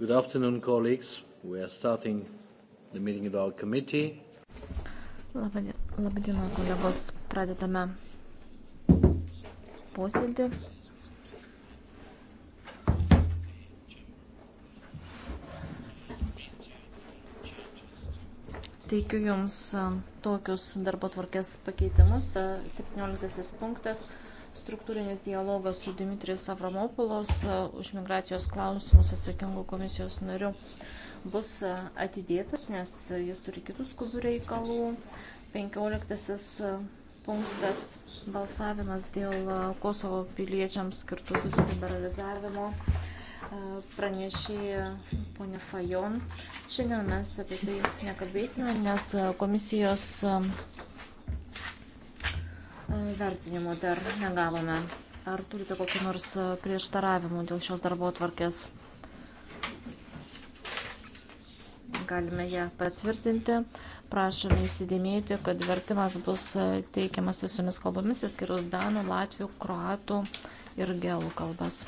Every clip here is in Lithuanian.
Good afternoon, colleagues. We are starting the meeting of our committee. Labadiena, kolegos. Pradedame posėdį. Teikiu Jums tokius darbo tvarkės pakeitimus. 17 punktas Struktūrinis dialogas su Dimitris Avramopulos e, už migracijos klausimus atsakingų komisijos nariu bus e, atidėtas, nes jis turi kitus skubių reikalų. 15 e, punktas balsavimas dėl Kosovo piliečiams skirtų visų liberalizavimo pranešėja ponia Fajon. Šiandien mes apie tai nekalbėsime, nes komisijos E, vertinimo dar negavome. Ar turite kokį nors e, prieštaravimų dėl šios darbo tvarkės? Galime ją patvirtinti. Prašome įsidėmėti, kad vertimas bus e, teikiamas visomis kalbomis, išskyrus danų, latvių, kroatų ir gelų kalbas.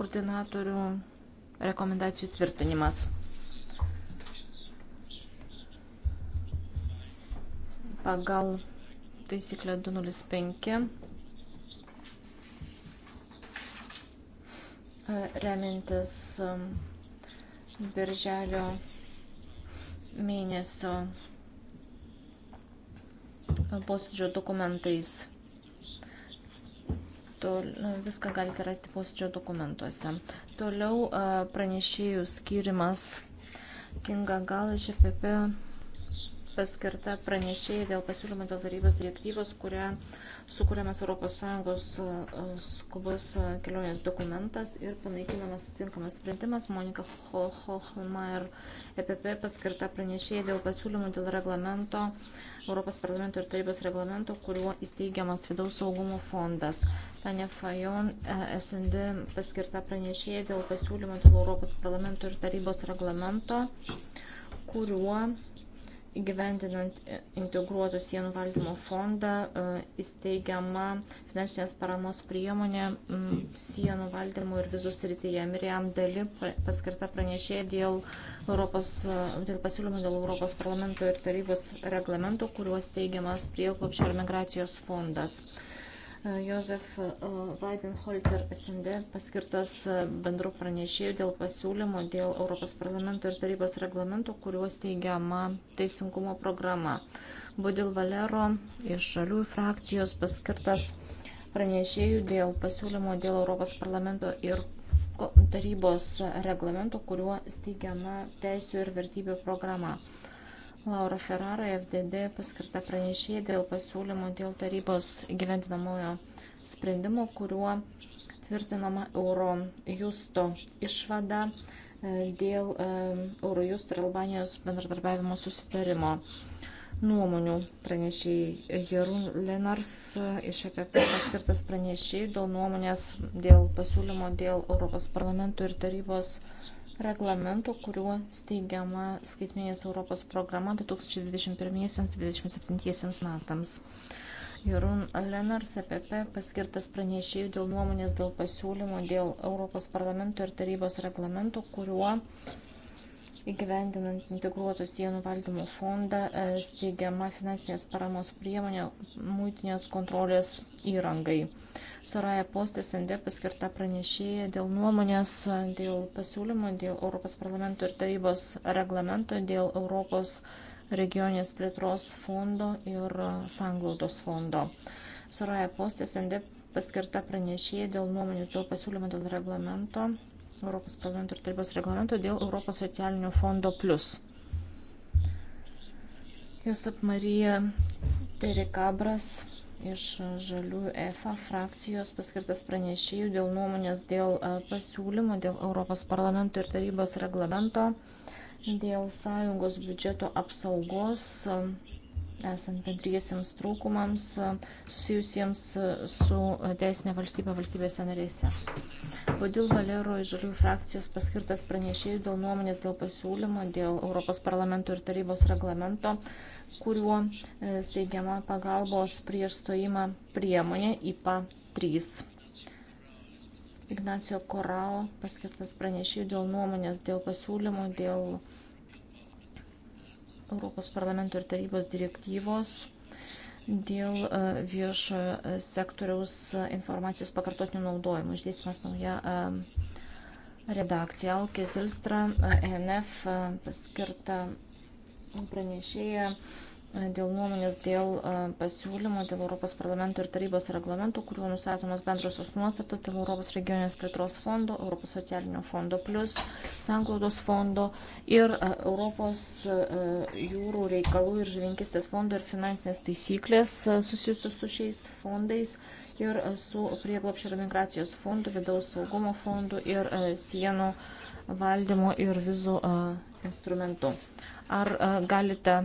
Koordinatorių rekomendacijų tvirtinimas. pagal taisyklę 205 e, remintis um, birželio mėnesio e, posėdžio dokumentais. Tol, e, viską galite rasti posėdžio dokumentuose. Toliau pranešėjų skirimas Kinga Gal iš EPP paskirta pranešėja dėl pasiūlymo dėl tarybos direktyvos, kuria sukūriamas ES skubus kelionės dokumentas ir panaikinamas atitinkamas sprendimas. Monika Hochmeier EPP paskirta pranešėja dėl pasiūlymo dėl reglamento, Europos parlamento ir tarybos reglamento, kuriuo įsteigiamas vidaus saugumo fondas. Tanja Fajon e, SND paskirta pranešėja dėl pasiūlymo dėl Europos parlamento ir tarybos reglamento kuriuo Įgyvendinant integruotų sienų valdymo fondą e, įsteigiama finansinės paramos priemonė sienų valdymo ir vizų srityje. Miriam Dali paskirta pranešėja dėl, Europos, e, dėl pasiūlymo dėl Europos parlamento ir tarybos reglamento, kuriuo steigiamas prieglopščio ir migracijos fondas. E, Jozef e, Weidenholzer SND paskirtas e, bendru pranešėjų dėl pasiūlymo dėl Europos parlamento ir tarybos reglamento, kuriuo steigiama teisingumo programa. Budil Valero iš žaliųjų frakcijos paskirtas pranešėjų dėl pasiūlymo dėl Europos parlamento ir tarybos reglamento, kuriuo steigiama teisų ir vertybių programa. Laura Ferrara, FDD, paskirta pranešėja dėl pasiūlymo dėl tarybos gyventinamojo sprendimo, kuriuo tvirtinama Eurojusto išvada e, dėl e, Eurojusto ir Albanijos bendradarbiavimo susitarimo nuomonių pranešėjai. Jerun Lenars iš EPP paskirtas pranešėjai dėl nuomonės dėl pasiūlymo dėl Europos parlamento ir tarybos reglamentų, kuriuo steigiama skaitminės Europos programa 2021-2027 metams. Jurun Lenars EPP paskirtas pranešėjų dėl nuomonės dėl pasiūlymo dėl Europos parlamento ir tarybos reglamento, kuriuo įgyvendinant integruotų sienų valdymo fondą e, steigiama finansinės paramos priemonė mūtinės kontrolės įrangai. Soraya Post SND paskirta pranešėja dėl nuomonės, dėl pasiūlymo, dėl Europos parlamento ir tarybos reglamento, dėl Europos regionės plėtros fondo ir sanglaudos fondo. Soraya Post SND paskirta pranešėja dėl nuomonės, dėl pasiūlymo, dėl reglamento, Europos parlamento ir tarybos reglamento dėl Europos socialinio fondo plus. Josep Marija Terikabras iš Žaliųjų EFA frakcijos paskirtas pranešėjų dėl nuomonės dėl e, pasiūlymo dėl Europos parlamento ir tarybos reglamento dėl sąjungos biudžeto apsaugos esant bendriesiams trūkumams susijusiems su teisinė valstybė valstybėse narėse. Bodil Valero iš Žaliųjų frakcijos paskirtas pranešėjų dėl nuomonės dėl pasiūlymo dėl Europos parlamento ir tarybos reglamento, kuriuo e, steigiama pagalbos prieš stojimą priemonė IPA 3. Ignacio Korao paskirtas pranešėjų dėl nuomonės dėl pasiūlymo dėl Europos parlamento ir tarybos direktyvos dėl e, viešo e, sektoriaus e, informacijos pakartotinio naudojimo. Išdėstymas nauja redakcija. Alkė Zilstra, ENF paskirta pranešėja dėl nuomonės dėl pasiūlymo dėl Europos parlamento ir tarybos reglamentų, kuriuo nusatomas bendrosios nuostatos dėl Europos regioninės plėtros fondo, Europos socialinio fondo plus, sanglaudos fondo ir Europos jūrų reikalų ir žuvinkistės fondo ir finansinės taisyklės susijusios su šiais fondais ir su prieglopščio ir migracijos fondu, vidaus saugumo fondu ir sienų valdymo ir vizų instrumentu. Ar galite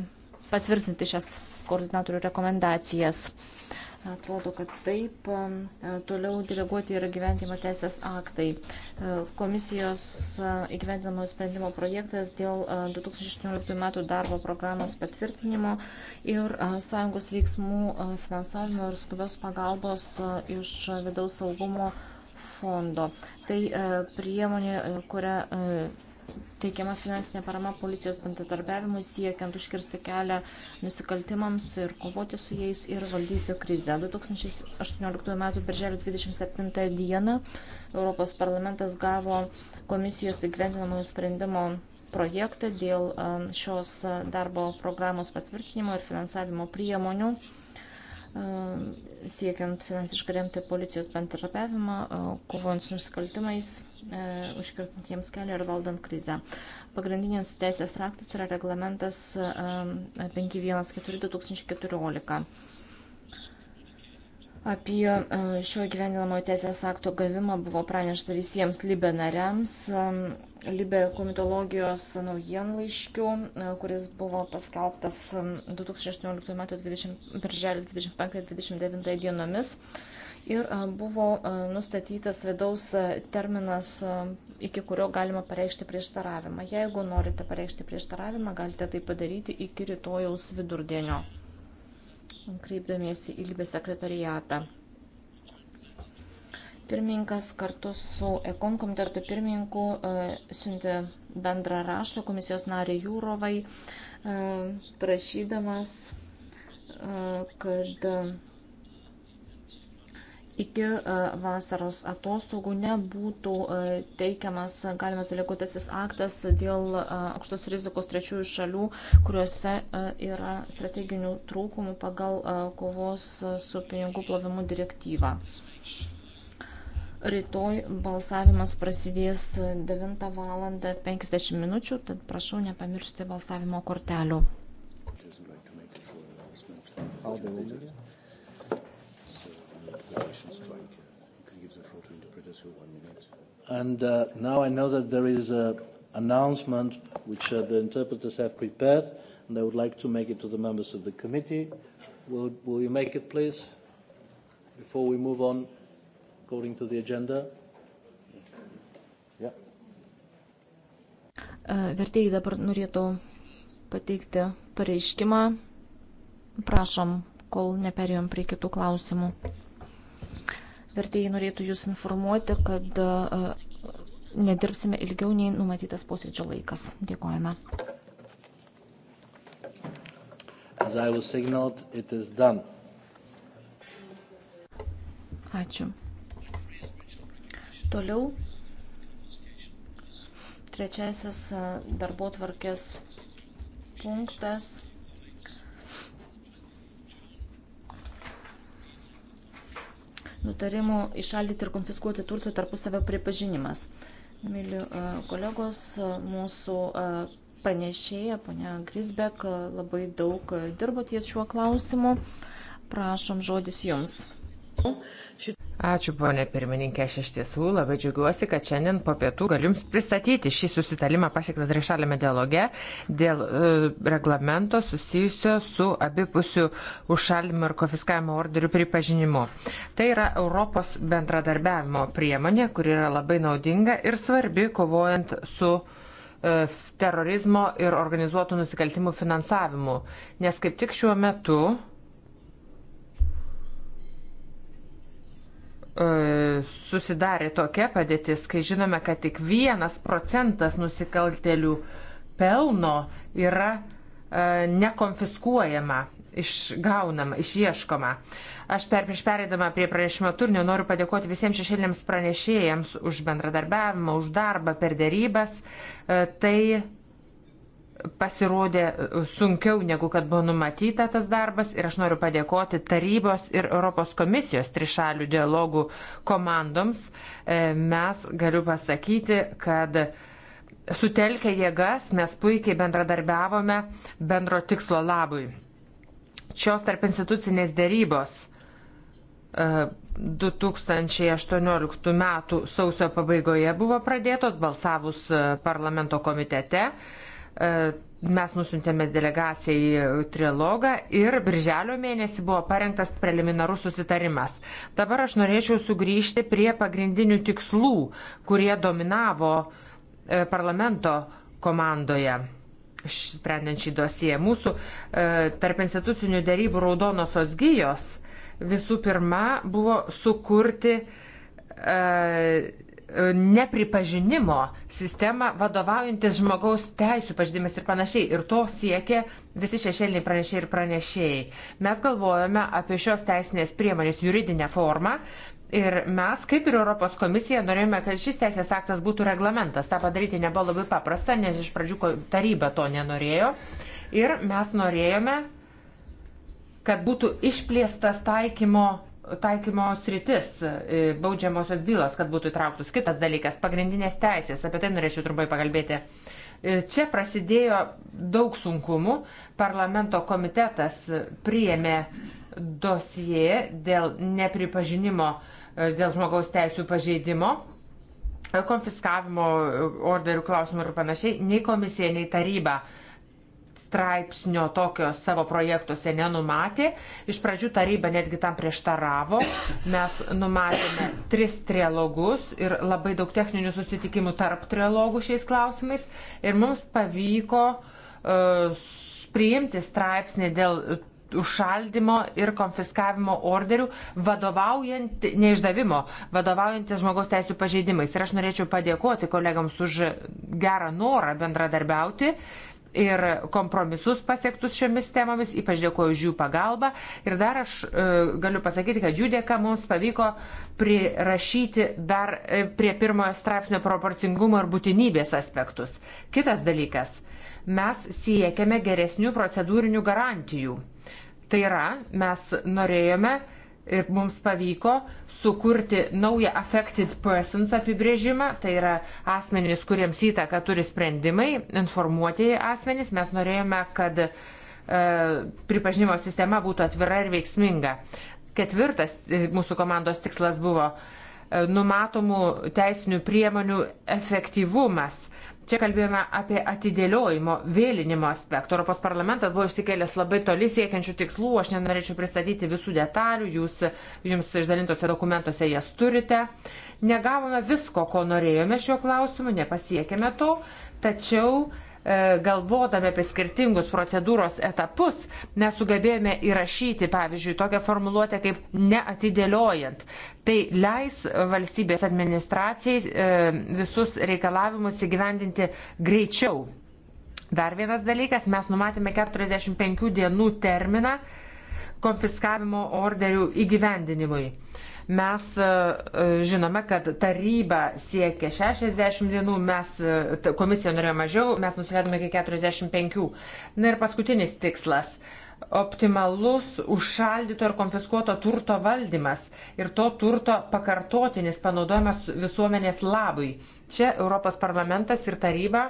patvirtinti šias koordinatorių rekomendacijas. Atrodo, kad taip. Um, toliau deleguoti yra gyventimo teisės aktai. Uh, komisijos uh, įgyvendinamo sprendimo projektas dėl 2018 uh, m. darbo programos patvirtinimo ir sąjungos veiksmų finansavimo ir skubios pagalbos iš vidaus saugumo fondo. Tai priemonė, kurią teikiama finansinė parama policijos bendradarbiavimui siekiant užkirsti kelią nusikaltimams ir kovoti su jais ir valdyti krizę. 2018 m. birželio 27 d. Europos parlamentas gavo komisijos įgyvendinamojo sprendimo projektą dėl um, šios uh, darbo programos patvirtinimo ir finansavimo priemonių Ehm, siekiant finansiškai remti policijos bendradarbiavimą, e, kovojant su nusikaltimais, e, užkirtant jiems kelią ir valdant krizę. Pagrindinis teisės aktas yra reglamentas 514-2014. Ehm, Apie e, šio gyvenimo teisės akto gavimą buvo pranešta visiems Libe nariams, Libe komitologijos naujienlaiškių, e, kuris buvo paskelbtas 2018 m. 20, birželio 25-29 dienomis. Ir e, buvo nustatytas vidaus terminas, iki kurio galima pareikšti prieštaravimą. Jeigu norite pareikšti prieštaravimą, galite tai padaryti iki rytojaus vidurdienio kreipdamiesi į Libės sekretariatą. Pirmininkas kartu su Ekon komiteto pirmininku e, siuntė bendrą raštą komisijos nariai Jūrovai, e, prašydamas, e, kad iki e, vasaros atostogų nebūtų e, teikiamas galimas deleguotasis aktas dėl e, aukštos rizikos trečiųjų šalių, kuriuose yra strateginių trūkumų pagal kovos su pinigų plovimu direktyvą. Rytoj balsavimas prasidės 9 val. 50 min. Tad prašau nepamiršti balsavimo kortelių. How do we do it? Russian strike can give the floor to interpreters for one minute. And uh, now I know that there is an announcement which uh, the interpreters have prepared, and I would like to make it to the members of the committee. Will, will you make it, please, before we move on according to the agenda? Yeah. Uh, vertėjai dabar norėtų pateikti pareiškimą. Prašom, kol neperėjom prie kitų klausimų. Vertėjai norėtų Jūs informuoti, kad e, nedirbsime ilgiau nei numatytas posėdžio laikas. Dėkojame. As I was signaled, it is done. Ačiū. Toliau trečiasis e, darbo tvarkės punktas. nutarimų išaldyti ir konfiskuoti turtų tarpusavio pripažinimas. Mili e, kolegos, e, mūsų e, pranešėja, ponia Grisbek, labai daug dirbo ties šiuo klausimu. Prašom žodis jums. Ačiū, ponė pirmininkė, aš iš tiesų labai džiaugiuosi, kad šiandien po pietų galiu Jums pristatyti šį susitarimą pasiektą trišalėme dialoge dėl e, reglamento susijusio su abipusių užšaldimo ir konfiskavimo orderių pripažinimu. Tai yra Europos bendradarbiavimo priemonė, kuri yra labai naudinga ir svarbi kovojant su e, terorizmo ir organizuotų nusikaltimų finansavimu, nes kaip tik šiuo metu E, susidarė tokia padėtis, kai žinome, kad tik vienas procentas nusikaltelių pelno yra e, nekonfiskuojama, išgaunama, išieškoma. Aš per prieš pereidama prie pranešimo turinio noriu padėkoti visiems šešėlėms pranešėjams už bendradarbiavimą, už darbą per dėrybas. E, tai pasirodė e, sunkiau negu kad buvo numatyta tas darbas ir aš noriu padėkoti tarybos ir Europos komisijos trišalių dialogų komandoms. E, mes galiu pasakyti, kad sutelkę jėgas mes puikiai bendradarbiavome bendro tikslo labui. Šios tarp institucinės dėrybos 2018 e, m. sausio pabaigoje buvo pradėtos balsavus parlamento komitete E, mes nusintėme delegaciją į trilogą ir birželio mėnesį buvo parengtas preliminarus susitarimas. Dabar aš norėčiau sugrįžti prie pagrindinių tikslų, kurie dominavo e, parlamento komandoje sprendžiant šį dosiją. Mūsų e, tarp institucinių dėrybų raudonosios gyjos visų pirma buvo sukurti e, E, nepripažinimo sistemą vadovaujantis žmogaus teisų pažydimas ir panašiai. Ir to siekia visi šešėliniai pranešėjai ir pranešėjai. Mes galvojame apie šios teisinės priemonės juridinę formą. Ir mes, kaip ir Europos komisija, norėjome, kad šis teisės aktas būtų reglamentas. Ta padaryti nebuvo labai paprasta, nes iš pradžių taryba to nenorėjo. Ir mes norėjome, kad būtų išplėstas taikymo taikymo sritis, e, baudžiamosios bylos, kad būtų įtrauktus. Kitas dalykas - pagrindinės teisės. Apie tai norėčiau trumpai pakalbėti. E, čia prasidėjo daug sunkumų. Parlamento komitetas priėmė dosie dėl nepripažinimo, e, dėl žmogaus teisų pažeidimo, konfiskavimo orderių klausimų ir panašiai. Nei komisija, nei taryba uh, straipsnio tokio savo projektuose nenumatė. Iš pradžių taryba netgi tam prieštaravo. Mes numatėme tris trialogus ir labai daug techninių susitikimų tarp trialogų šiais klausimais. Ir mums pavyko uh, priimti straipsnį dėl užšaldimo ir konfiskavimo orderių, vadovaujant, neišdavimo, vadovaujantis žmogaus teisų pažeidimais. Ir aš norėčiau padėkoti kolegams už gerą norą bendradarbiauti ir kompromisus pasiektus šiomis temomis, ypač dėkuoju už jų pagalbą. Ir dar aš e, galiu pasakyti, kad jų dėka mums pavyko prirašyti dar e, prie pirmojo straipsnio proporcingumo ir būtinybės aspektus. Kitas dalykas, mes siekiame geresnių procedūrinių garantijų. Tai yra, mes norėjome ir mums pavyko sukurti naują affected persons apibrėžimą, tai yra asmenys, kuriems įtaka turi sprendimai, informuotieji asmenys. Mes norėjome, kad e, pripažinimo sistema būtų atvira ir veiksminga. Ketvirtas e, mūsų komandos tikslas buvo e, numatomų teisinių priemonių efektyvumas Čia kalbėjome apie atidėliojimo, vėlinimo aspektą. Europos parlamentas buvo išsikėlęs labai toli siekiančių tikslų, aš nenorėčiau pristatyti visų detalių, jūs jums išdalintose dokumentuose jas turite. Negavome visko, ko norėjome šiuo klausimu, nepasiekėme to, tačiau E, galvodami apie skirtingus procedūros etapus, mes sugebėjome įrašyti, pavyzdžiui, tokią formuluotę kaip neatidėliojant. Tai leis valstybės administracijai e, visus reikalavimus įgyvendinti greičiau. Dar vienas dalykas, mes numatėme 45 dienų terminą konfiskavimo orderių įgyvendinimui. Mes e, e, žinome, kad taryba siekia 60 dienų, mes e, komisija norėjo mažiau, mes nusileidome iki 45. Na ir paskutinis tikslas optimalus užšaldyto ir konfiskuoto turto valdymas ir to turto pakartotinis panaudojimas visuomenės labui. Čia Europos parlamentas ir taryba,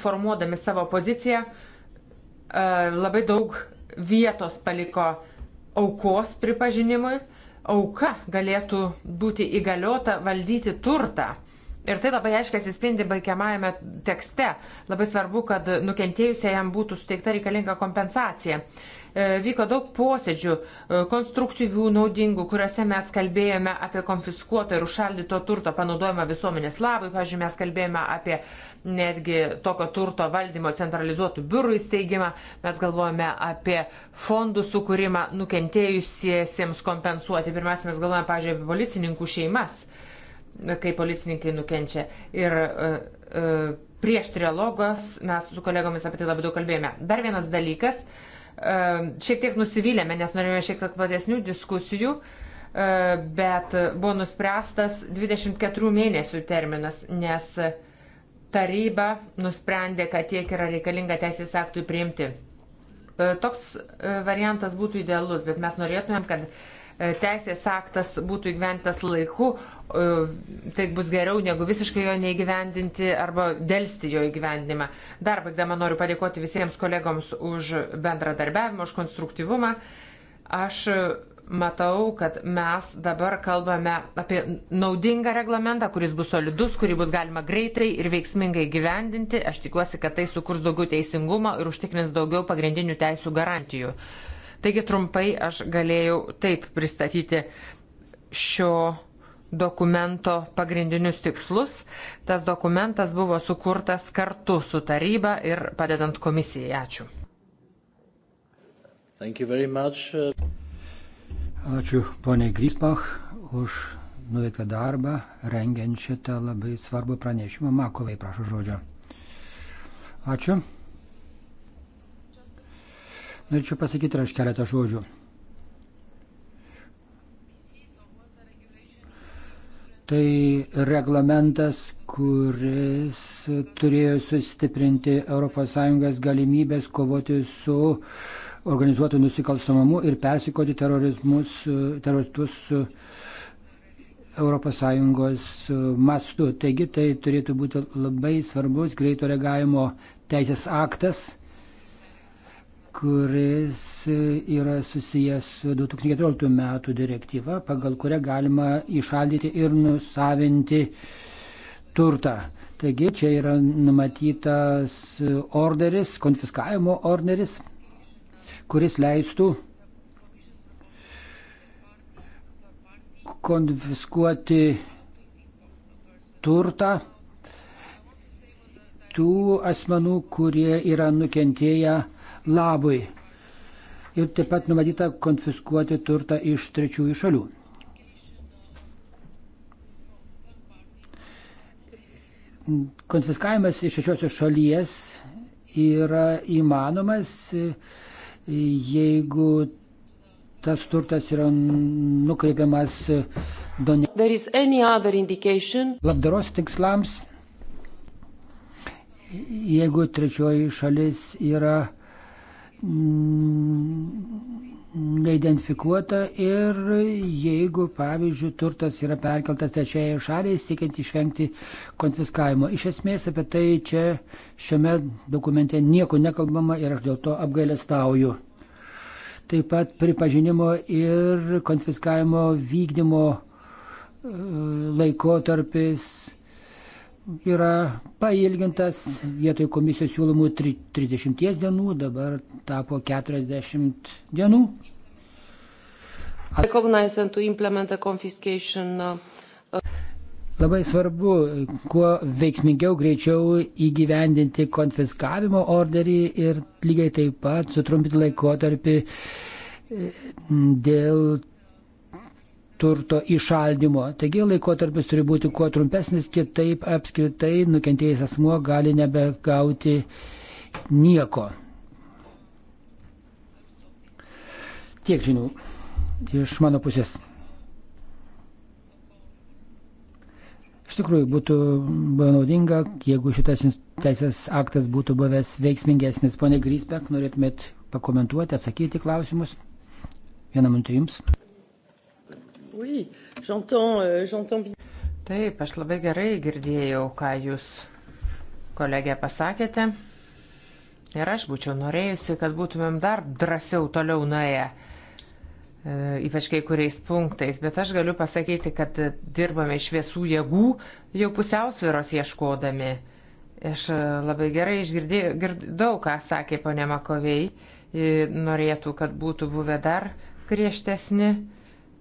formuodami savo poziciją, labai daug vietos paliko aukos pripažinimui, auka galėtų būti įgaliota valdyti turtą. Ir tai labai aiškiai atsispindi baigiamajame tekste. Labai svarbu, kad nukentėjusiajam būtų suteikta reikalinga kompensacija. E, vyko daug posėdžių, e, konstruktyvių, naudingų, kuriuose mes kalbėjome apie konfiskuotą ir užšaldyto turto panaudojimą visuomenės labai. Pavyzdžiui, mes kalbėjome apie netgi tokio turto valdymo centralizuotų biurų įsteigimą, mes galvojame apie fondų sukūrimą nukentėjusiesiems kompensuoti. Pirmiausia, mes galvojame, pavyzdžiui, apie policininkų šeimas, kai policininkai nukenčia. Ir, e, prieš trilogos mes su kolegomis apie tai labai daug kalbėjome. Dar vienas dalykas Šiek tiek nusivylėme, nes norėjome šiek tiek platesnių diskusijų, bet buvo nuspręstas 24 mėnesių terminas, nes taryba nusprendė, kad tiek yra reikalinga teisės aktui priimti. E, toks e, variantas būtų idealus, bet mes norėtumėm, kad E, teisės aktas būtų įgyventas laiku, e, tai bus geriau negu visiškai jo neįgyvendinti arba dėlsti jo įgyvendinimą. Dar baigdama noriu padėkoti visiems kolegoms už bendradarbiavimą, už konstruktyvumą. Aš matau, kad mes dabar kalbame apie naudingą reglamentą, kuris bus solidus, kurį bus galima greitai ir veiksmingai gyvendinti. Aš tikiuosi, kad tai sukurs daugiau teisingumo ir užtikrins daugiau pagrindinių teisų garantijų. Taigi trumpai aš galėjau taip pristatyti šio dokumento pagrindinius tikslus. Tas dokumentas buvo sukurtas kartu su taryba ir padedant komisijai. Ačiū. Uh, Ačiū poniai Grisbach už nuveiktą darbą, rengiant šitą labai svarbų pranešimą. Makovai, prašau žodžio. Ačiū. Norėčiau pasakyti aš keletą žodžių. Tai reglamentas, kuris turėjo sustiprinti ES galimybės kovoti su organizuotų nusikalstamamu ir persikoti teroristus ES mastu. Taigi tai turėtų būti labai svarbus greito reagavimo teisės aktas kuris yra susijęs su 2014 metų direktyva, pagal kurią galima išaldyti ir nusavinti turtą. Taigi čia yra numatytas orderis, konfiskavimo orderis, kuris leistų konfiskuoti turtą tų asmenų, kurie yra nukentėję labui. Ir taip pat numatyta konfiskuoti turtą iš trečiųjų šalių. Konfiskavimas iš šešiosios šalies yra įmanomas, jeigu tas turtas yra nukreipiamas donė... labdaros tikslams, jeigu trečioji šalis yra Mm, neidentifikuota ir jeigu, pavyzdžiui, turtas yra perkeltas trečiajai šaliai, siekiant išvengti konfiskavimo. Iš esmės apie tai čia šiame dokumente nieko nekalbama ir aš dėl to apgailestauju. Taip pat pripažinimo ir konfiskavimo vykdymo e, laikotarpis yra pailgintas vietoj komisijos siūlomų 30 dienų, dabar tapo 40 dienų. Uh, Labai svarbu, kuo veiksmingiau greičiau įgyvendinti konfiskavimo orderį ir lygiai taip pat sutrumpinti laikotarpį e, dėl turto išaldimo. Taigi laikotarpis turi būti kuo trumpesnis, kitaip apskritai nukentėjęs asmuo gali nebegauti nieko. Tiek žinių iš mano pusės. Iš tikrųjų, būtų buvo naudinga, jeigu šitas teisės aktas būtų buvęs veiksmingesnis. Pone Grisbek, norėtumėt pakomentuoti, atsakyti klausimus? Vieną minutę jums. Oui, j'entends, euh, j'entends. Taip, aš labai gerai girdėjau, ką jūs, kolegė, pasakėte. Ir aš būčiau norėjusi, kad būtumėm dar drąsiau toliau nuėję, e, ypač kai kuriais punktais. Bet aš galiu pasakyti, kad dirbame iš visų jėgų, jau pusiausviros ieškodami. Aš e, labai gerai išgirdau, gird, ką sakė ponė Makovei norėtų, kad būtų buvę dar griežtesni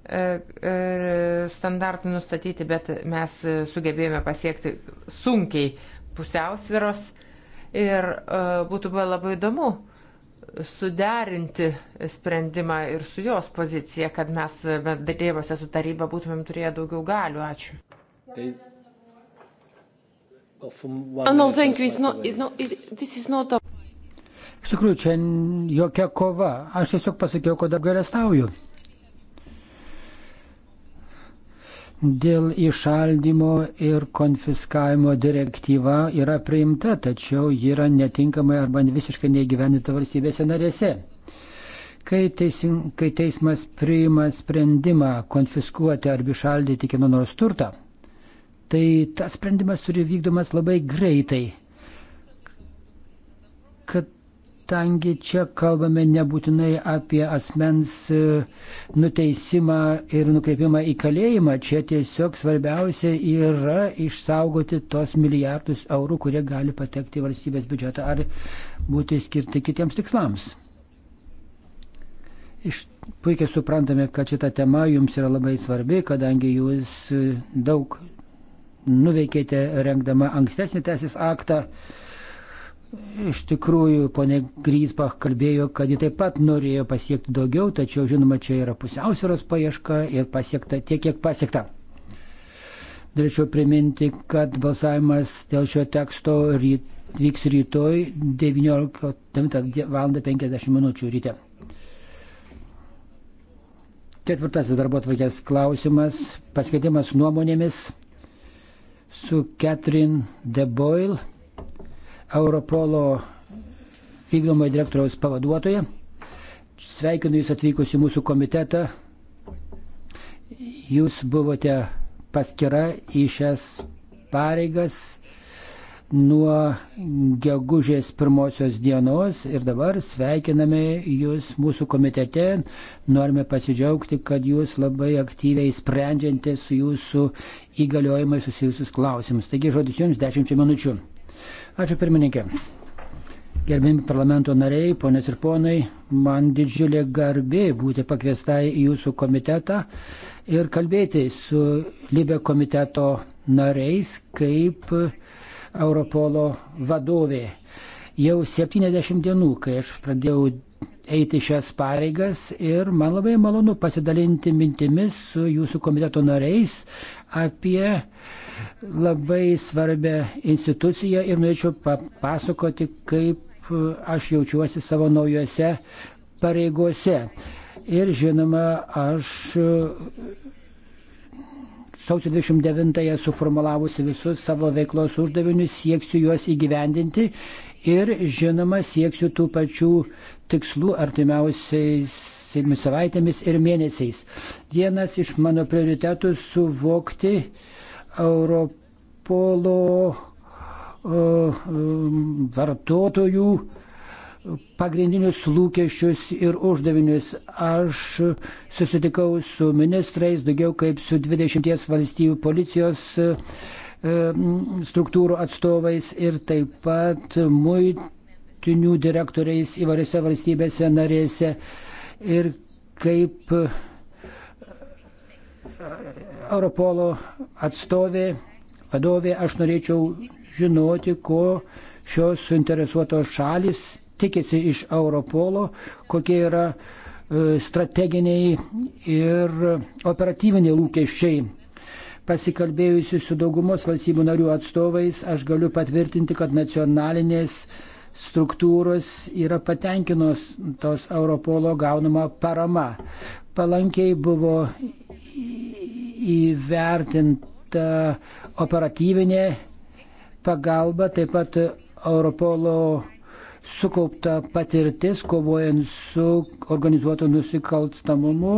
E, e, standartų nustatyti, bet mes sugebėjome pasiekti sunkiai pusiausviros ir e, būtų buvę labai įdomu suderinti sprendimą ir su jos pozicija, kad mes dėrybose su taryba būtumėm turėję daugiau galių. Ačiū. They... Oh, no, thank you. It's not, it's not, it's, this is not a... Iš tikrųjų, čia jokia kova. Aš tiesiog pasakiau, kodėl galėstauju. dėl išaldymo ir konfiskavimo direktyva yra priimta, tačiau ji yra netinkamai arba visiškai neįgyvendinta valstybėse narėse. Kai, teisin, kai teismas priima sprendimą konfiskuoti ar išaldyti kieno nors turtą, tai tas sprendimas turi vykdomas labai greitai, kad kadangi čia kalbame nebūtinai apie asmens e, nuteisimą ir nukreipimą į kalėjimą, čia tiesiog svarbiausia yra išsaugoti tos milijardus eurų, kurie gali patekti į valstybės biudžetą ar būti skirti kitiems tikslams. Iš puikiai suprantame, kad šita tema jums yra labai svarbi, kadangi jūs e, daug nuveikėte rengdama ankstesnį teisės aktą. Iš tikrųjų, ponė Grysbach kalbėjo, kad ji taip pat norėjo pasiekti daugiau, tačiau, žinoma, čia yra pusiausvėros paieška ir pasiekta tiek, kiek pasiekta. Norėčiau priminti, kad balsavimas dėl šio teksto ryt, vyks rytoj 19 val. 50 min. ryte. Ketvirtasis darbo atvarkės klausimas - paskeitimas nuomonėmis su Catherine de Boyle Europolo vykdomo direktoriaus pavaduotoja. Sveikinu Jūs atvykus į mūsų komitetą. Jūs buvote paskira į šias pareigas nuo gegužės pirmosios dienos ir dabar sveikiname Jūs mūsų komitete. Norime pasidžiaugti, kad Jūs labai aktyviai sprendžiantės su Jūsų įgaliojimai susijusius klausimus. Taigi žodis Jums 10 minučių. Ačiū pirmininkė. Gerbimi parlamento nariai, ponės ir ponai, man didžiulė garbė būti pakviestai į jūsų komitetą ir kalbėti su Libė komiteto nariais kaip Europolo vadovė. Jau 70 dienų, kai aš pradėjau eiti šias pareigas ir man labai malonu pasidalinti mintimis su jūsų komiteto nariais apie uh, labai svarbę instituciją ir norėčiau papasakoti, kaip e, aš jaučiuosi savo naujose pareigose. Ir žinoma, aš e, sausio 29-ąją suformulavusi visus savo veiklos uždavinius, sieksiu juos įgyvendinti ir žinoma sieksiu tų pačių tikslų artimiausiais savaitėmis ir mėnesiais. Vienas iš mano prioritetų suvokti, Europolo e, e, vartotojų pagrindinius lūkesčius ir uždavinius. Aš susitikau su ministrais, daugiau kaip su 20 valstybių policijos e, struktūrų atstovais ir taip pat muitinių direktoriais įvairiose valstybėse narėse. Ir kaip Europolo atstovė, vadovė, aš norėčiau žinoti, ko šios suinteresuotos šalis tikisi iš Europolo, kokie yra e, strateginiai ir operatyviniai lūkesčiai. Pasikalbėjusi su daugumos valstybių narių atstovais, aš galiu patvirtinti, kad nacionalinės struktūros yra patenkinos tos Europolo gaunama parama. Palankiai buvo įvertinta operatyvinė pagalba, taip pat Europolo sukaupta patirtis kovojant su organizuotu nusikalstamumu,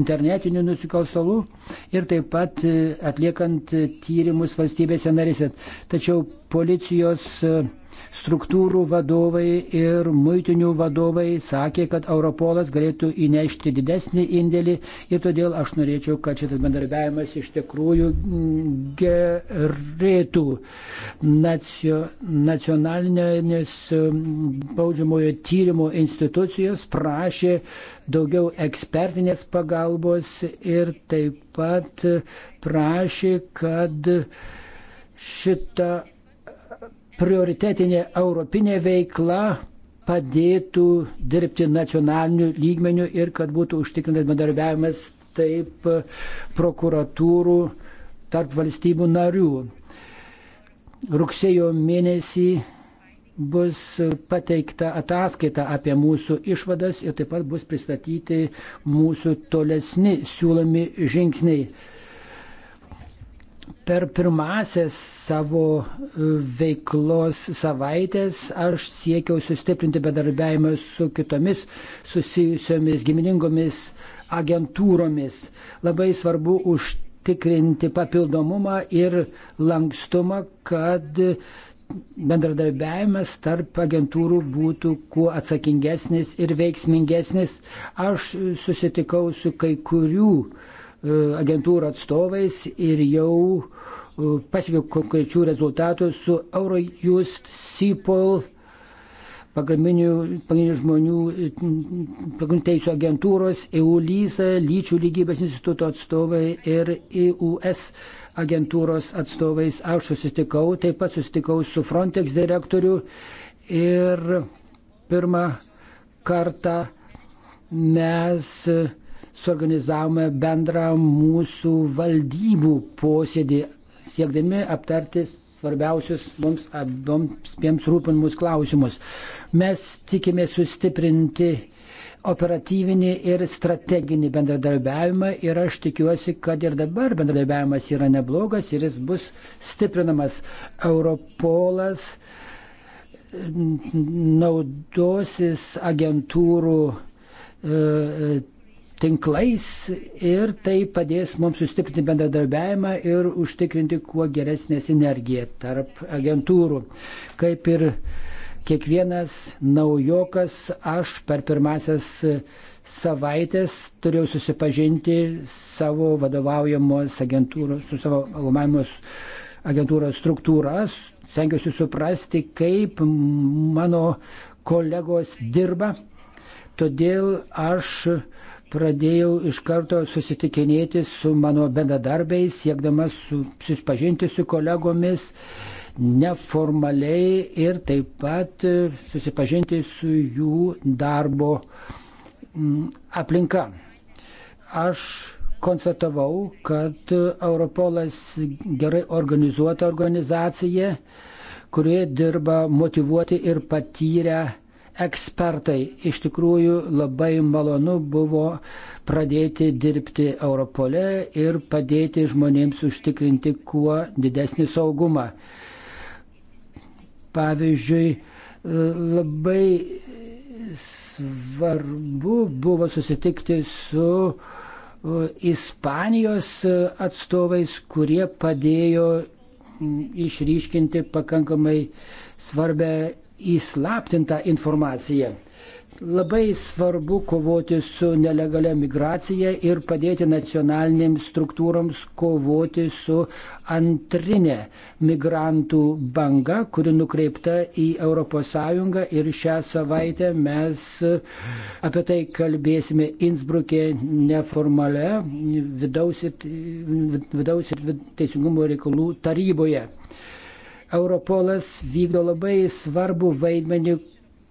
internetiniu nusikalstamu ir taip pat atliekant tyrimus valstybėse narėse. Tačiau policijos struktūrų vadovai ir muitinių vadovai sakė, kad Europolas galėtų įnešti didesnį indėlį ir todėl aš norėčiau, kad šitas bendarbiavimas iš tikrųjų mm, gerėtų. Nacio, nacionalinės mm, baudžiamojo tyrimo institucijos prašė daugiau ekspertinės pagalbos ir taip pat prašė, kad šita prioritetinė europinė veikla padėtų dirbti nacionaliniu lygmeniu ir kad būtų užtikrintas bendarbiavimas taip prokuratūrų tarp valstybių narių. Rugsėjo mėnesį bus pateikta ataskaita apie mūsų išvadas ir taip pat bus pristatyti mūsų tolesni siūlomi žingsniai. Per pirmasias savo e, veiklos savaitės aš siekiau sustiprinti bedarbiavimą su kitomis susijusiomis giminingomis agentūromis. Labai svarbu užtikrinti papildomumą ir lankstumą, kad bendradarbiavimas tarp agentūrų būtų kuo atsakingesnis ir veiksmingesnis. Aš susitikau su kai kurių e, agentūrų atstovais ir jau pasiekė konkrečių rezultatų su Eurojust, SIPOL, pagrindinių, pagrindinių žmonių, pagrindinių teisų agentūros, EULISA, lyčių lygybės instituto atstovai ir EUS agentūros atstovais. Aš susitikau, taip pat susitikau su Frontex direktoriu ir pirmą kartą mes suorganizavome bendrą mūsų valdybų posėdį siekdami aptarti svarbiausius mums abiems rūpinimus klausimus. Mes tikime sustiprinti operatyvinį ir strateginį bendradarbiavimą ir aš tikiuosi, kad ir dabar bendradarbiavimas yra neblogas ir jis bus stiprinamas. Europolas mm, naudosis agentūrų e, e, tinklais ir tai padės mums sustiprinti bendradarbiavimą ir užtikrinti kuo geresnę sinergiją tarp agentūrų. Kaip ir kiekvienas naujokas, aš per pirmasias savaitės turėjau susipažinti savo vadovaujamos agentūros, su savo vadovaujamos agentūros struktūras, stengiuosi suprasti, kaip mano kolegos dirba. Todėl aš pradėjau iš karto susitikinėti su mano bendradarbiais, siekdamas su, susipažinti su kolegomis neformaliai ir taip pat e, susipažinti su jų darbo aplinka. Aš konstatavau, kad Europolas gerai organizuota organizacija, kurioje dirba motivuoti ir patyrę ekspertai. Iš tikrųjų labai malonu buvo pradėti dirbti Europole ir padėti žmonėms užtikrinti kuo didesnį saugumą. Pavyzdžiui, labai svarbu buvo susitikti su Ispanijos atstovais, kurie padėjo išryškinti pakankamai svarbę įslaptintą informaciją. Labai svarbu kovoti su nelegalia migracija ir padėti nacionalinėms struktūroms kovoti su antrinė migrantų banga, kuri nukreipta į ES ir šią savaitę mes apie tai kalbėsime Innsbruke neformale vidaus ir, vidaus ir teisingumo reikalų taryboje. Europolas vykdo labai svarbų vaidmenį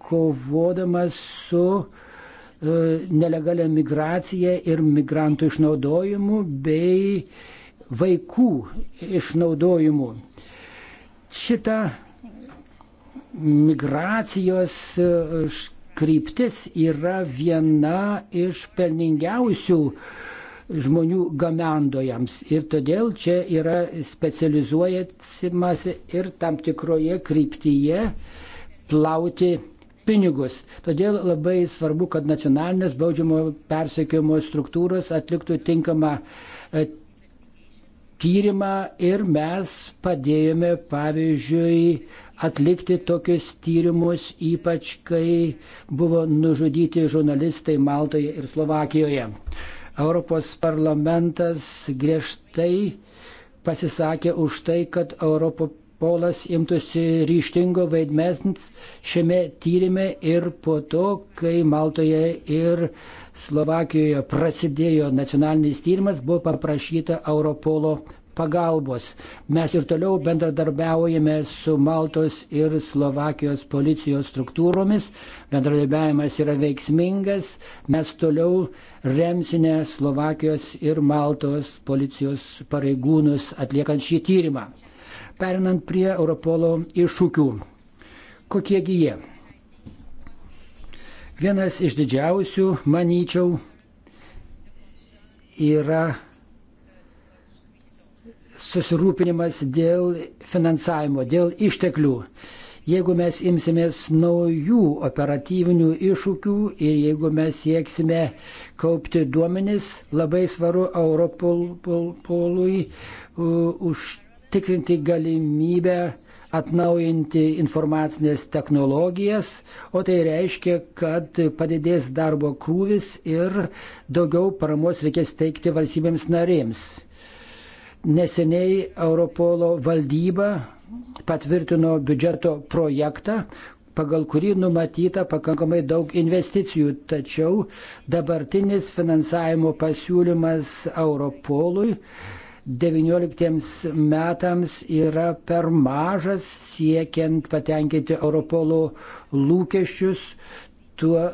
kovodamas su e, nelegalia migracija ir migrantų išnaudojimu bei vaikų išnaudojimu. Šita migracijos e, kryptis yra viena iš pelningiausių uh, žmonių gamendojams. Ir todėl čia yra specializuojamas ir tam tikroje kryptyje plauti pinigus. Todėl labai svarbu, kad nacionalinės baudžiamo persekiojimo struktūros atliktų tinkamą e, tyrimą ir mes padėjome, pavyzdžiui, atlikti tokius tyrimus, ypač kai buvo nužudyti žurnalistai Maltoje ir Slovakijoje. Europos parlamentas griežtai pasisakė už tai, kad Europolas imtųsi ryštingo vaidmens šiame tyrimė ir po to, kai Maltoje ir Slovakijoje prasidėjo nacionalinis tyrimas, buvo paprašyta Europolo pagalbos. Mes ir toliau bendradarbiaujame su Maltos ir Slovakijos policijos struktūromis. Bendradarbiavimas yra veiksmingas. Mes toliau remsime Slovakijos ir Maltos policijos pareigūnus atliekant šį tyrimą. Perinant prie Europolo iššūkių. Kokiegi jie? Vienas iš didžiausių, manyčiau, yra susirūpinimas dėl finansavimo, dėl išteklių. Jeigu mes imsimės naujų operatyvinių iššūkių ir jeigu mes sieksime kaupti duomenis, labai svaru Europolui užtikrinti galimybę atnaujinti informacinės technologijas, o tai reiškia, kad padidės darbo krūvis ir daugiau paramos reikės teikti valstybėms narėms. Neseniai Europolo valdyba patvirtino biudžeto projektą, pagal kurį numatyta pakankamai daug investicijų, tačiau dabartinis finansavimo pasiūlymas Europolui 19 metams yra per mažas siekiant patenkinti Europolo lūkesčius, tuo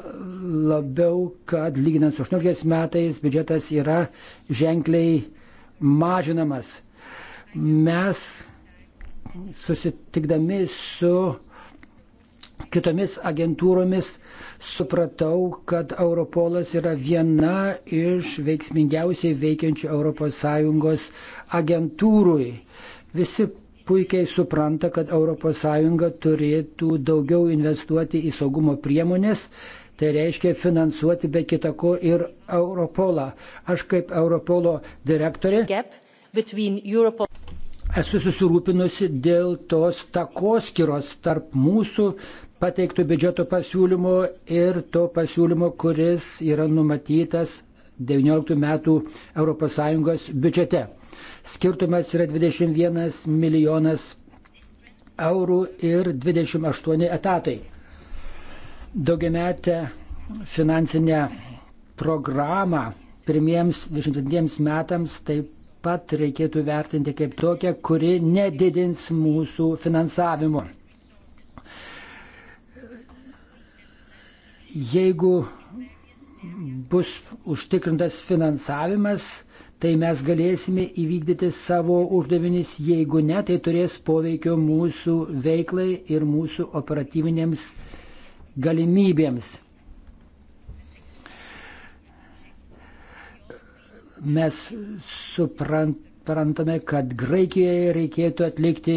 labiau, kad lyginant su 18 metais biudžetas yra ženkliai mažinamas. Mes susitikdami su kitomis agentūromis supratau, kad Europolas yra viena iš veiksmingiausiai veikiančių ES agentūrui. Visi puikiai supranta, kad ES turėtų daugiau investuoti į saugumo priemonės Tai reiškia finansuoti be kitako ir Europolą. Aš kaip Europolo direktorė. Europol... Esu susirūpinusi dėl tos takoskiros tarp mūsų pateiktų biudžeto pasiūlymo ir to pasiūlymo, kuris yra numatytas 19 metų ES biudžete. Skirtumas yra 21 milijonas eurų ir 28 etatai daugiametę finansinę programą pirmiems 27 metams taip pat reikėtų vertinti kaip tokią, kuri nedidins mūsų finansavimo. Jeigu bus užtikrintas finansavimas, tai mes galėsime įvykdyti savo uždavinys, jeigu ne, tai turės poveikio mūsų veiklai ir mūsų operatyvinėms galimybėms. Mes suprantame, kad Graikijoje reikėtų atlikti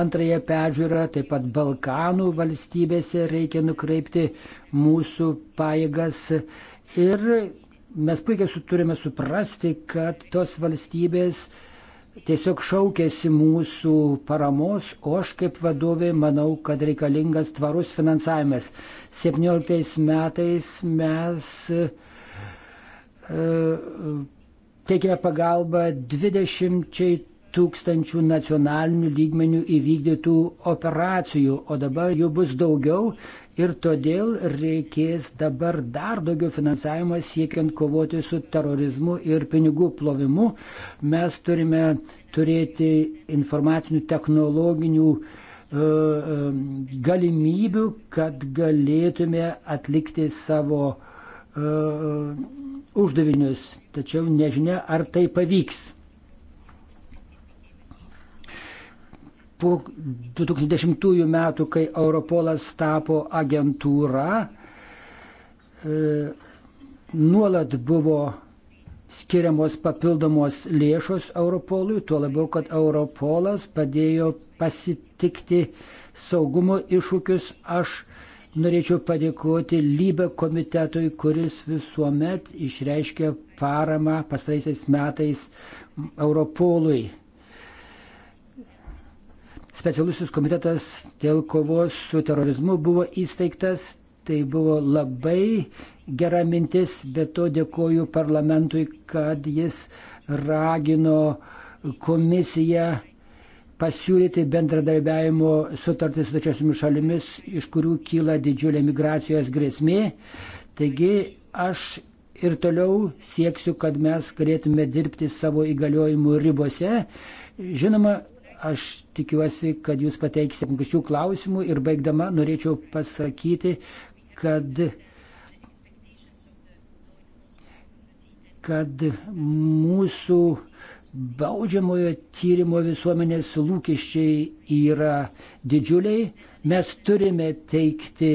antrąją peržiūrą, taip pat Balkanų valstybėse reikia nukreipti mūsų pajėgas ir mes puikiai turime suprasti, kad tos valstybės uh, tiesiog šaukėsi mūsų paramos, o aš kaip vadovė manau, kad reikalingas tvarus finansavimas. 17 metais mes e, teikėme pagalbą 20 tūkstančių nacionalinių lygmenių įvykdytų operacijų, o dabar jų bus daugiau Ir todėl reikės dabar dar daugiau finansavimo siekiant kovoti su terorizmu ir pinigų plovimu. Mes turime turėti informacinių technologinių e, e galimybių, kad galėtume atlikti savo e, e, uždavinius. Tačiau nežinia, ar tai pavyks. po 2010 metų, kai Europolas tapo agentūra, e, nuolat buvo skiriamos papildomos lėšos Europolui, tuo labiau, kad Europolas padėjo pasitikti saugumo iššūkius. Aš norėčiau padėkoti Lybe komitetui, kuris visuomet išreiškė paramą pastaraisiais metais Europolui specialusis komitetas dėl kovos su terorizmu buvo įsteigtas. Tai buvo labai gera mintis, bet to dėkoju parlamentui, kad jis ragino komisiją pasiūlyti bendradarbiavimo sutartį su trečiosiomis šalimis, iš kurių kyla didžiulė migracijos grėsmė. Taigi aš ir toliau sieksiu, kad mes galėtume dirbti savo įgaliojimų ribose. Žinoma, Aš tikiuosi, kad jūs pateiksite konkrečių klausimų ir baigdama norėčiau pasakyti, kad kad mūsų baudžiamojo tyrimo visuomenės lūkesčiai yra didžiuliai, mes turime teikti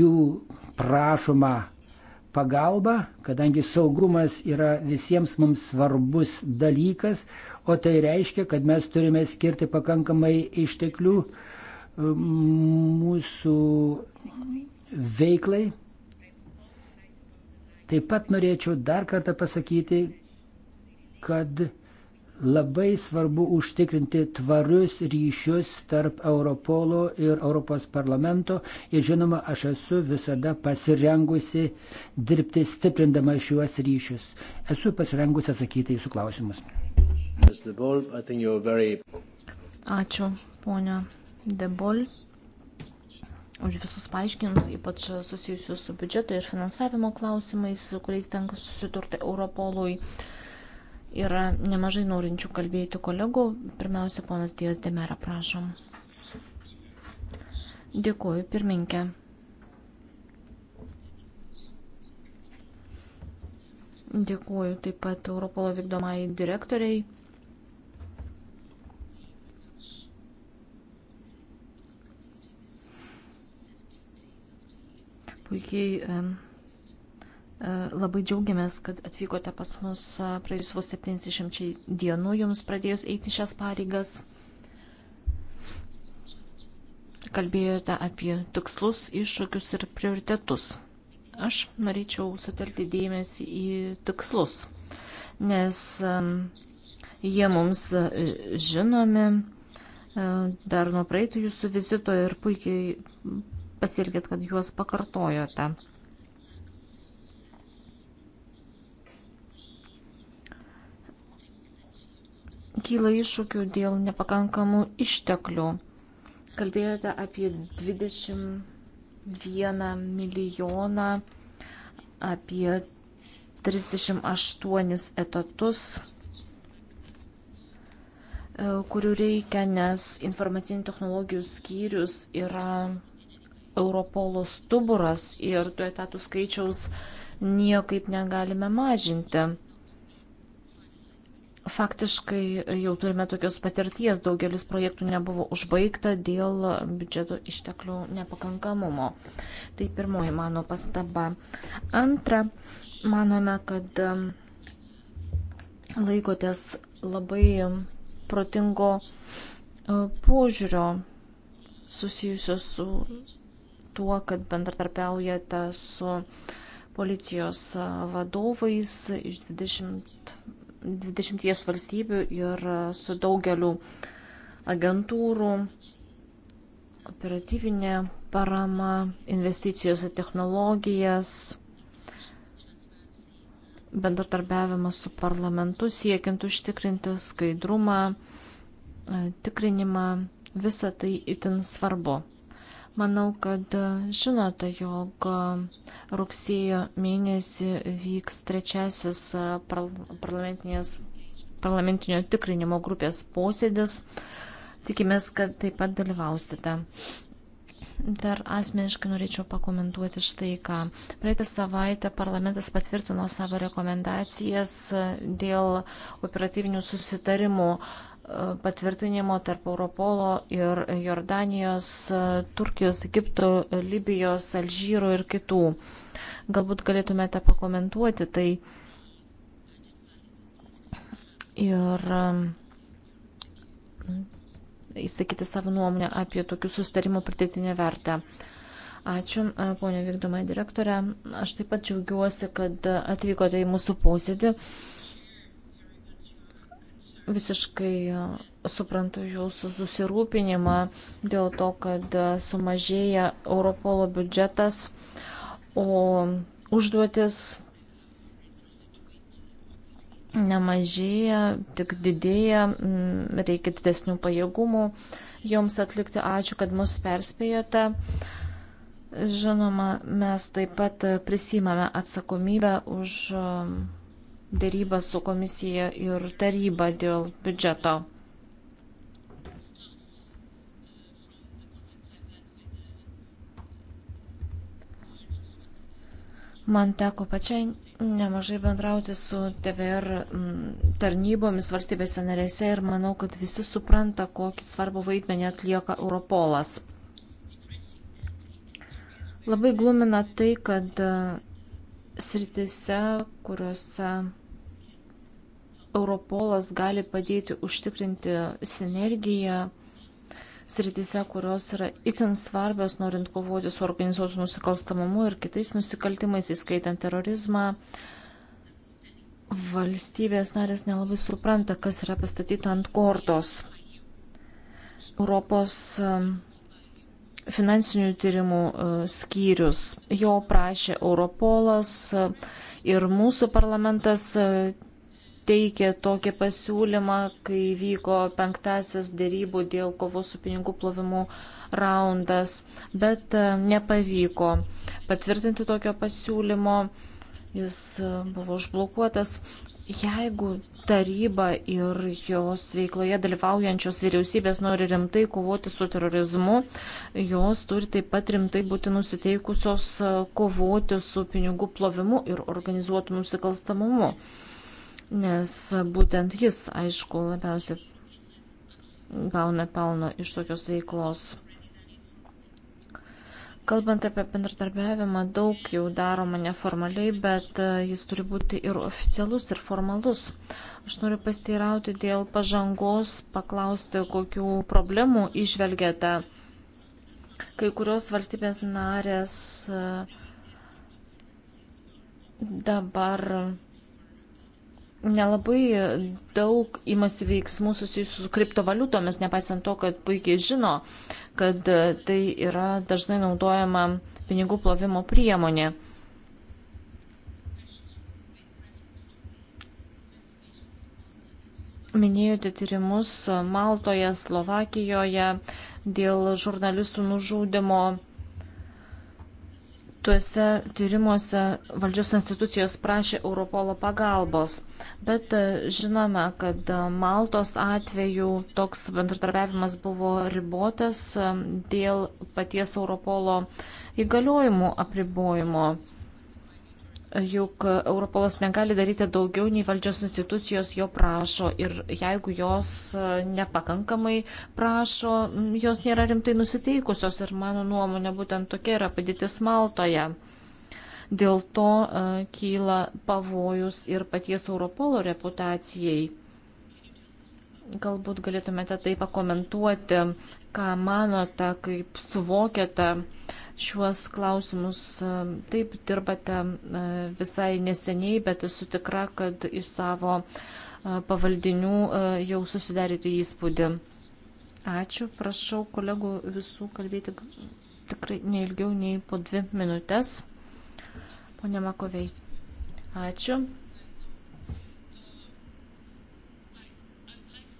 jų prašomą pagalbą, kadangi saugumas yra visiems mums svarbus dalykas, o tai reiškia, kad mes turime skirti pakankamai išteklių mm, mūsų veiklai. Taip pat norėčiau dar kartą pasakyti, kad labai svarbu užtikrinti tvarius ryšius tarp Europolo ir Europos parlamento ir žinoma, aš esu visada pasirengusi dirbti stiprindama šiuos ryšius. Esu pasirengusi atsakyti į jūsų klausimus. Ačiū, ponia Debol, už visus paaiškinimus, ypač susijusius su biudžeto ir finansavimo klausimais, su kuriais tenka susiturti Europolui. Yra nemažai norinčių kalbėti kolegų. Pirmiausia, ponas Dijas Demera, prašom. Dėkuoju, pirminkė. Dėkuoju taip pat Europolo vykdomai direktoriai puikiai e, labai džiaugiamės, kad atvykote pas mus e, praėjus vos 70 dienų jums pradėjus eiti šias pareigas. Kalbėjote apie tikslus, iššūkius ir prioritetus. Aš norėčiau sutelkti dėmesį į tikslus, nes jie mums e, žinomi dar nuo praeitų jūsų vizito ir puikiai pasilgėt, kad juos pakartojote. Kyla iššūkių dėl nepakankamų išteklių. Kalbėjote apie 21 milijoną, apie 38 etatus e, kurių reikia, nes informacinių technologijų skyrius yra Europolo stuburas ir tų etatų skaičiaus niekaip negalime mažinti. Faktiškai jau turime tokios patirties, daugelis projektų nebuvo užbaigta dėl biudžeto išteklių nepakankamumo. Tai pirmoji mano pastaba. Antra, manome, kad um, laikotės labai um, protingo uh, požiūrio susijusios su tuo, kad bendradarbiaujate su policijos vadovais iš 20, 20 valstybių ir su daugeliu agentūrų. Operatyvinė parama, investicijos į technologijas, bendradarbiavimas su parlamentu siekiant užtikrinti skaidrumą, tikrinimą, visa tai itin svarbu. Manau, kad e, žinote, jog e, rugsėjo mėnesį vyks trečiasis e, parlamentinio tikrinimo grupės posėdis. Tikimės, kad taip pat dalyvausite. Dar asmeniškai norėčiau pakomentuoti štai ką. Praeitą savaitę parlamentas patvirtino savo rekomendacijas dėl operatyvinių susitarimų uh, patvirtinimo tarp Europolo ir Jordanijos, Turkijos, Egipto, Libijos, Alžyro ir kitų. Galbūt galėtumėte pakomentuoti tai. Ir įsakyti um, savo nuomonę apie tokių sustarimų pridėtinę vertę. Ačiū, ponė vykdomai direktorė. Aš taip pat džiaugiuosi, kad atvykote į mūsų posėdį. Visiškai e, suprantu jūsų susirūpinimą dėl to, kad e, sumažėja Europolo biudžetas, o užduotis nemažėja, tik didėja, reikia didesnių pajėgumų joms atlikti. Ačiū, kad mus perspėjote. Žinoma, mes taip pat prisimame atsakomybę už dėrybas su komisija ir taryba dėl biudžeto. Man teko pačiai nemažai bendrauti su TVR tarnybomis valstybėse narėse ir manau, kad visi supranta, kokį svarbų vaidmenį atlieka Europolas. Labai glumina tai, kad e, sritise, kuriuose Europolas gali padėti užtikrinti sinergiją sritise, kurios yra itin svarbios, norint kovoti su organizuotu nusikalstamumu ir kitais nusikaltimais, įskaitant terorizmą. Valstybės narės nelabai supranta, kas yra pastatyta ant kortos. Europos um, finansinių tyrimų uh, skyrius jo prašė Europolas uh, ir mūsų parlamentas uh, teikė tokį pasiūlymą, kai vyko penktasis dėrybų dėl kovos su pinigų plovimu raundas, bet e, nepavyko patvirtinti tokio pasiūlymo, jis e, buvo užblokuotas. Jeigu taryba ir jos veikloje dalyvaujančios vyriausybės nori rimtai kovoti su terorizmu, jos turi taip pat rimtai būti nusiteikusios e, kovoti su pinigų plovimu ir organizuotų nusikalstamumu nes būtent jis, aišku, labiausiai gauna pelno iš tokios veiklos. Kalbant apie bendradarbiavimą, daug jau daroma neformaliai, bet e, jis turi būti ir oficialus, ir formalus. Aš noriu pasteirauti dėl pažangos, paklausti, kokių problemų išvelgėte. Kai kurios valstybės narės e, dabar nelabai daug imasi veiksmų susijusių su kriptovaliutomis, nepaisant to, kad puikiai žino, kad tai yra dažnai naudojama pinigų plovimo priemonė. Minėjote tyrimus Maltoje, Slovakijoje dėl žurnalistų nužudimo Tuose tyrimuose valdžios institucijos prašė Europolo pagalbos, bet e, žinome, kad e, Maltos atveju toks bendradarbiavimas buvo ribotas e, dėl paties Europolo įgaliojimų apribojimo. Juk Europolas negali daryti daugiau, nei valdžios institucijos jo prašo ir jeigu jos e, nepakankamai prašo, jos nėra rimtai nusiteikusios ir mano nuomonė būtent tokia yra padėtis Maltoje. Dėl to e, kyla pavojus ir paties Europolo reputacijai. Galbūt galėtumėte tai pakomentuoti, ką manote, kaip suvokiate šiuos klausimus. Taip dirbate e, visai neseniai, bet esu tikra, kad iš savo e, pavaldinių e, jau susidarėte įspūdį. Ačiū, prašau kolegų visų kalbėti tikrai neilgiau nei po dvi minutės. Pone Makovei, ačiū.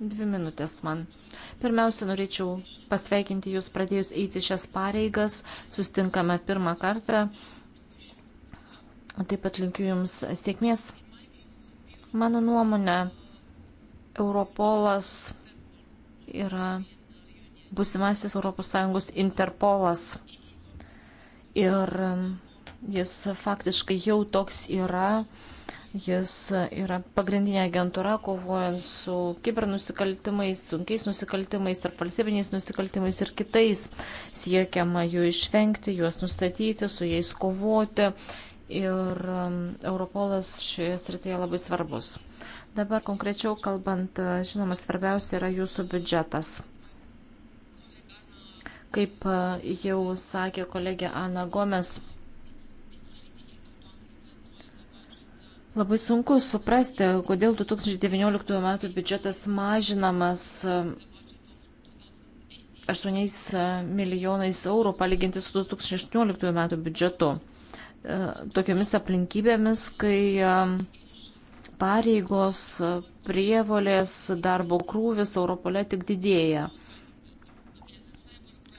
Dvi minutės man. Pirmiausia, norėčiau pasveikinti Jūs pradėjus eiti šias pareigas. Sustinkame pirmą kartą. Taip pat linkiu Jums sėkmės. Mano nuomonė, Europolas yra busimasis ES Interpolas. Ir jis faktiškai jau toks yra Jis e, yra pagrindinė agentūra kovojant su kibernusikaltimais, sunkiais nusikaltimais, tarp valstybiniais nusikaltimais ir kitais. Siekiama jų išvengti, juos nustatyti, su jais kovoti. Ir Europolas šioje srityje labai svarbus. Dabar konkrečiau kalbant, e, žinoma, svarbiausia yra jūsų biudžetas. Kaip e, jau sakė kolegė Ana Gomes, Labai sunku suprasti, kodėl 2019 metų biudžetas mažinamas 8 e, e, milijonais eurų palyginti su 2018 metų biudžetu. E, tokiomis aplinkybėmis, kai pareigos, prievolės, darbo krūvis Europole tik didėja.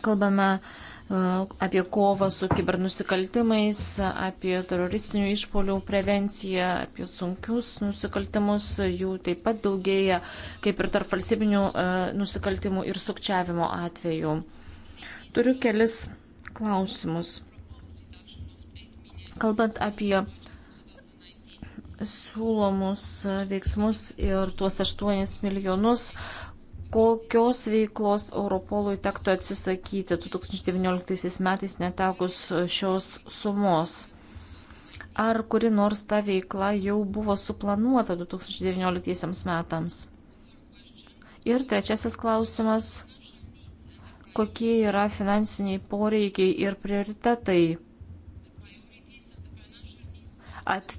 Kalbame apie kovą su kibernusikaltimais, apie teroristinių išpolių prevenciją, apie sunkius nusikaltimus, jų taip pat daugėja, kaip ir tarp valstybinių nusikaltimų ir sukčiavimo atveju. Turiu kelis klausimus. Kalbant apie siūlomus veiksmus ir tuos 8 milijonus, kokios veiklos Europolui tektų atsisakyti 2019 metais netekus šios sumos. Ar kuri nors ta veikla jau buvo suplanuota 2019 metams? Ir trečiasis klausimas. Kokie yra finansiniai poreikiai ir prioritetai? At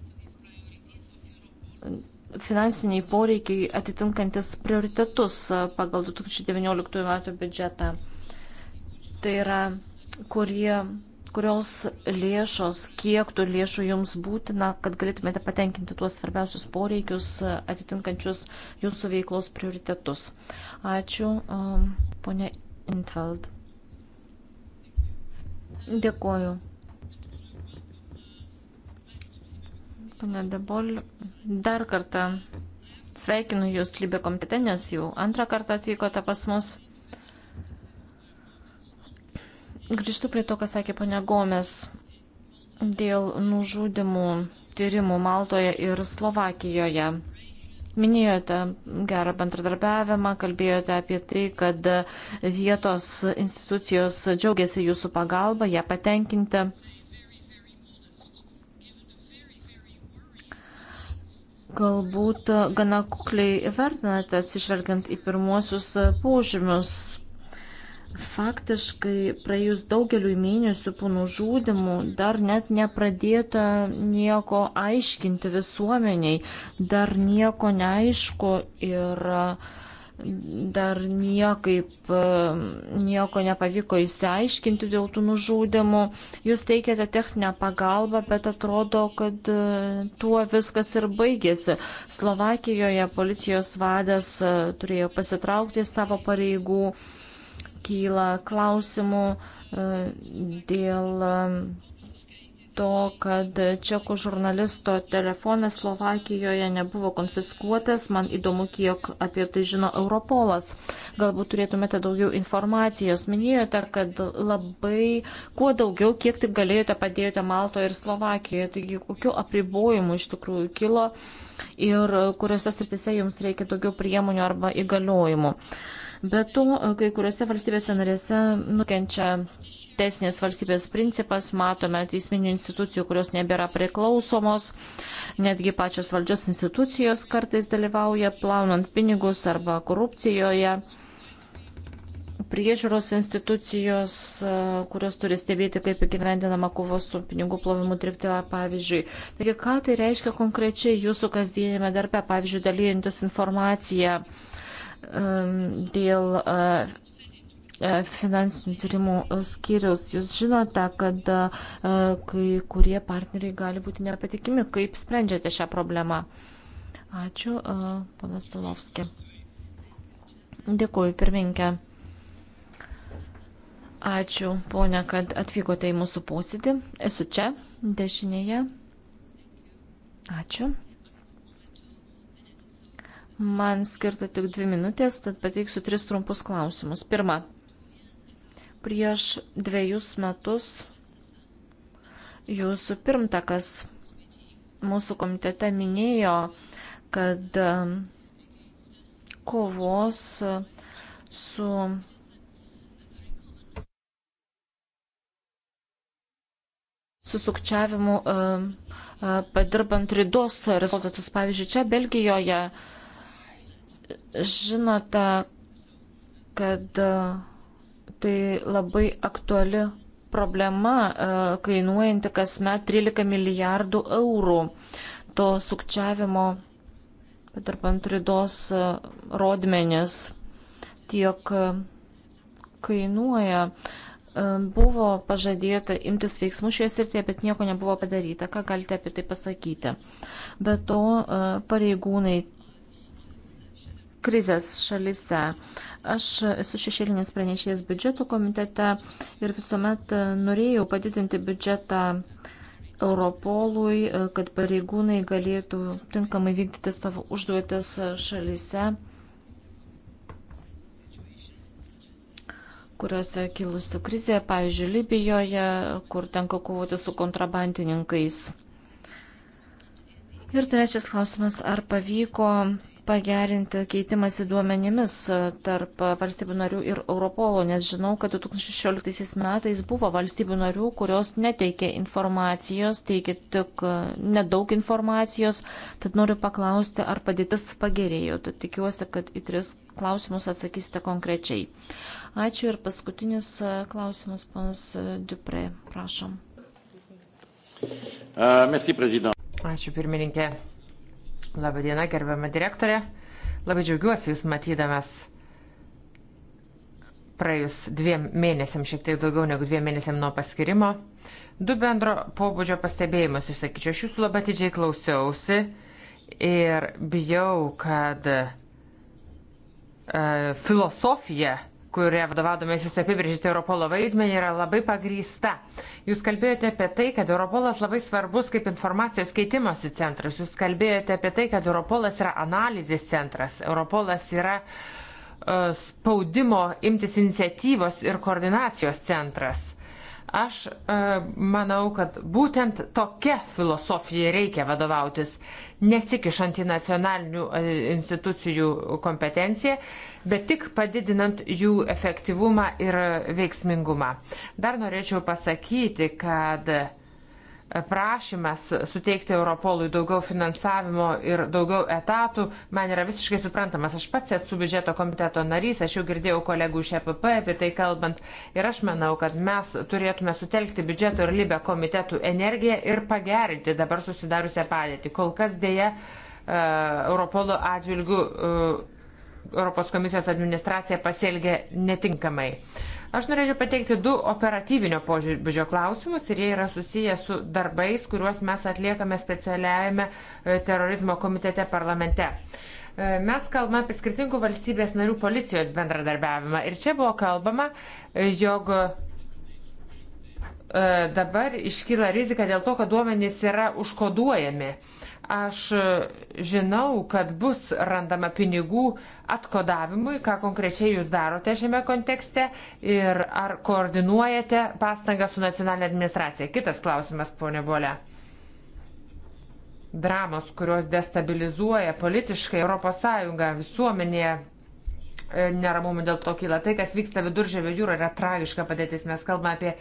finansiniai poreikiai atitinkantis prioritetus pagal 2019 metų biudžetą. Tai yra, kurie, kurios lėšos, kiek tų lėšų jums būtina, kad galėtumėte patenkinti tuos svarbiausius poreikius atitinkančius jūsų veiklos prioritetus. Ačiū, ponė Intfeld. Dėkuoju. Pana Debol, dar kartą sveikinu Jūs Libė komitete, nes jau antrą kartą atvykote pas mus. Grįžtu prie to, ką sakė ponia Gomes dėl nužudimų tyrimų Maltoje ir Slovakijoje. Minėjote gerą bendradarbiavimą, kalbėjote apie tai, kad vietos institucijos džiaugiasi jūsų pagalba, ją patenkinti. galbūt e, gana kukliai vertinate, atsižvelgiant į pirmuosius e, požymius. Faktiškai praėjus daugeliu mėnesių ponų žūdimų dar net nepradėta nieko aiškinti visuomeniai, dar nieko neaišku ir uh, dar niekaip e, nieko nepavyko įsiaiškinti dėl tų nužudimų. Jūs teikiate techninę pagalbą, bet atrodo, kad e, tuo viskas ir baigėsi. Slovakijoje policijos vadas e, turėjo pasitraukti savo pareigų. Kyla klausimų dėl to, kad čekų žurnalisto telefonas Slovakijoje nebuvo konfiskuotas. Man įdomu, kiek apie tai žino Europolas. Galbūt turėtumėte daugiau informacijos. Minėjote, kad labai kuo daugiau, kiek tik galėjote, padėjote Maltoje ir Slovakijoje. Taigi, kokiu apribojimu iš tikrųjų kilo ir kuriuose sritise jums reikia daugiau priemonių arba įgaliojimų. Be to, kai kuriuose valstybėse narėse nukenčia teisinės valstybės principas, matome teisminių institucijų, kurios nebėra priklausomos, netgi pačios valdžios institucijos kartais dalyvauja plaunant pinigus arba korupcijoje. Priežiūros institucijos, e, kurios turi stebėti, kaip įgyvendinama kovos su pinigų plovimu direktyva, pavyzdžiui. Taigi, ką tai reiškia konkrečiai jūsų kasdienėme darbe, pavyzdžiui, dalyjantis informaciją e, dėl e, E, finansinių tyrimų e, skyrius. Jūs žinote, kad e, kai kurie partneriai gali būti nepatikimi. Kaip sprendžiate šią problemą? Ačiū, panas Cilovski. Dėkuoju, pirminkė. Ačiū, ponia, kad atvykote į mūsų posėdį. Esu čia, dešinėje. Ačiū. Man skirta tik dvi minutės, tad pateiksiu tris trumpus klausimus. Pirma, Prieš dviejus metus jūsų pirmtakas mūsų komitete minėjo, kad um, kovos uh, su su sukčiavimu um, uh, padirbant rydos rezultatus. Pavyzdžiui, čia Belgijoje žinote, kad uh, Tai labai aktuali problema, e, kainuojanti kasmet 13 milijardų eurų. To sukčiavimo tarp ant ridos e, rodmenis tiek e, kainuoja. Buvo pažadėta imtis veiksmų šioje srityje, bet nieko nebuvo padaryta. Ką galite apie tai pasakyti? Be to, pareigūnai krizės šalise. Aš esu šešėlinis pranešėjas biudžeto komitete ir visuomet norėjau padidinti biudžetą Europolui, kad pareigūnai galėtų tinkamai vykdyti savo užduotis šalise, kuriuose kilusi krizė, pavyzdžiui, Libijoje, kur tenka kovoti su kontrabandininkais. Ir trečias klausimas, ar pavyko pagerinti keitimąsi duomenimis tarp valstybių narių ir Europolo, nes žinau, kad 2016 metais buvo valstybių narių, kurios neteikė informacijos, teikė tik nedaug informacijos, tad noriu paklausti, ar padėtis pagerėjo. Tad tikiuosi, kad į tris klausimus atsakysite konkrečiai. Ačiū ir paskutinis klausimas, panas Dupre, prašom. Uh, Ačiū pirmininkė. Labadiena, gerbiama direktorė. Labai džiaugiuosi Jūs matydamas praėjus dviem mėnesiam, šiek tiek daugiau negu dviem mėnesiam nuo paskirimo. Du bendro pobūdžio pastebėjimus išsakyčiau. Aš Jūsų labai atidžiai klausiausi ir bijau, kad e, filosofija kurie vadovaudomės jūs apibrėžite Europolo vaidmenį, yra labai pagrįsta. Jūs kalbėjote apie tai, kad Europolas labai svarbus kaip informacijos keitimosi centras. Jūs kalbėjote apie tai, kad Europolas yra analizės centras. Europolas yra uh, spaudimo imtis iniciatyvos ir koordinacijos centras. Aš e, manau, kad būtent tokia filosofija reikia vadovautis, nesikišant į nacionalinių e, institucijų kompetenciją, bet tik padidinant jų efektyvumą ir veiksmingumą. Dar norėčiau pasakyti, kad prašymas suteikti Europolui daugiau finansavimo ir daugiau etatų man yra visiškai suprantamas. Aš pats esu biudžeto komiteto narys, aš jau girdėjau kolegų iš EPP apie tai kalbant ir aš manau, kad mes turėtume sutelkti biudžeto ir lybę komitetų energiją ir pagerinti dabar susidariusią padėtį. Kol kas dėja e, Europolo atžvilgių e, Europos komisijos administracija pasielgė netinkamai. Uh, Aš norėčiau pateikti du operatyvinio požiūrio klausimus ir jie yra susiję su darbais, kuriuos mes atliekame specialiajame e, terorizmo komitete parlamente. E, mes kalbame apie skirtingų valstybės narių policijos bendradarbiavimą ir čia buvo kalbama, e, jog dabar iškyla rizika dėl to, kad duomenys yra užkoduojami. Aš žinau, kad bus randama pinigų atkodavimui, ką konkrečiai jūs darote šiame kontekste ir ar koordinuojate pastangą su nacionalinė administracija. Kitas klausimas, ponė Bolė. Dramos, kurios destabilizuoja politiškai ES visuomenėje, e, neramumų dėl to kyla. Tai, kas vyksta viduržėvio jūroje, yra tragiška padėtis. Mes kalbame apie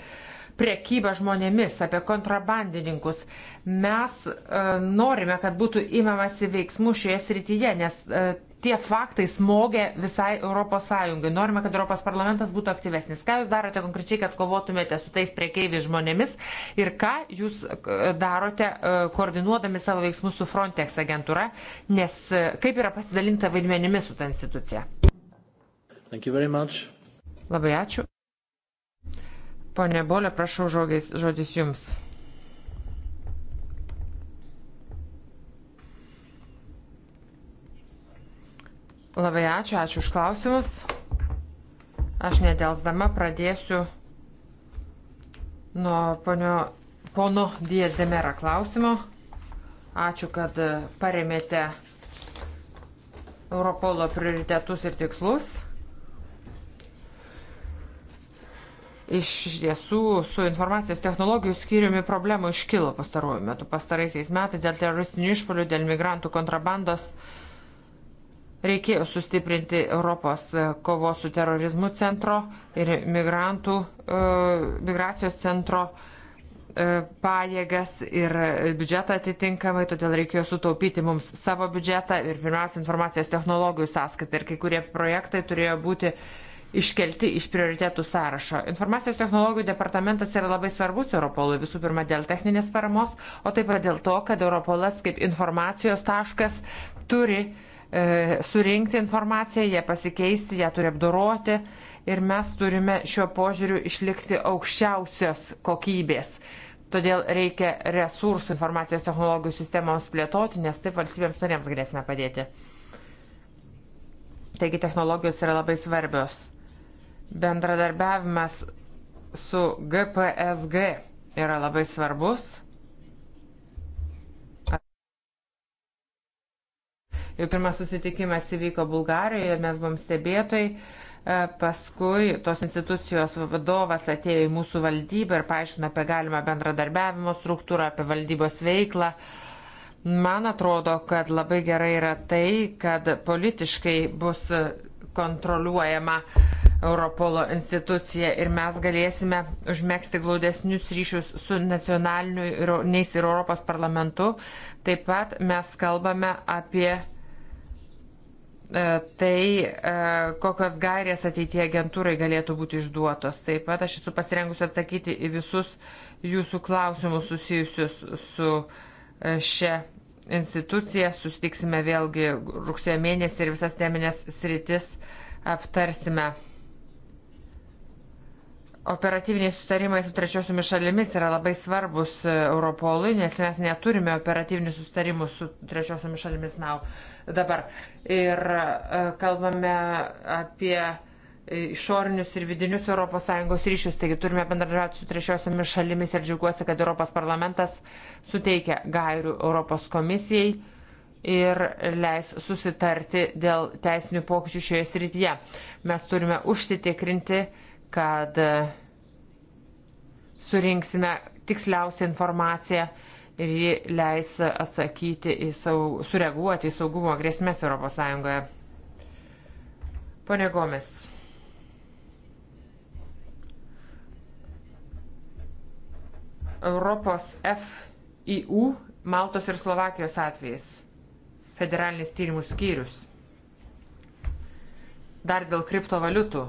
priekybą žmonėmis, apie kontrabandininkus. Mes e, norime, kad būtų imamasi veiksmų šioje srityje, nes e, tie faktai smogia visai ES. Norime, kad ES parlamentas būtų aktyvesnis. Ką jūs darote konkrečiai, kad kovotumėte su tais priekeiviais žmonėmis ir ką jūs e, darote e, koordinuodami savo veiksmus su Frontex agentūra, nes e, kaip yra pasidalinta vaidmenimis su ta institucija? Labai ačiū. Pone Bolė, prašau žodis, žodis jums. Labai ačiū, ačiū už klausimus. Aš nedelsdama pradėsiu nuo ponio, pono Diezdemera klausimo. Ačiū, kad paremėte Europolo prioritetus ir tikslus. Iš tiesų, su informacijos technologijų skyriumi problemų iškilo pastaruoju metu. Pastaraisiais metais dėl teroristinių išpolių, dėl migrantų kontrabandos reikėjo sustiprinti Europos e, kovos su terorizmu centro ir migrantų, e, migracijos centro e, pajėgas ir biudžetą atitinkamai, todėl reikėjo sutaupyti mums savo biudžetą ir pirmiausia informacijos technologijų sąskaitą ir kai kurie projektai turėjo būti uh, iškelti iš prioritetų sąrašo. Informacijos technologijų departamentas yra labai svarbus Europolui, visų pirma dėl techninės paramos, o taip pat dėl to, kad Europolas kaip informacijos taškas turi e, surinkti informaciją, ją pasikeisti, ją turi apdoroti ir mes turime šiuo požiūriu išlikti aukščiausios kokybės. Todėl reikia resursų informacijos technologijų sistemoms plėtoti, nes taip valstybėms narėms galėsime padėti. Taigi technologijos yra labai svarbios. Bendradarbiavimas su GPSG yra labai svarbus. Jau pirmas susitikimas įvyko Bulgarijoje, mes buvom stebėtojai. E, paskui tos institucijos vadovas atėjo į mūsų valdybą ir paaiškino apie galimą bendradarbiavimo struktūrą, apie valdybos veiklą. Man atrodo, kad labai gerai yra tai, kad politiškai bus kontroliuojama Europolo institucija ir mes galėsime užmėgsti glaudesnius ryšius su nacionaliniu ir neis ir Europos parlamentu. Taip pat mes kalbame apie e, tai e, kokios gairės ateitie agentūrai galėtų būti išduotos. Taip pat aš esu pasirengusi atsakyti į visus jūsų klausimus susijusius su e, šia instituciją, sustiksime vėlgi rugsėjo mėnesį ir visas teminės sritis aptarsime. Operatyviniai sustarimai su trečiosiomis šalimis yra labai svarbus e, Europolui, nes mes neturime operatyvinių sustarimų su trečiosiomis šalimis now. dabar. Ir e, kalbame apie E, išorinius ir vidinius ES ryšius, taigi turime bendradarbiauti su trečiosiomis šalimis ir džiaugiuosi, kad Europos parlamentas suteikia gairių Europos komisijai ir leis susitarti dėl teisinių pokyčių šioje srityje. Mes turime užsitikrinti, kad e, surinksime tiksliausią informaciją ir ji leis atsakyti į saug... sureaguoti į saugumo grėsmės ES. Pone Gomes. Europos FIU Maltos ir Slovakijos atvejais. Federalinis tyrimų skyrius. Dar dėl kriptovaliutų.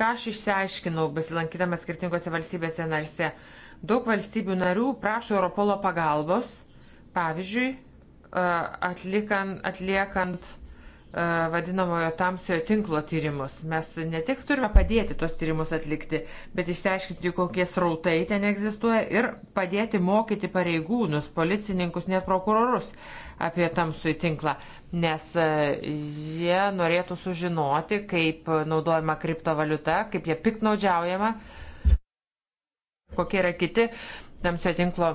Ką aš išsiaiškinau, besilankydamas skirtingose valstybėse narse, daug valstybių narių prašo Europolo pagalbos, pavyzdžiui, atlikan, atliekant E, vadinamojo tamsiojo tinklo tyrimus. Mes ne tik turime padėti tuos tyrimus atlikti, bet išsiaiškinti, kokie srautai ten egzistuoja ir padėti mokyti pareigūnus, policininkus, net prokurorus apie tamsųjį tinklą, nes e, jie norėtų sužinoti, kaip naudojama kriptovaliuta, kaip jie piknaudžiaujama, kokie yra kiti tamsiojo tinklo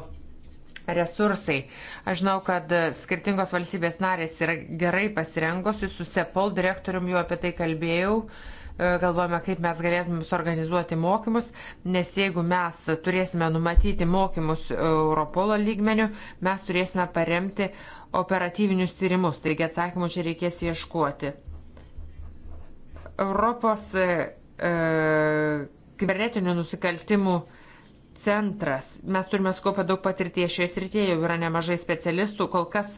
resursai. Aš žinau, kad skirtingos valstybės narės yra gerai pasirengusi, su SEPOL direktorium jau apie tai kalbėjau. E, galvojame, kaip mes galėtume suorganizuoti mokymus, nes jeigu mes turėsime numatyti mokymus Europolo lygmenių, mes turėsime paremti operatyvinius tyrimus. Taigi atsakymų čia reikės ieškoti. Europos e, e kibernetinių nusikaltimų e, centras. Mes turime skopę daug patirties šioje srityje, jau yra nemažai specialistų, kol kas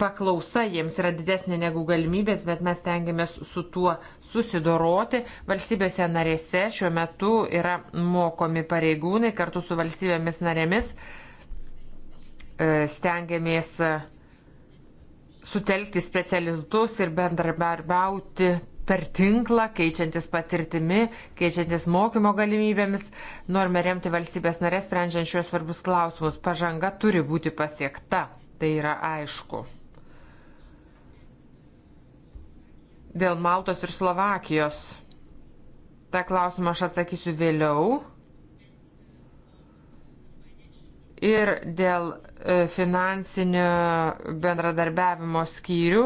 paklausa jiems yra didesnė negu galimybės, bet mes tengiamės su tuo susidoroti. Valstybėse narėse šiuo metu yra mokomi pareigūnai kartu su valstybėmis narėmis. E, stengiamės sutelkti specialistus ir bendradarbiauti per tinklą, keičiantis patirtimi, keičiantis mokymo galimybėmis. Norime remti valstybės narės, sprendžiant šios svarbus klausimus. Pažanga turi būti pasiekta, tai yra aišku. Dėl Maltos ir Slovakijos. Ta klausimą aš atsakysiu vėliau. Ir dėl E, finansinio bendradarbiavimo skyrių,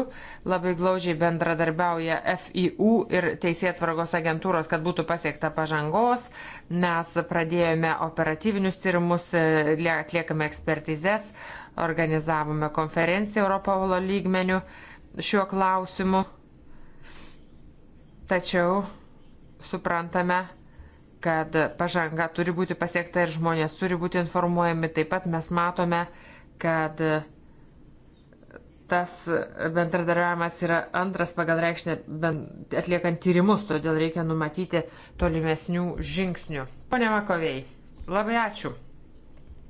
labai glaužiai bendradarbiauja FIU ir Teisėtvarkos agentūros, kad būtų pasiekta pažangos. Mes pradėjome operatyvinius tyrimus, e, atliekame ekspertizes, organizavome konferenciją Europolo lygmenių šiuo klausimu. Tačiau suprantame, kad pažanga turi būti pasiekta ir žmonės turi būti informuojami. Taip pat mes matome, kad tas bendradarbiavimas yra antras pagal reikšmę atliekant tyrimus, todėl reikia numatyti tolimesnių žingsnių. Pone Makovėjai, labai ačiū.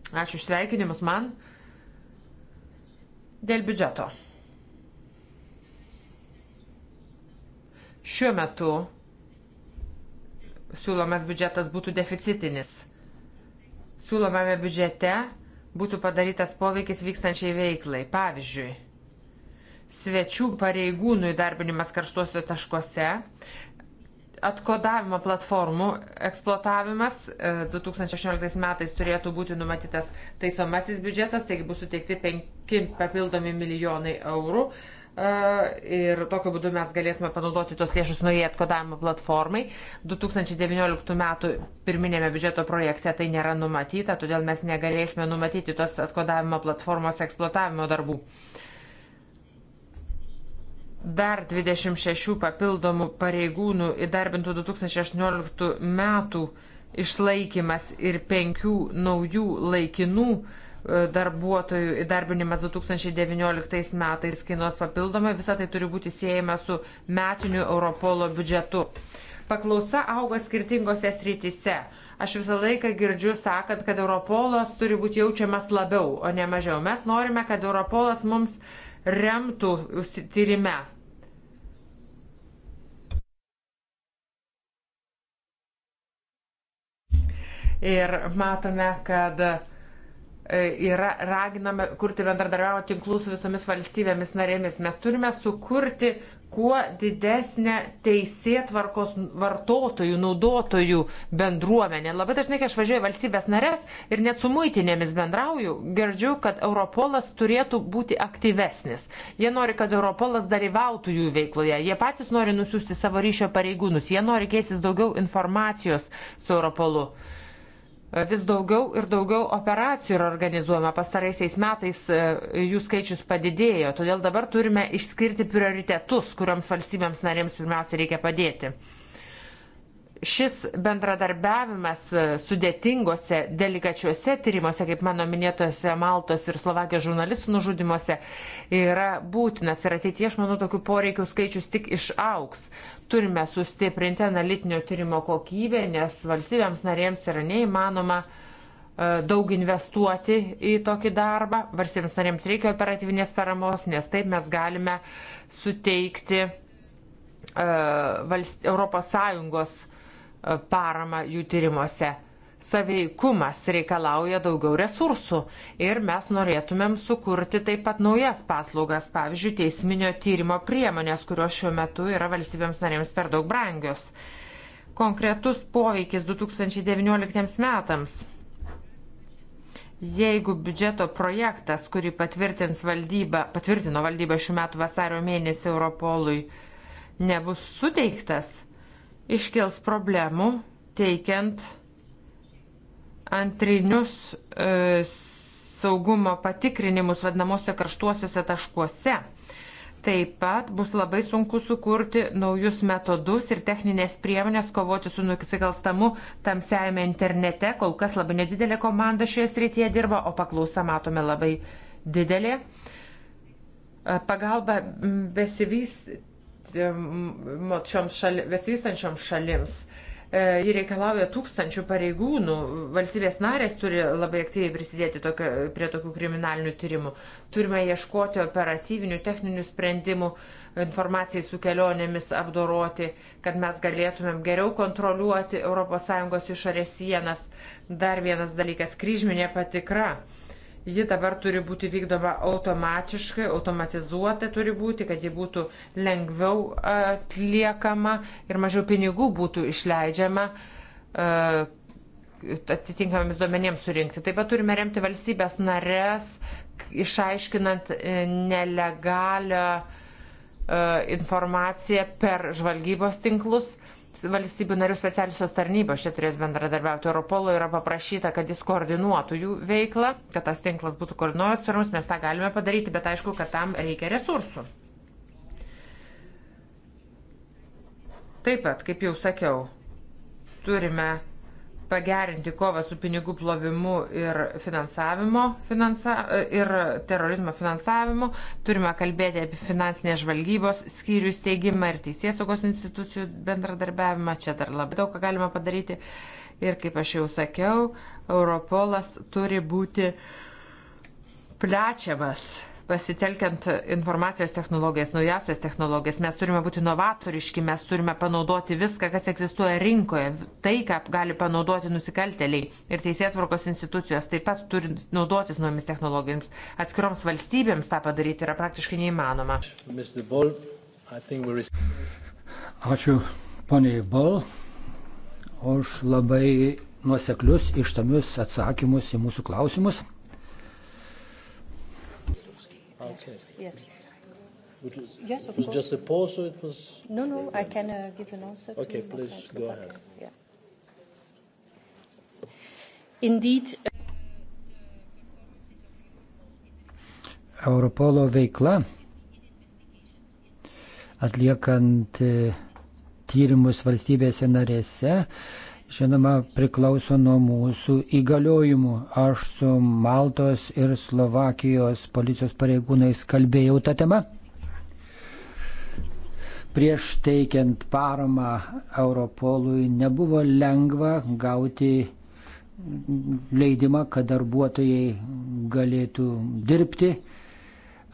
Ačiū išsveikinimus man dėl biudžeto. Šiuo metu siūlomas biudžetas būtų deficitinis. Siūlomame biudžete būtų padarytas poveikis vykstančiai veiklai. Pavyzdžiui, svečių pareigūnų įdarbinimas karštuosiuose taškuose, atkodavimo platformų eksploatavimas 2016 e, metais turėtų būti numatytas taisomasis biudžetas, taigi bus suteikti 5 papildomi milijonai eurų E, ir tokiu būdu mes galėtume panaudoti tos lėšus naujai atkodavimo platformai. 2019 metų pirminėme biudžeto projekte tai nėra numatyta, todėl mes negalėsime numatyti tos atkodavimo platformos eksploatavimo darbų. Dar 26 papildomų pareigūnų įdarbintų 2018 metų išlaikymas ir penkių naujų laikinų uh, E, darbuotojų įdarbinimas 2019 metais kainuos papildomai. Visą tai turi būti siejama su metiniu Europolo biudžetu. Paklausa auga skirtingose srityse. Aš visą laiką girdžiu sakant, kad Europolas turi būti jaučiamas labiau, o ne mažiau. Mes norime, kad Europolas mums remtų tyrime, ir matome, kad E, yra raginama kurti bendradarbiavimo tinklus su visomis valstybėmis narėmis. Mes turime sukurti kuo didesnę teisėtvarkos vartotojų, naudotojų bendruomenę. Labai dažnai, kai aš važiuoju valstybės narės ir net su muitinėmis bendrauju, girdžiu, kad Europolas turėtų būti aktyvesnis. Jie nori, kad Europolas dalyvautų jų veikloje. Jie patys nori nusiųsti savo ryšio pareigūnus. Jie nori keistis daugiau informacijos su Europolu. Uh, Vis daugiau ir daugiau operacijų yra organizuojama. Pastaraisiais metais e, jų skaičius padidėjo, todėl dabar turime išskirti prioritetus, kuriams valstybėms narėms pirmiausia reikia padėti šis bendradarbiavimas e, sudėtingose, delikačiuose tyrimuose, kaip mano minėtose Maltos ir Slovakijos žurnalistų nužudimuose, yra būtinas ir ateitie, aš manau, tokių poreikių skaičius tik išauks. Turime sustiprinti analitinio tyrimo kokybę, nes valstybėms narėms yra neįmanoma e, daug investuoti į tokį darbą. Varsiems narėms reikia operatyvinės paramos, nes taip mes galime suteikti uh, valst... ES paramą jų tyrimuose. Saveikumas reikalauja daugiau resursų ir mes norėtumėm sukurti taip pat naujas paslaugas, pavyzdžiui, teisminio tyrimo priemonės, kurios šiuo metu yra valstybėms narėms per daug brangios. Konkretus poveikis 2019 metams. Jeigu biudžeto projektas, kurį valdyba, patvirtino valdyba šių metų vasario mėnesį Europolui, nebus suteiktas, iškils problemų teikiant antrinius e, saugumo patikrinimus vadinamuose karštuosiuose taškuose. Taip pat bus labai sunku sukurti naujus metodus ir techninės priemonės kovoti su nusikalstamu tamsiajame internete. Kol kas labai nedidelė komanda šioje srityje dirba, o paklausa matome labai didelė. E, pagalba besivystyti šioms šali, besivystančioms šalims. E, ji reikalauja tūkstančių pareigūnų, valstybės narės turi labai aktyviai prisidėti tokio, prie tokių kriminalinių tyrimų. Turime ieškoti operatyvinių, techninių sprendimų, informacijai su kelionėmis apdoroti, kad mes galėtumėm geriau kontroliuoti ES išorės sienas. Dar vienas dalykas - kryžminė patikra Ji dabar turi būti vykdoma automatiškai, automatizuota turi būti, kad ji būtų lengviau atliekama ir mažiau pinigų būtų išleidžiama e, atitinkamiems duomenėms surinkti. Taip pat turime remti valstybės narės, išaiškinant e, nelegalią e, informaciją per žvalgybos tinklus valstybių narių specialiosios tarnybos čia turės bendradarbiauti. Europolo yra paprašyta, kad jis koordinuotų jų veiklą, kad tas tinklas būtų koordinuojamas per mus, mes tą galime padaryti, bet aišku, kad tam reikia resursų. Taip pat, kaip jau sakiau, turime pagerinti kovą su pinigų plovimu ir, finansavimo, finansa, ir terorizmo finansavimu. Turime kalbėti apie finansinės žvalgybos skyrių steigimą ir teisėsaugos institucijų bendradarbiavimą. Čia dar labai daug ką galima padaryti. Ir kaip aš jau sakiau, Europolas turi būti plečiamas pasitelkiant informacijos technologijas, naujasias technologijas, mes turime būti novatoriški, mes turime panaudoti viską, kas egzistuoja rinkoje, tai, ką gali panaudoti nusikalteliai ir teisėtvarkos institucijos taip pat turi naudotis naujomis technologijomis. Atskiroms valstybėms tą padaryti yra praktiškai neįmanoma. Ačiū poniai Bol už labai nuoseklius, ištamius atsakymus į mūsų klausimus. yes. Which is, yes, of it was course. just a pause, so it was. No, no, I can uh, give an answer. Okay, to please go ahead. Yeah. Indeed. Uh, Europolo veikla atliekant e, tyrimus valstybėse narėse žinoma, priklauso nuo mūsų įgaliojimų. Aš su Maltos ir Slovakijos policijos pareigūnais kalbėjau tą temą. Prieš teikiant paramą Europolui nebuvo lengva gauti leidimą, kad darbuotojai galėtų dirbti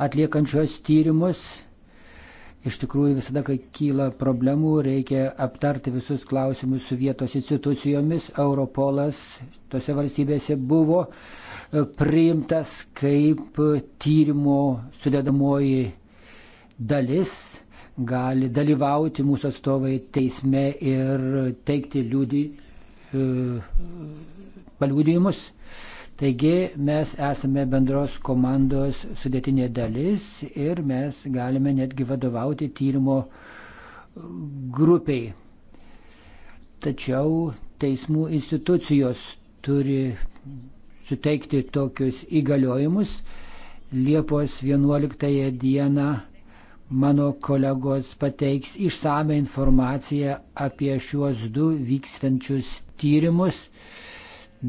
atliekančios tyrimus Iš tikrųjų, visada, kai kyla problemų, reikia aptarti visus klausimus su vietos institucijomis. Europolas tose valstybėse buvo e, priimtas kaip tyrimo sudedamoji dalis. Gali dalyvauti mūsų atstovai teisme ir teikti liūdį, e, paliūdėjimus. Taigi mes esame bendros komandos sudėtinė dalis ir mes galime netgi vadovauti tyrimo grupiai. Tačiau teismų institucijos turi suteikti tokius įgaliojimus. Liepos 11 dieną mano kolegos pateiks išsame informaciją apie šiuos du vykstančius tyrimus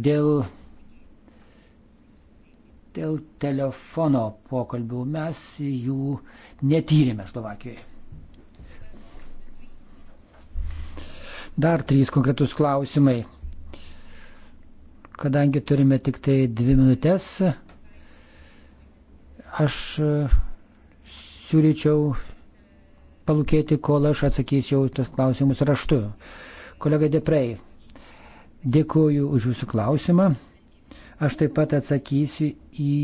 dėl Dėl telefono pokalbių mes jų netyrėme Slovakijoje. Dar trys konkretus klausimai. Kadangi turime tik tai dvi minutės, aš uh, siūlyčiau palūkėti, kol aš atsakysiu tas klausimus raštu. Kolega Deprei, dėkuoju už jūsų klausimą. Aš taip pat atsakysiu į,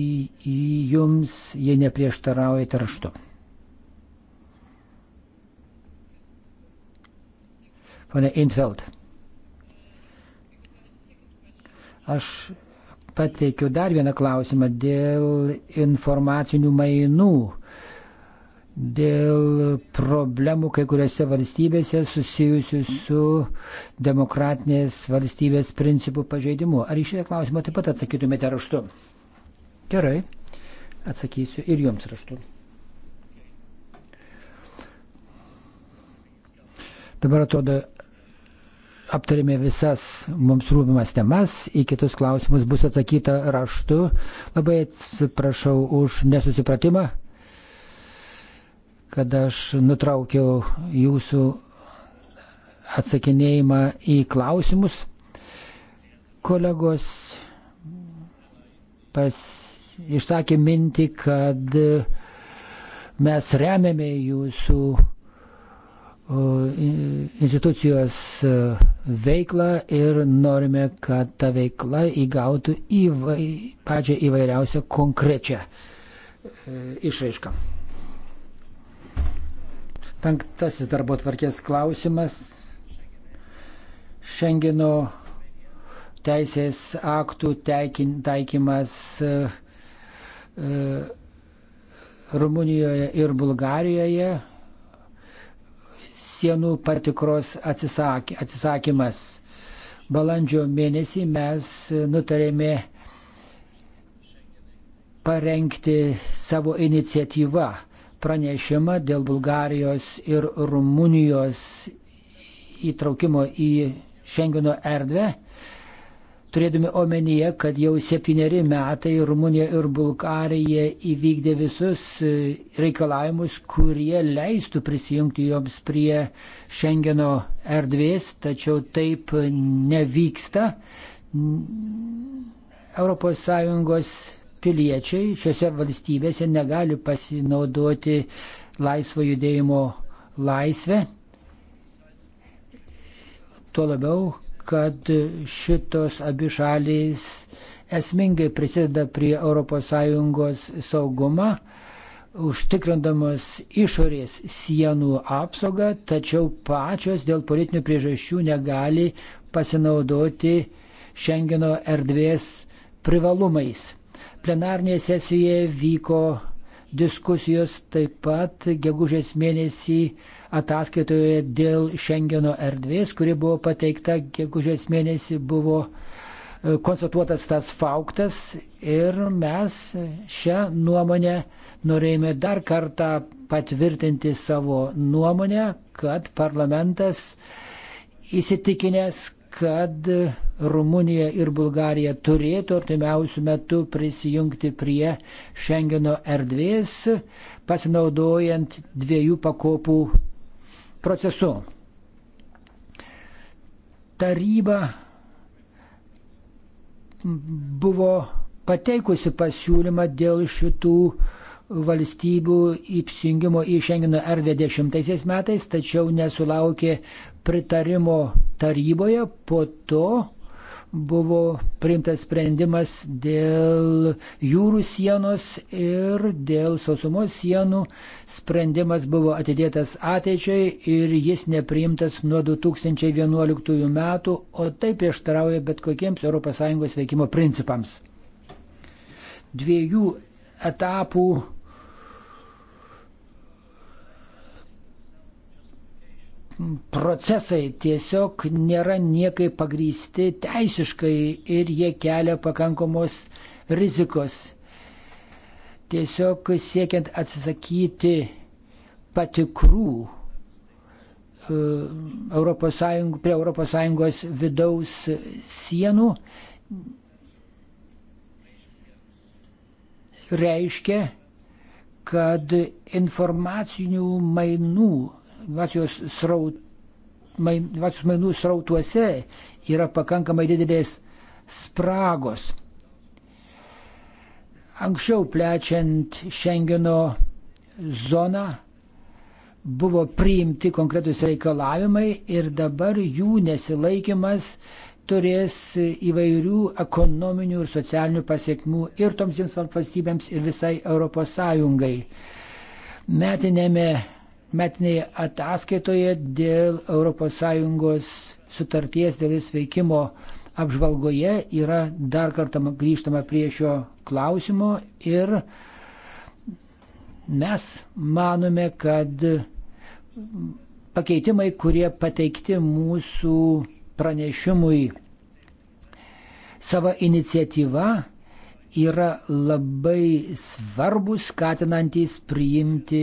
į jums, jei neprieštaraujate raštu. Pone Intveld, aš pateikiu dar vieną klausimą dėl informacinių mainų dėl problemų kai kuriuose valstybėse susijusių su demokratinės valstybės principų pažeidimu. Ar į šitą klausimą taip pat atsakytumėte raštu? Gerai, atsakysiu ir jums raštu. Dabar atrodo, aptarėme visas mums rūpimas temas, į kitus klausimus bus atsakyta raštu. Labai atsiprašau už nesusipratimą kad aš nutraukiau jūsų atsakinėjimą į klausimus. Kolegos pas, išsakė mintį, kad e, mes remiame jūsų institucijos e, veiklą ir norime, kad ta veikla įgautų įvai, pačią įvairiausią konkrečią e, išraišką. Penktasis darbo tvarkės klausimas. Šengino teisės aktų teikin, taikymas e, e, Rumunijoje ir Bulgarijoje sienų patikros atsisakė, atsisakymas. Balandžio mėnesį mes nutarėme parengti savo iniciatyvą pranešimą dėl Bulgarijos ir Rumunijos įtraukimo į Šengino erdvę, turėdami omenyje, kad jau septyneri metai Rumunija ir Bulgarija įvykdė visus e, reikalavimus, kurie leistų prisijungti joms prie Šengeno erdvės, tačiau taip nevyksta. ES piliečiai šiuose valstybėse negali pasinaudoti laisvo judėjimo laisvę. Tuo labiau, kad šitos abi šalys esmingai prisideda prie ES saugumą, užtikrindamos išorės sienų apsaugą, tačiau pačios dėl politinių priežasčių negali pasinaudoti Šengeno erdvės privalumais. Plenarnėje sesijoje vyko diskusijos taip pat gegužės mėnesį ataskaitoje dėl Šengeno erdvės, kuri buvo pateikta gegužės mėnesį, buvo e, konstatuotas tas fauktas ir mes šią nuomonę norėjome dar kartą patvirtinti savo nuomonę, kad parlamentas įsitikinęs, kad Rumunija ir Bulgarija turėtų artimiausių metų prisijungti prie Schengeno erdvės, pasinaudojant dviejų pakopų procesu. Taryba buvo pateikusi pasiūlymą dėl šitų valstybių įsijungimo į Šengino erdvę dešimtaisiais metais, tačiau nesulaukė pritarimo taryboje, po to buvo priimtas sprendimas dėl jūrų sienos ir dėl sausumos sienų. Sprendimas buvo atidėtas ateičiai ir jis nepriimtas nuo 2011 metų, o tai prieštarauja bet kokiems ES veikimo principams. Dviejų etapų procesai tiesiog nėra niekai pagrysti teisiškai ir jie kelia pakankamos rizikos. Tiesiog siekiant atsisakyti patikrų e, Europos Sąjung, prie ES vidaus sienų reiškia, kad informacinių mainų informacijos, sraut, main, informacijos mainų srautuose yra pakankamai didelės spragos. Anksčiau plečiant Schengeno zoną buvo priimti konkretus reikalavimai ir dabar jų nesilaikimas turės įvairių ekonominių ir socialinių pasiekmių ir toms jiems valstybėms, ir visai ES. Metinėme metinėje ataskaitoje dėl ES sutarties dėl įsveikimo apžvalgoje yra dar kartą grįžtama prie šio klausimo ir mes manome, kad pakeitimai, kurie pateikti mūsų pranešimui savo iniciatyva, yra labai svarbus, skatinantis priimti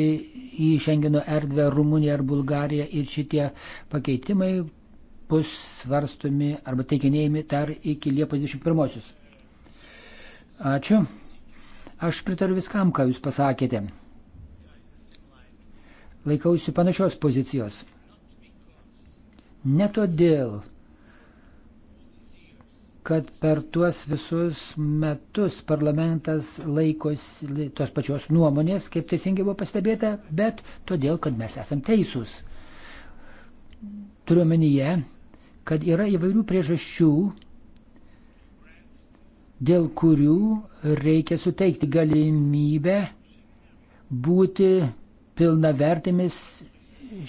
į Šengeno erdvę Rumuniją ar Bulgariją ir šitie pakeitimai bus svarstomi arba teikinėjami dar iki Liepos 21-osios. Ačiū. Aš pritariu viskam, ką Jūs pasakėte. Laikausi panašios pozicijos. Ne todėl, kad per tuos visus metus parlamentas laikosi tos pačios nuomonės, kaip teisingai buvo pastebėta, bet todėl, kad mes esam teisūs. Turiuomenyje, kad yra įvairių priežasčių, dėl kurių reikia suteikti galimybę būti pilnavertėmis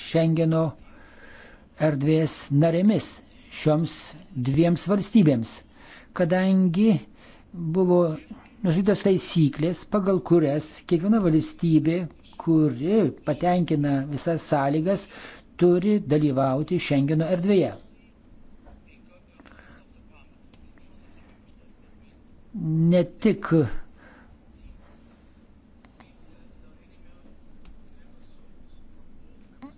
Šengeno erdvės narėmis šioms dviems valstybėms, kadangi buvo nusitytos taisyklės, pagal kurias kiekviena valstybė, kuri patenkina visas sąlygas, turi dalyvauti Šengeno erdvėje. Ne tik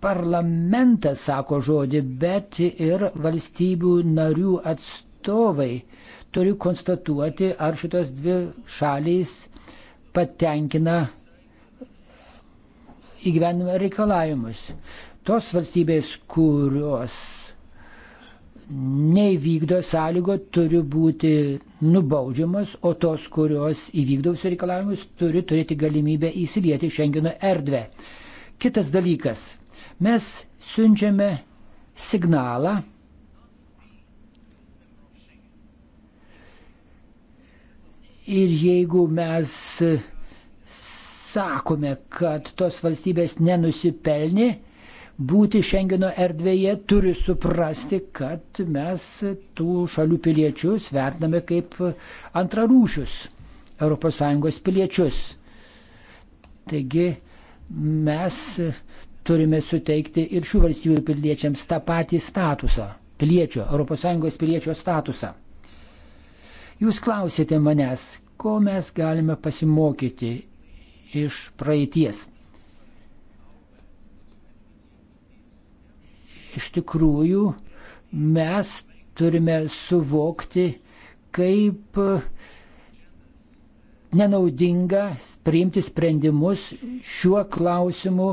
parlamentas sako žodį, bet ir valstybių narių atstovai. Turiu konstatuoti, ar šitos dvi šalys patenkina įgyvenimo reikalavimus. Tos valstybės, kurios neįvykdo sąlygo, turi būti nubaudžiamas, o tos, kurios įvykdaus reikalavimus, turi turėti galimybę įsilieti Šengeno erdvę. Kitas dalykas Mes siunčiame signalą, Ir jeigu mes sakome, kad tos valstybės nenusipelnė būti Šengino erdvėje, turi suprasti, kad mes tų šalių piliečius vertiname kaip antrarūšius ES piliečius. Taigi mes turime suteikti ir šių valstybių piliečiams tą patį statusą, piliečio, ES piliečio statusą. Jūs klausėte manęs, ko mes galime pasimokyti iš praeities. Iš tikrųjų, mes turime suvokti, kaip nenaudinga priimti sprendimus šiuo klausimu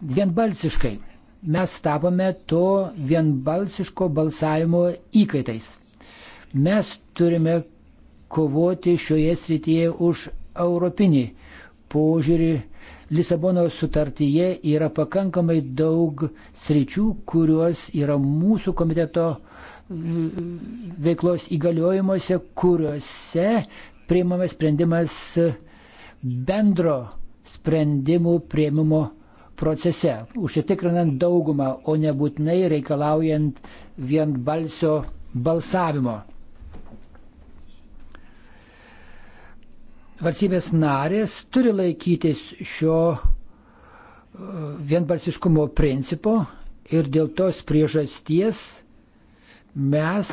vienbalsiškai. Mes tapome to vienbalsiško balsavimo įkaitais. Mes turime kovoti šioje srityje už europinį požiūrį. Lisabono sutartyje yra pakankamai daug sričių, kurios yra mūsų komiteto mm, veiklos įgaliojimuose, kuriuose priimamas sprendimas bendro sprendimų prieimimo procese, užsitikrinant daugumą, o nebūtinai reikalaujant vien balsio balsavimo. Valstybės narės turi laikytis šio uh, vienbalsiškumo principo ir dėl tos priežasties mes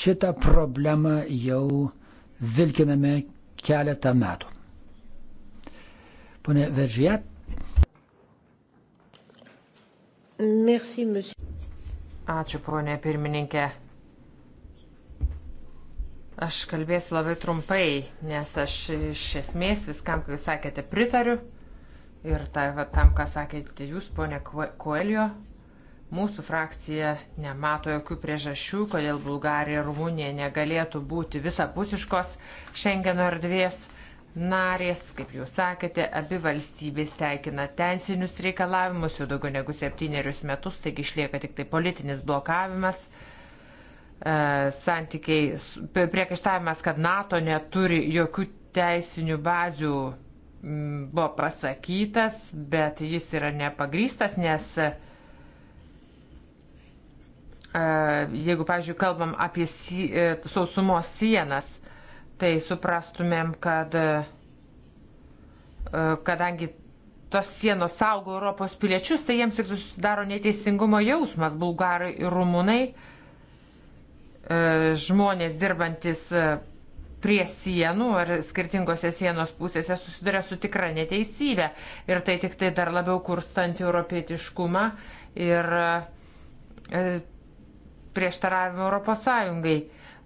šitą problemą jau vilkiname keletą metų. Pone Veržijat Merci, monsieur. Ačiū, ponė pirmininkė. Aš kalbėsiu labai trumpai, nes aš iš esmės viskam, ką jūs sakėte, pritariu. Ir ta, va, tam, ką sakėte jūs, ponė Koelio, mūsų frakcija nemato jokių priežasčių, kodėl Bulgarija ir Rumunija negalėtų būti visapusiškos Schengeno erdvės narės, kaip jūs sakėte, abi valstybės teikina tensinius reikalavimus jau daugiau negu septynerius metus, taigi išlieka tik tai politinis blokavimas, e, santykiai, priekaištavimas, kad NATO neturi jokių teisinių bazių m, buvo pasakytas, bet jis yra nepagrystas, nes e, jeigu, pavyzdžiui, kalbam apie si, e, sausumos sienas, tai suprastumėm, kad e, kadangi tos sienos saugo Europos piliečius, tai jiems tik susidaro neteisingumo jausmas bulgarai ir rumunai, e, žmonės dirbantis e, prie sienų ar skirtingose sienos pusėse susiduria su tikra neteisybė. Ir tai tik tai dar labiau kurstant europietiškumą ir prieštaravimą Europos Sąjungai.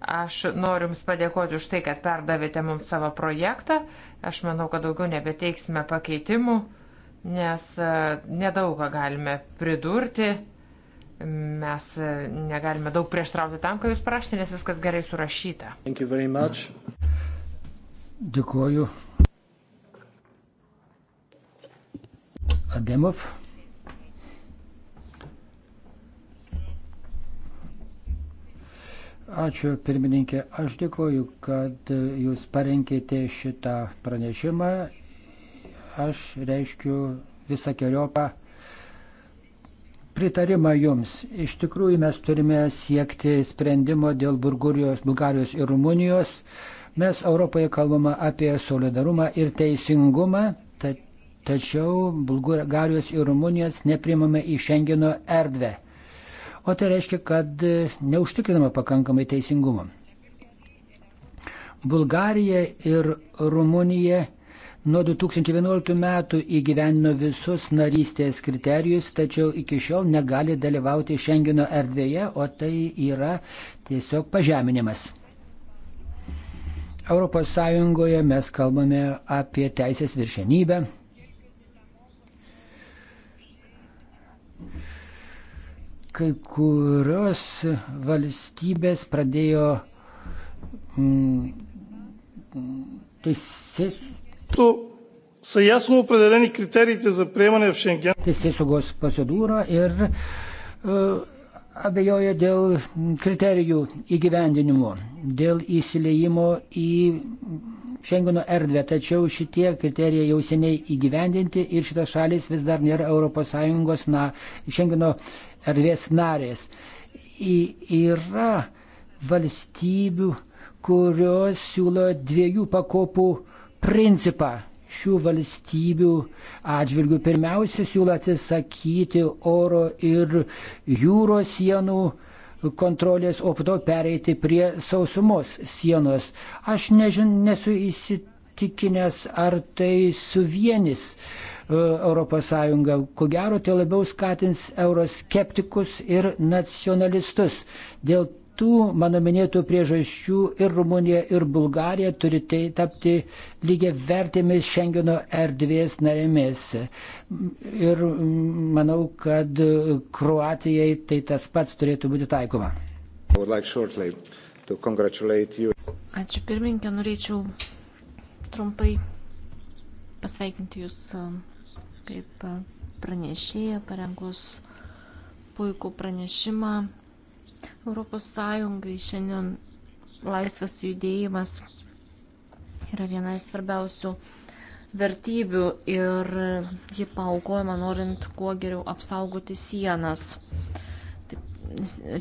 Aš noriu Jums padėkoti už tai, kad perdavėte mums savo projektą. Aš manau, kad daugiau nebeteiksime pakeitimų, nes e, nedaugą galime pridurti. Mes e, negalime daug prieštrauti tam, ką Jūs prašėte, nes viskas gerai surašyta. Dėkuoju. Ademov. Ačiū pirmininkė, aš dėkoju, kad jūs parengėte šitą pranešimą. Aš reiškiu visą keliopą pritarimą jums. Iš tikrųjų mes turime siekti sprendimo dėl Burgurijos, Bulgarijos ir Rumunijos. Mes Europoje kalbame apie solidarumą ir teisingumą, tačiau Bulgarijos ir Rumunijos neprimame į Šengeno erdvę o tai reiškia, kad neužtikrinama pakankamai teisingumo. Bulgarija ir Rumunija nuo 2011 metų įgyvenino visus narystės kriterijus, tačiau iki šiol negali dalyvauti Šengino erdvėje, o tai yra tiesiog pažeminimas. ES mes kalbame apie teisės viršenybę kai kurios valstybės pradėjo mm, са ясно определени критериите за приемане в Шенген. Teisėsaugos procedūra ir abejoja dėl kriterijų įgyvendinimo, dėl įsileimo į Šengeno erdvę, tačiau šitie kriterijai jau seniai įgyvendinti ir šitas šalis vis dar nėra ES na, Šengeno erdvės narės. Į, yra valstybių, kurios siūlo dviejų pakopų principą šių valstybių atžvilgių. Pirmiausia, siūlo atsisakyti oro ir jūros sienų kontrolės, o po to pereiti prie sausumos sienos. Aš nežin, nesu įsitikinęs, ar tai suvienis uh, ES. Ko gero, tai labiau skatins euroskeptikus ir nacionalistus. Dėl tų mano minėtų priežasčių ir Rumunija, ir Bulgarija turi tai tapti lygiai vertėmis Šengeno erdvės narėmis. Ir manau, kad Kroatijai tai tas pats turėtų būti taikoma. Ačiū pirmininkė, norėčiau trumpai pasveikinti Jūs kaip pranešėja parengus puikų pranešimą. Europos Sąjungai šiandien laisvas judėjimas yra viena iš svarbiausių vertybių ir ji paukojama norint kuo geriau apsaugoti sienas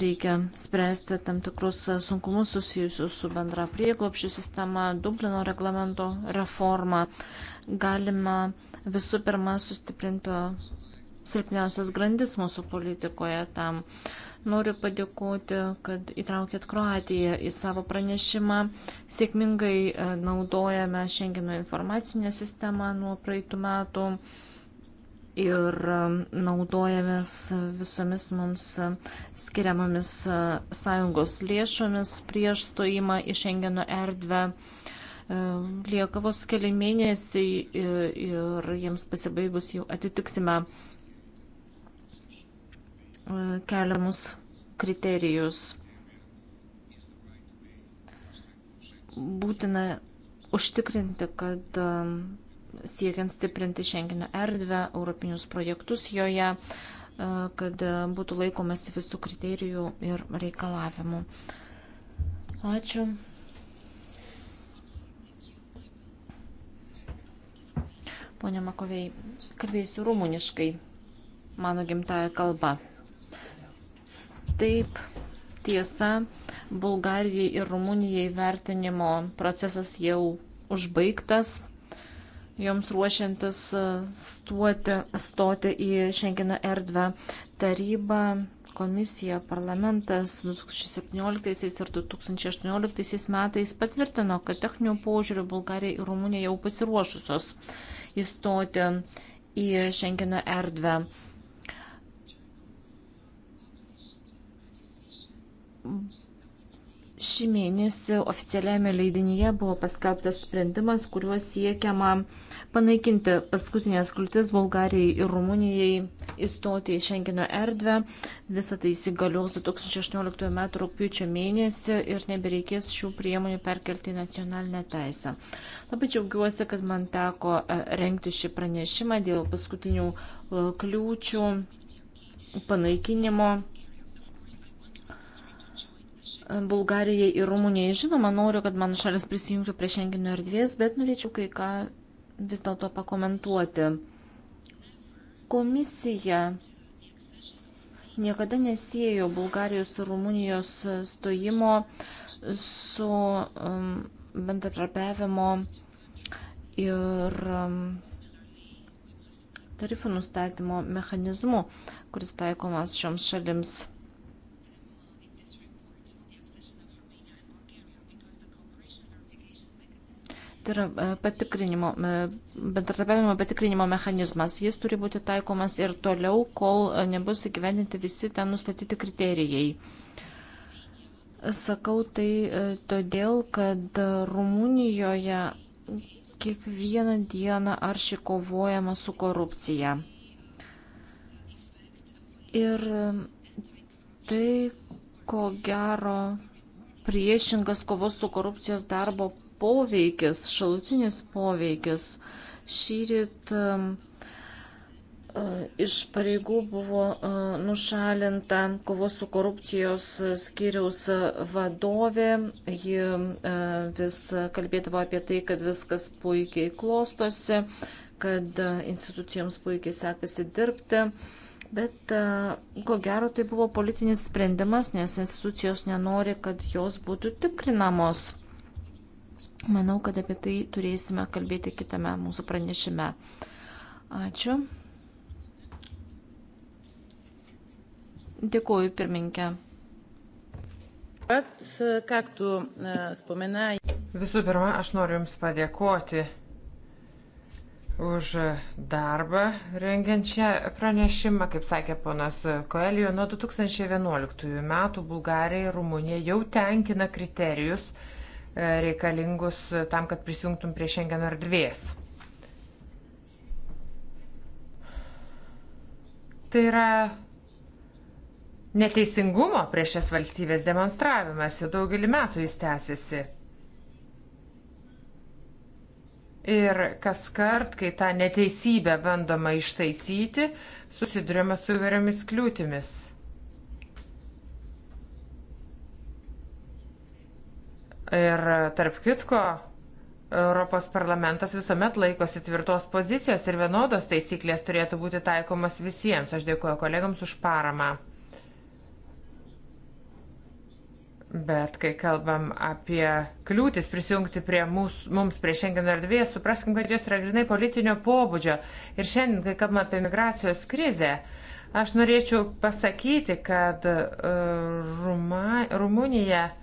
reikia spręsti tam tikrus sunkumus susijusius su bendra prieglopščių sistema, Dublino reglamento reforma. Galima visų pirma sustiprintų silpniausias grandis mūsų politikoje tam. Noriu padėkoti, kad įtraukėt Kroatiją į savo pranešimą. Sėkmingai e, naudojame Šengino informacinę sistemą nuo praeitų metų ir e, naudojamės visomis mums e, skiriamomis sąjungos lėšomis prieš stojimą į Šengeno erdvę. E, Lieka vos keli mėnesiai e, ir jiems pasibaigus jau atitiksime e, keliamus kriterijus. Būtina užtikrinti, kad siekiant stiprinti Šengeno erdvę, europinius projektus joje, kad būtų laikomasi visų kriterijų ir reikalavimų. Ačiū. Pone Makovei, kalbėsiu rumuniškai, mano gimtaja kalba. Taip, tiesa, Bulgarijai ir Rumunijai vertinimo procesas jau užbaigtas. Joms ruošiantis e, stuoti, stoti į Šengino erdvę tarybą, komisija, parlamentas 2017 ir 2018 metais patvirtino, kad techninių požiūrių Bulgarija ir Rumunija jau pasiruošusios įstoti į Šengino erdvę. Šį mėnesį oficialiame leidinyje buvo paskelbtas sprendimas, kuriuo siekiama uh, panaikinti paskutinės kliūtis Bulgarijai ir Rumunijai įstoti į Šengino erdvę. Visą tai įsigalios 2018 m. rūpiučio mėnesį ir nebereikės šių priemonių perkelti į nacionalinę teisę. Labai džiaugiuosi, kad man teko e, renkti šį pranešimą dėl paskutinių e, kliūčių panaikinimo. Bulgarijai ir Rumunijai. Žinoma, noriu, kad mano šalis prisijungtų prie Šengino erdvės, bet norėčiau kai ką vis dėlto pakomentuoti. Komisija niekada nesiejo Bulgarijos ir Rumunijos stojimo su um, bendradarbiavimo ir um, tarifų nustatymo mechanizmu, kuris taikomas šioms šalims. Tai yra e, patikrinimo, e, bendradarbiavimo patikrinimo mechanizmas. Jis turi būti taikomas ir toliau, kol e, nebus įgyvendinti visi ten nustatyti kriterijai. Sakau tai todėl, kad Rumunijoje kiekvieną dieną arši kovojama su korupcija. Ir tai, ko gero, priešingas kovos su korupcijos darbo poveikis, šalutinis poveikis. Šyrit um, uh, iš pareigų buvo uh, nušalinta kovos su korupcijos skyriaus vadovė. Ji uh, vis kalbėdavo apie tai, kad viskas puikiai klostosi, kad institucijoms puikiai sekasi dirbti. Bet ko gero tai buvo politinis sprendimas, nes institucijos nenori, kad jos būtų tikrinamos. Manau, kad apie tai turėsime kalbėti kitame mūsų pranešime. Ačiū. Dėkuoju, pirmininkė. E, e, Visų pirma, aš noriu Jums padėkoti už darbą rengiančią pranešimą. Kaip sakė ponas Koelijo, nuo 2011 metų Bulgarija ir Rumunija jau tenkina kriterijus, E, reikalingus tam, kad prisijungtum prie Schengeno erdvės. Tai yra neteisingumo prieš šias valstybės demonstravimas, jau daugelį metų jis tęsiasi. Ir kas kart, kai tą neteisybę bandoma ištaisyti, susidurėme su įvairiomis kliūtimis. Ir tarp kitko, Europos parlamentas visuomet laikosi tvirtos pozicijos ir vienodos taisyklės turėtų būti taikomas visiems. Aš dėkuoju kolegams už paramą. Bet kai kalbam apie kliūtis prisijungti prie mūs, mums, prie šiandien erdvės, supraskim, kad jos yra grinai politinio pobūdžio. Ir šiandien, kai kalbam apie migracijos krizę, aš norėčiau pasakyti, kad uh, Ruma, Rumunija uh,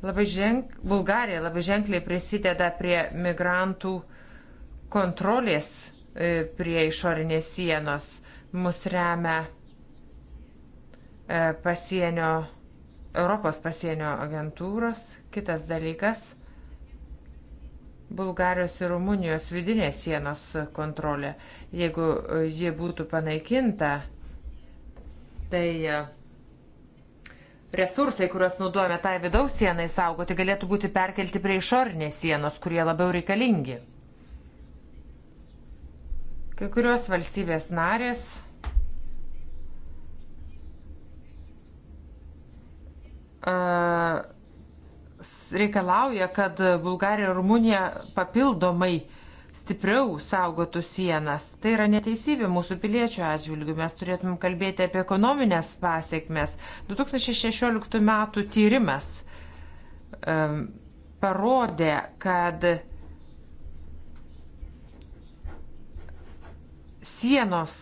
Labai ženk... Bulgarija labai ženkliai prisideda prie migrantų kontrolės e, prie išorinės sienos. Mus remia e, pasienio, Europos pasienio agentūros. Kitas dalykas - Bulgarijos ir Rumunijos vidinės sienos kontrolė. Jeigu e, ji būtų panaikinta, tai resursai, kuriuos naudojame tai vidaus sienai saugoti, galėtų būti perkelti prie išorinės sienos, kurie labiau reikalingi. Kai kurios valstybės narės reikalauja, kad Bulgarija ir Rumunija papildomai stipriau saugotų sienas. Tai yra neteisybė mūsų piliečių atžvilgių. Mes turėtumėm kalbėti apie ekonominės pasiekmes. 2016 metų tyrimas um, parodė, kad sienos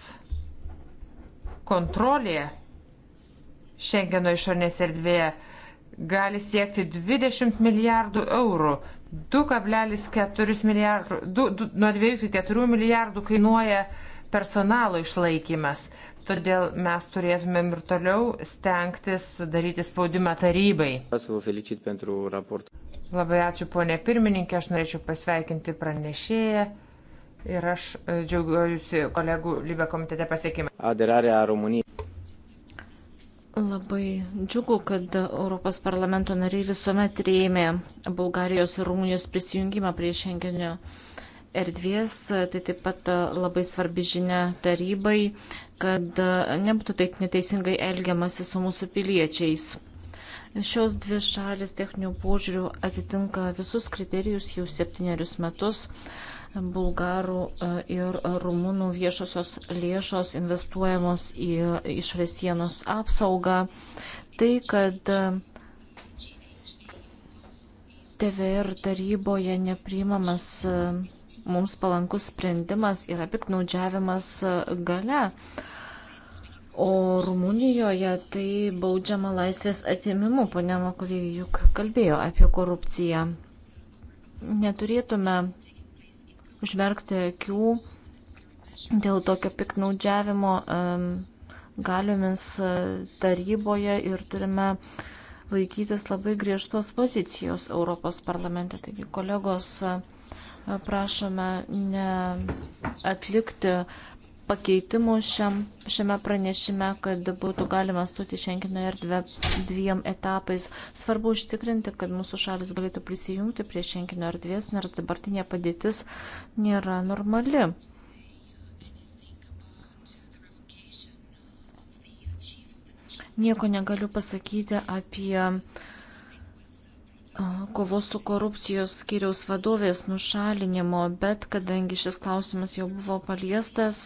kontrolė Šengeno išornės erdvėje gali siekti 20 milijardų eurų. 2,4 milijardų, 2, 2, nuo 2 iki 4 milijardų kainuoja personalo išlaikymas. Todėl mes turėtumėm ir toliau stengtis daryti spaudimą tarybai. Labai ačiū ponė pirmininkė, aš norėčiau pasveikinti pranešėją ir aš e, džiaugiuosi kolegų Libė komitete pasiekimą. Aderarė Rumunija. Labai džiugu, kad Europos parlamento nariai visuomet rėmė Bulgarijos ir Rumunijos prisijungimą prie šengenio erdvės. Tai taip pat labai svarbi žinia tarybai, kad nebūtų taip neteisingai elgiamasi su mūsų piliečiais. Šios dvi šalis techninių požiūrių atitinka visus kriterijus jau septynerius metus bulgarų e, ir rumunų viešosios lėšos investuojamos į išorės sienos apsaugą. Tai, kad e, TVR taryboje nepriimamas e, mums palankus sprendimas yra piknaudžiavimas gale. O Rumunijoje tai baudžiama laisvės atimimu, ponia Makovė juk kalbėjo apie korupciją. Neturėtume užmerkti akių dėl tokio piknaudžiavimo galiomis e, taryboje ir turime laikytis labai griežtos pozicijos Europos parlamente. Taigi, kolegos, e, prašome atlikti pakeitimų šiam, šiame pranešime, kad būtų galima stoti Šengino erdvę dviem etapais. Svarbu užtikrinti, kad mūsų šalis galėtų prisijungti prie Šengino erdvės, nors dabartinė padėtis nėra normali. Nieko negaliu pasakyti apie kovos su korupcijos skiriaus vadovės nušalinimo, bet kadangi šis klausimas jau buvo paliestas,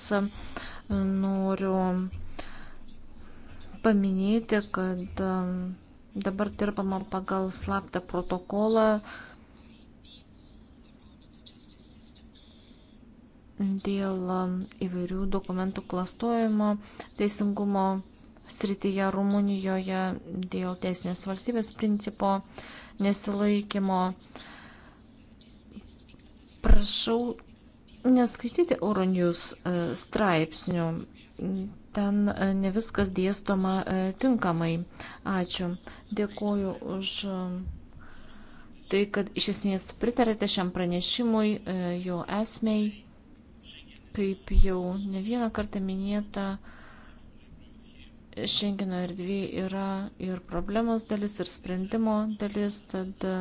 noriu paminėti, kad dabar dirbama pagal slaptą protokolą dėl įvairių dokumentų klastojimo teisingumo srityje Rumunijoje, dėl teisinės valstybės principo nesilaikymo. Prašau neskaityti Euronews e, straipsnių. Ten e, ne viskas dėstoma e, tinkamai. Ačiū. Dėkuoju už tai, kad iš esmės pritarėte šiam pranešimui, jo esmei. Kaip jau ne vieną kartą minėta, Šengino erdvė yra ir problemos dalis, ir sprendimo dalis, tad e,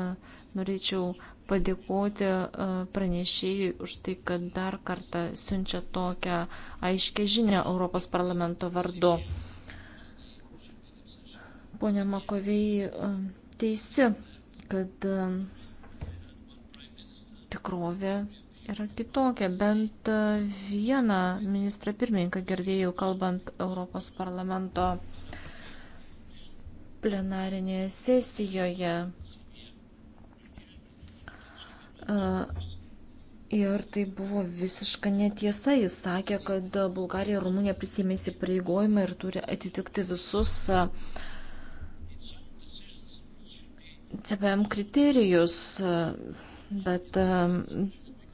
norėčiau padėkoti e, pranešėjui už tai, kad dar kartą siunčia tokią aiškę žinę Europos parlamento vardu. Pone Makovei e, teisi, kad tikrovė yra kitokia. Bent e, vieną ministrą pirmininką girdėjau kalbant Europos parlamento plenarinėje sesijoje. E, ir tai buvo visiška netiesa. Jis sakė, kad Bulgarija ir Rumunija prisėmė įsipareigojimą ir turi atitikti visus e, CPM kriterijus. Bet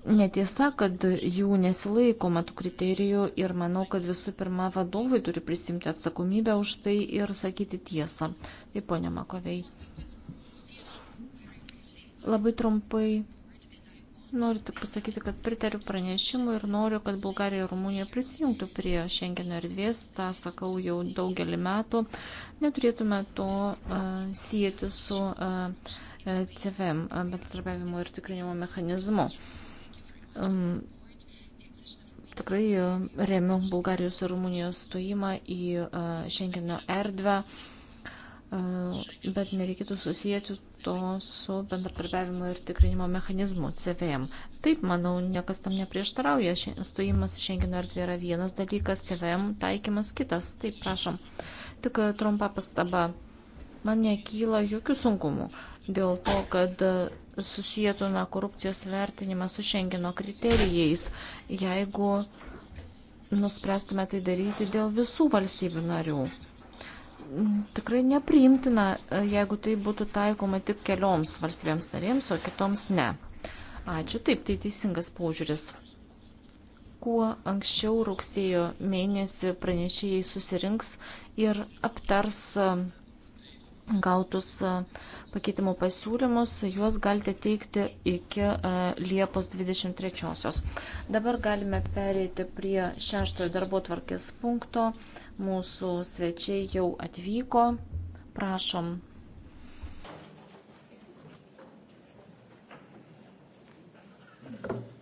netiesa, kad jų nesilaikoma tų kriterijų ir manau, kad visų pirma vadovai turi prisimti atsakomybę už tai ir sakyti tiesą. Taip, ponia Makovei. Labai trumpai noriu tik pasakyti, kad pritariu pranešimui ir noriu, kad Bulgarija ir Rumunija prisijungtų prie Šengeno erdvės, tą sakau jau daugelį metų. Neturėtume to uh, sieti su uh, CVM bendradarbiavimo ir tikrinimo mechanizmu. Uh, um, tikrai remiu Bulgarijos ir Rumunijos stojimą į uh, Šengeno erdvę, uh, bet nereikėtų susijęti to su bendradarbiavimo ir tikrinimo mechanizmu CVM. Taip, manau, niekas tam neprieštarauja. Stojimas į Šengeno erdvę yra vienas dalykas, CVM taikymas kitas. Taip, prašom. Tik trumpa pastaba. Man nekyla jokių sunkumų dėl to, kad susijėtume korupcijos vertinimą su Šengeno kriterijais, jeigu nuspręstume tai daryti dėl visų valstybių narių. Tikrai nepriimtina, jeigu tai būtų taikoma tik kelioms valstybėms narėms, o kitoms ne. Ačiū, taip, tai teisingas požiūris. Kuo anksčiau rugsėjo mėnesį pranešėjai susirinks ir aptars gautus pakeitimų pasiūlymus, juos galite teikti iki Liepos 23-osios. Dabar galime pereiti prie šeštojo darbo tvarkės punkto. Mūsų svečiai jau atvyko. Prašom. Thank you.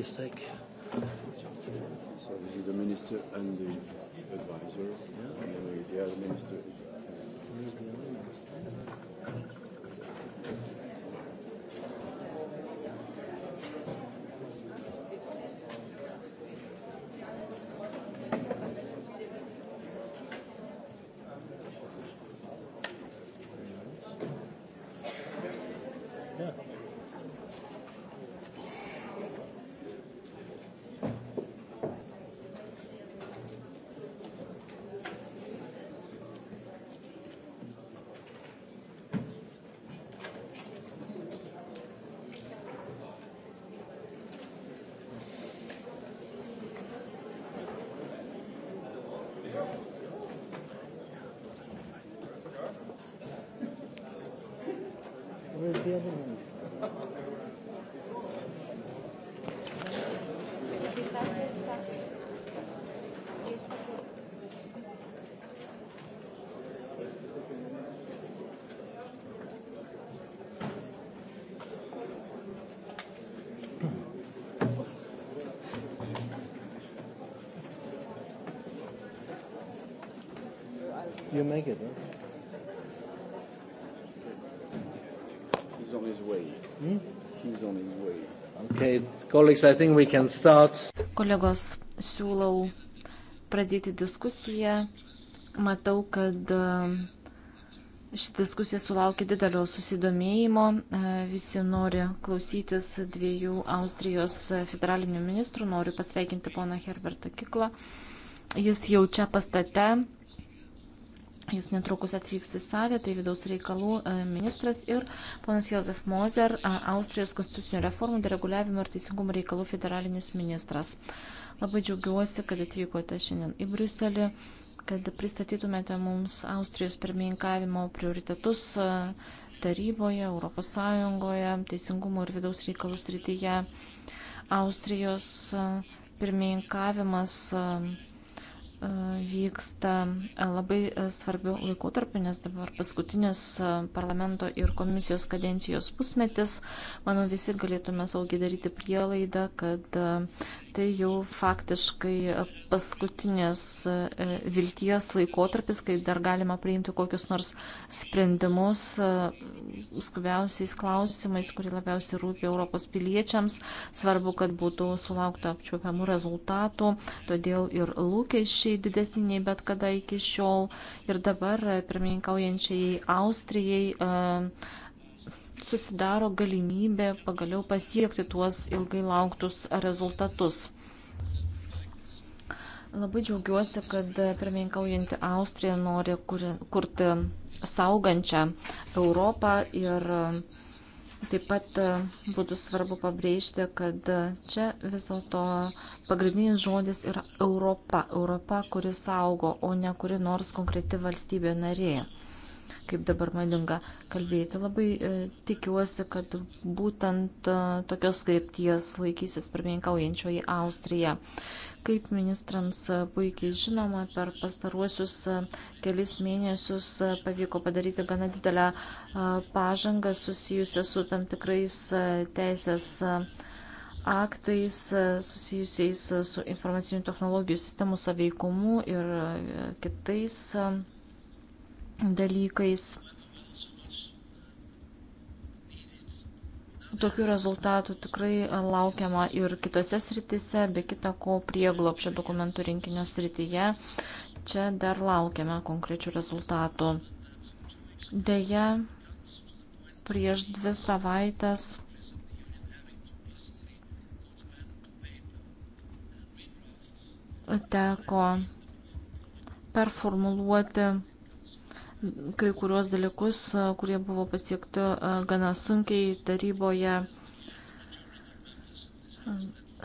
mistake. diabulėms. You make it, huh? Kolegos, siūlau pradėti diskusiją. Matau, kad e, ši diskusija sulaukė didelio susidomėjimo. E, visi nori klausytis dviejų Austrijos federalinių ministrų. Noriu pasveikinti poną Herbertą Kiklą. Jis jau čia pastate Jis netrukus atvyks į salę, tai vidaus reikalų e, ministras ir ponas Josef Mozer, Austrijos konstitucinio reformų, dereguliavimo ir teisingumo reikalų federalinis ministras. Labai džiaugiuosi, kad atvykote šiandien į Briuselį, kad pristatytumėte mums Austrijos pirmininkavimo prioritetus taryboje, Europos Sąjungoje, teisingumo ir vidaus reikalų srityje. Austrijos pirmininkavimas vyksta e, labai e, svarbiu laikotarpiu, nes dabar paskutinis e, parlamento ir komisijos kadencijos pusmetis, manau, visi galėtume saugiai daryti prielaidą, kad tai jau faktiškai paskutinės e, vilties laikotarpis, kai dar galima priimti kokius nors sprendimus e, skubiausiais klausimais, kurie labiausiai rūpi Europos piliečiams. Svarbu, kad būtų sulaukta apčiuopiamų rezultatų, todėl ir lūkesčiai didesni nei bet kada iki šiol. Ir dabar e, pirmininkaujančiai Austrijai susidaro galimybė pagaliau pasiekti tuos ilgai lauktus rezultatus. Labai džiaugiuosi, kad pirmininkaujanti Austrija nori kur, kurti saugančią Europą ir taip pat būtų svarbu pabrėžti, kad čia viso to pagrindinis žodis yra Europa. Europa, kuri saugo, o ne kuri nors konkreti valstybė narė kaip dabar madinga kalbėti. Labai e, tikiuosi, kad būtent e, tokios skripties laikysis pirmininkaujančioji Austrija. Kaip ministrams e, puikiai žinoma, per pastaruosius e, kelis mėnesius e, pavyko padaryti gana didelę pažangą susijusią su tam tikrais teisės aktais susijusiais su informacinių technologijų sistemų saveikumu ir kitais dalykais. Tokių rezultatų tikrai e, laukiama ir kitose sritise, be kita ko prieglopšio dokumentų rinkinio srityje. Čia dar laukiame konkrečių rezultatų. Deja, prieš dvi savaitės teko performuluoti kai kuriuos dalykus, kurie buvo pasiekti gana sunkiai taryboje.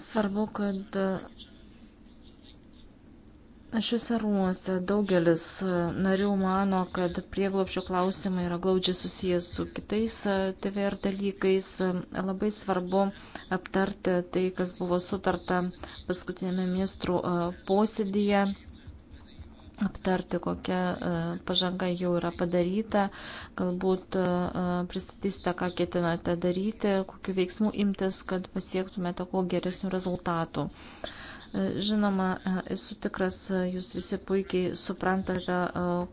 Svarbu, kad Šiuose rūmuose daugelis narių mano, kad prieglopšio klausimai yra glaudžiai susijęs su kitais TVR dalykais. Labai svarbu aptarti tai, kas buvo sutarta paskutinėme ministrų posėdyje aptarti, kokia e, pažanga jau yra padaryta, galbūt e, e, pristatysite, ką ketinate daryti, kokiu veiksmu imtis, kad pasiektumėte kuo geresnių rezultatų. Žinoma, esu tikras, jūs visi puikiai suprantate,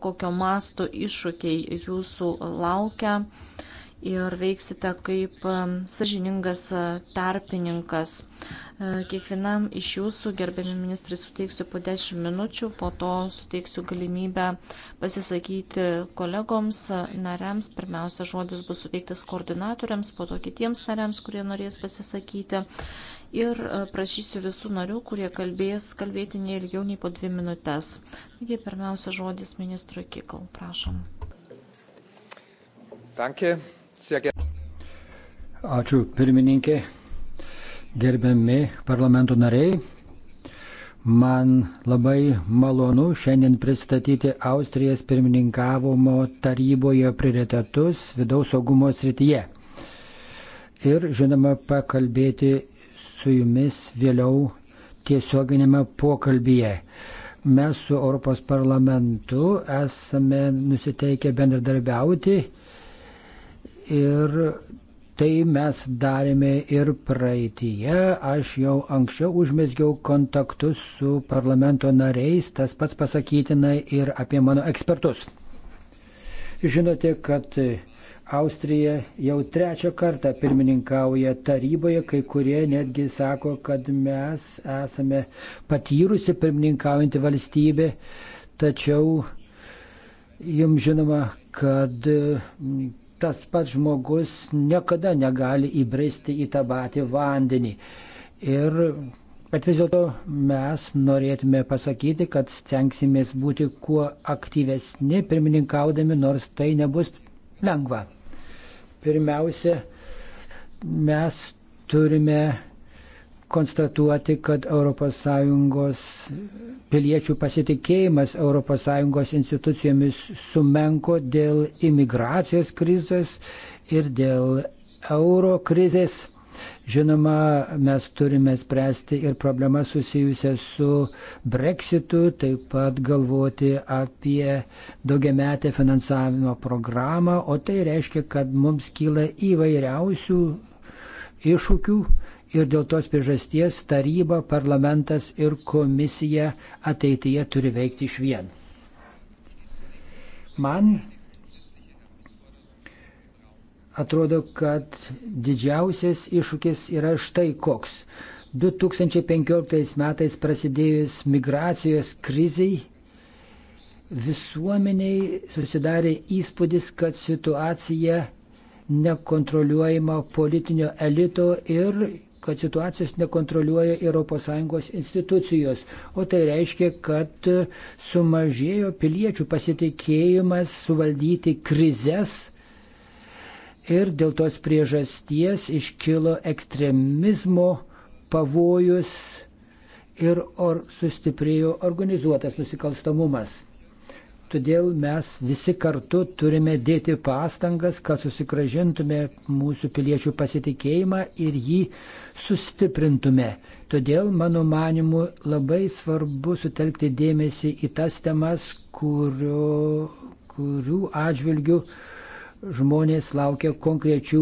kokio masto iššūkiai jūsų laukia ir veiksite kaip um, sažiningas uh, tarpininkas. Uh, kiekvienam iš jūsų, gerbiami ministrai, suteiksiu po 10 minučių, po to suteiksiu galimybę pasisakyti kolegoms, uh, nariams. Pirmiausia, žodis bus suteiktas koordinatoriams, po to kitiems nariams, kurie norės pasisakyti. Ir prašysiu visų narių, kurie kalbės, kalbėti ne ilgiau nei po 2 minutės. Taigi, pirmiausia, žodis ministrui Kikl. Prašom. Danke. Ačiū pirmininkė, gerbiami parlamento nariai. Man labai malonu šiandien pristatyti Austrijas pirmininkavimo taryboje prioritetus vidaus saugumo srityje. Ir žinoma, pakalbėti su jumis vėliau tiesioginėme pokalbėje mes su Europos parlamentu esame nusiteikę bendradarbiauti ir tai mes darėme ir praeitie. Aš jau anksčiau užmėsgiau kontaktus su parlamento nariais, tas pats pasakytina ir apie mano ekspertus. Žinote, kad Austrija jau trečią kartą pirmininkauja taryboje, kai kurie netgi sako, kad mes esame patyrusi pirmininkaujantį valstybę, tačiau jums žinoma, kad tas pats žmogus niekada negali įbristi į tą patį vandenį. Ir, bet vis dėlto mes norėtume pasakyti, kad stengsimės būti kuo aktyvesni, pirmininkaudami, nors tai nebus lengva. Pirmiausia, mes turime konstatuoti, kad ES piliečių pasitikėjimas ES institucijomis sumenko dėl imigracijos krizės ir dėl euro krizės. Žinoma, mes turime spręsti ir problemas susijusias su breksitu, taip pat galvoti apie daugiametę finansavimo programą, o tai reiškia, kad mums kyla įvairiausių iššūkių Ir dėl tos priežasties taryba, parlamentas ir komisija ateityje turi veikti iš vien. Man atrodo, kad didžiausias iššūkis yra štai koks. 2015 metais prasidėjus migracijos kriziai visuomeniai susidarė įspūdis, kad situacija nekontroliuojama politinio elito ir kad situacijos nekontroliuoja ES institucijos. O tai reiškia, kad sumažėjo piliečių pasitikėjimas suvaldyti krizes. Ir dėl tos priežasties iškilo ekstremizmo pavojus ir or sustiprėjo organizuotas nusikalstamumas. Todėl mes visi kartu turime dėti pastangas, kad susigražintume mūsų piliečių pasitikėjimą ir jį sustiprintume. Todėl, mano manimu, labai svarbu sutelkti dėmesį į tas temas, kurio, kurių atžvilgių žmonės laukia konkrečių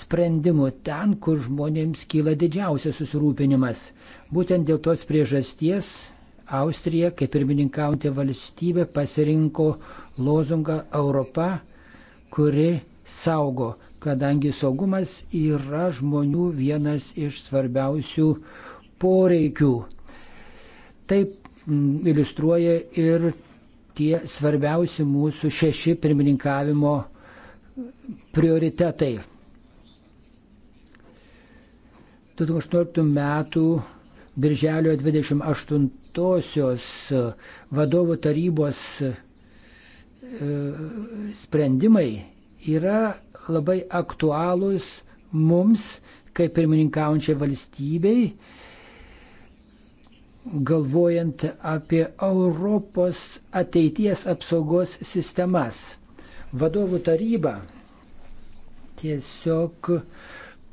sprendimų ten, kur žmonėms kyla didžiausias susirūpinimas. Būtent dėl tos priežasties Austrija, kaip pirmininkaujantė valstybė, pasirinko lozungą Europa, kuri saugo kadangi saugumas yra žmonių vienas iš svarbiausių poreikių. Taip iliustruoja ir tie svarbiausi mūsų šeši pirmininkavimo prioritetai. 2018 metų Birželio 28-osios vadovų tarybos e, sprendimai yra labai aktualūs mums, kaip pirmininkaujančiai valstybei, galvojant apie Europos ateities apsaugos sistemas. Vadovų taryba tiesiog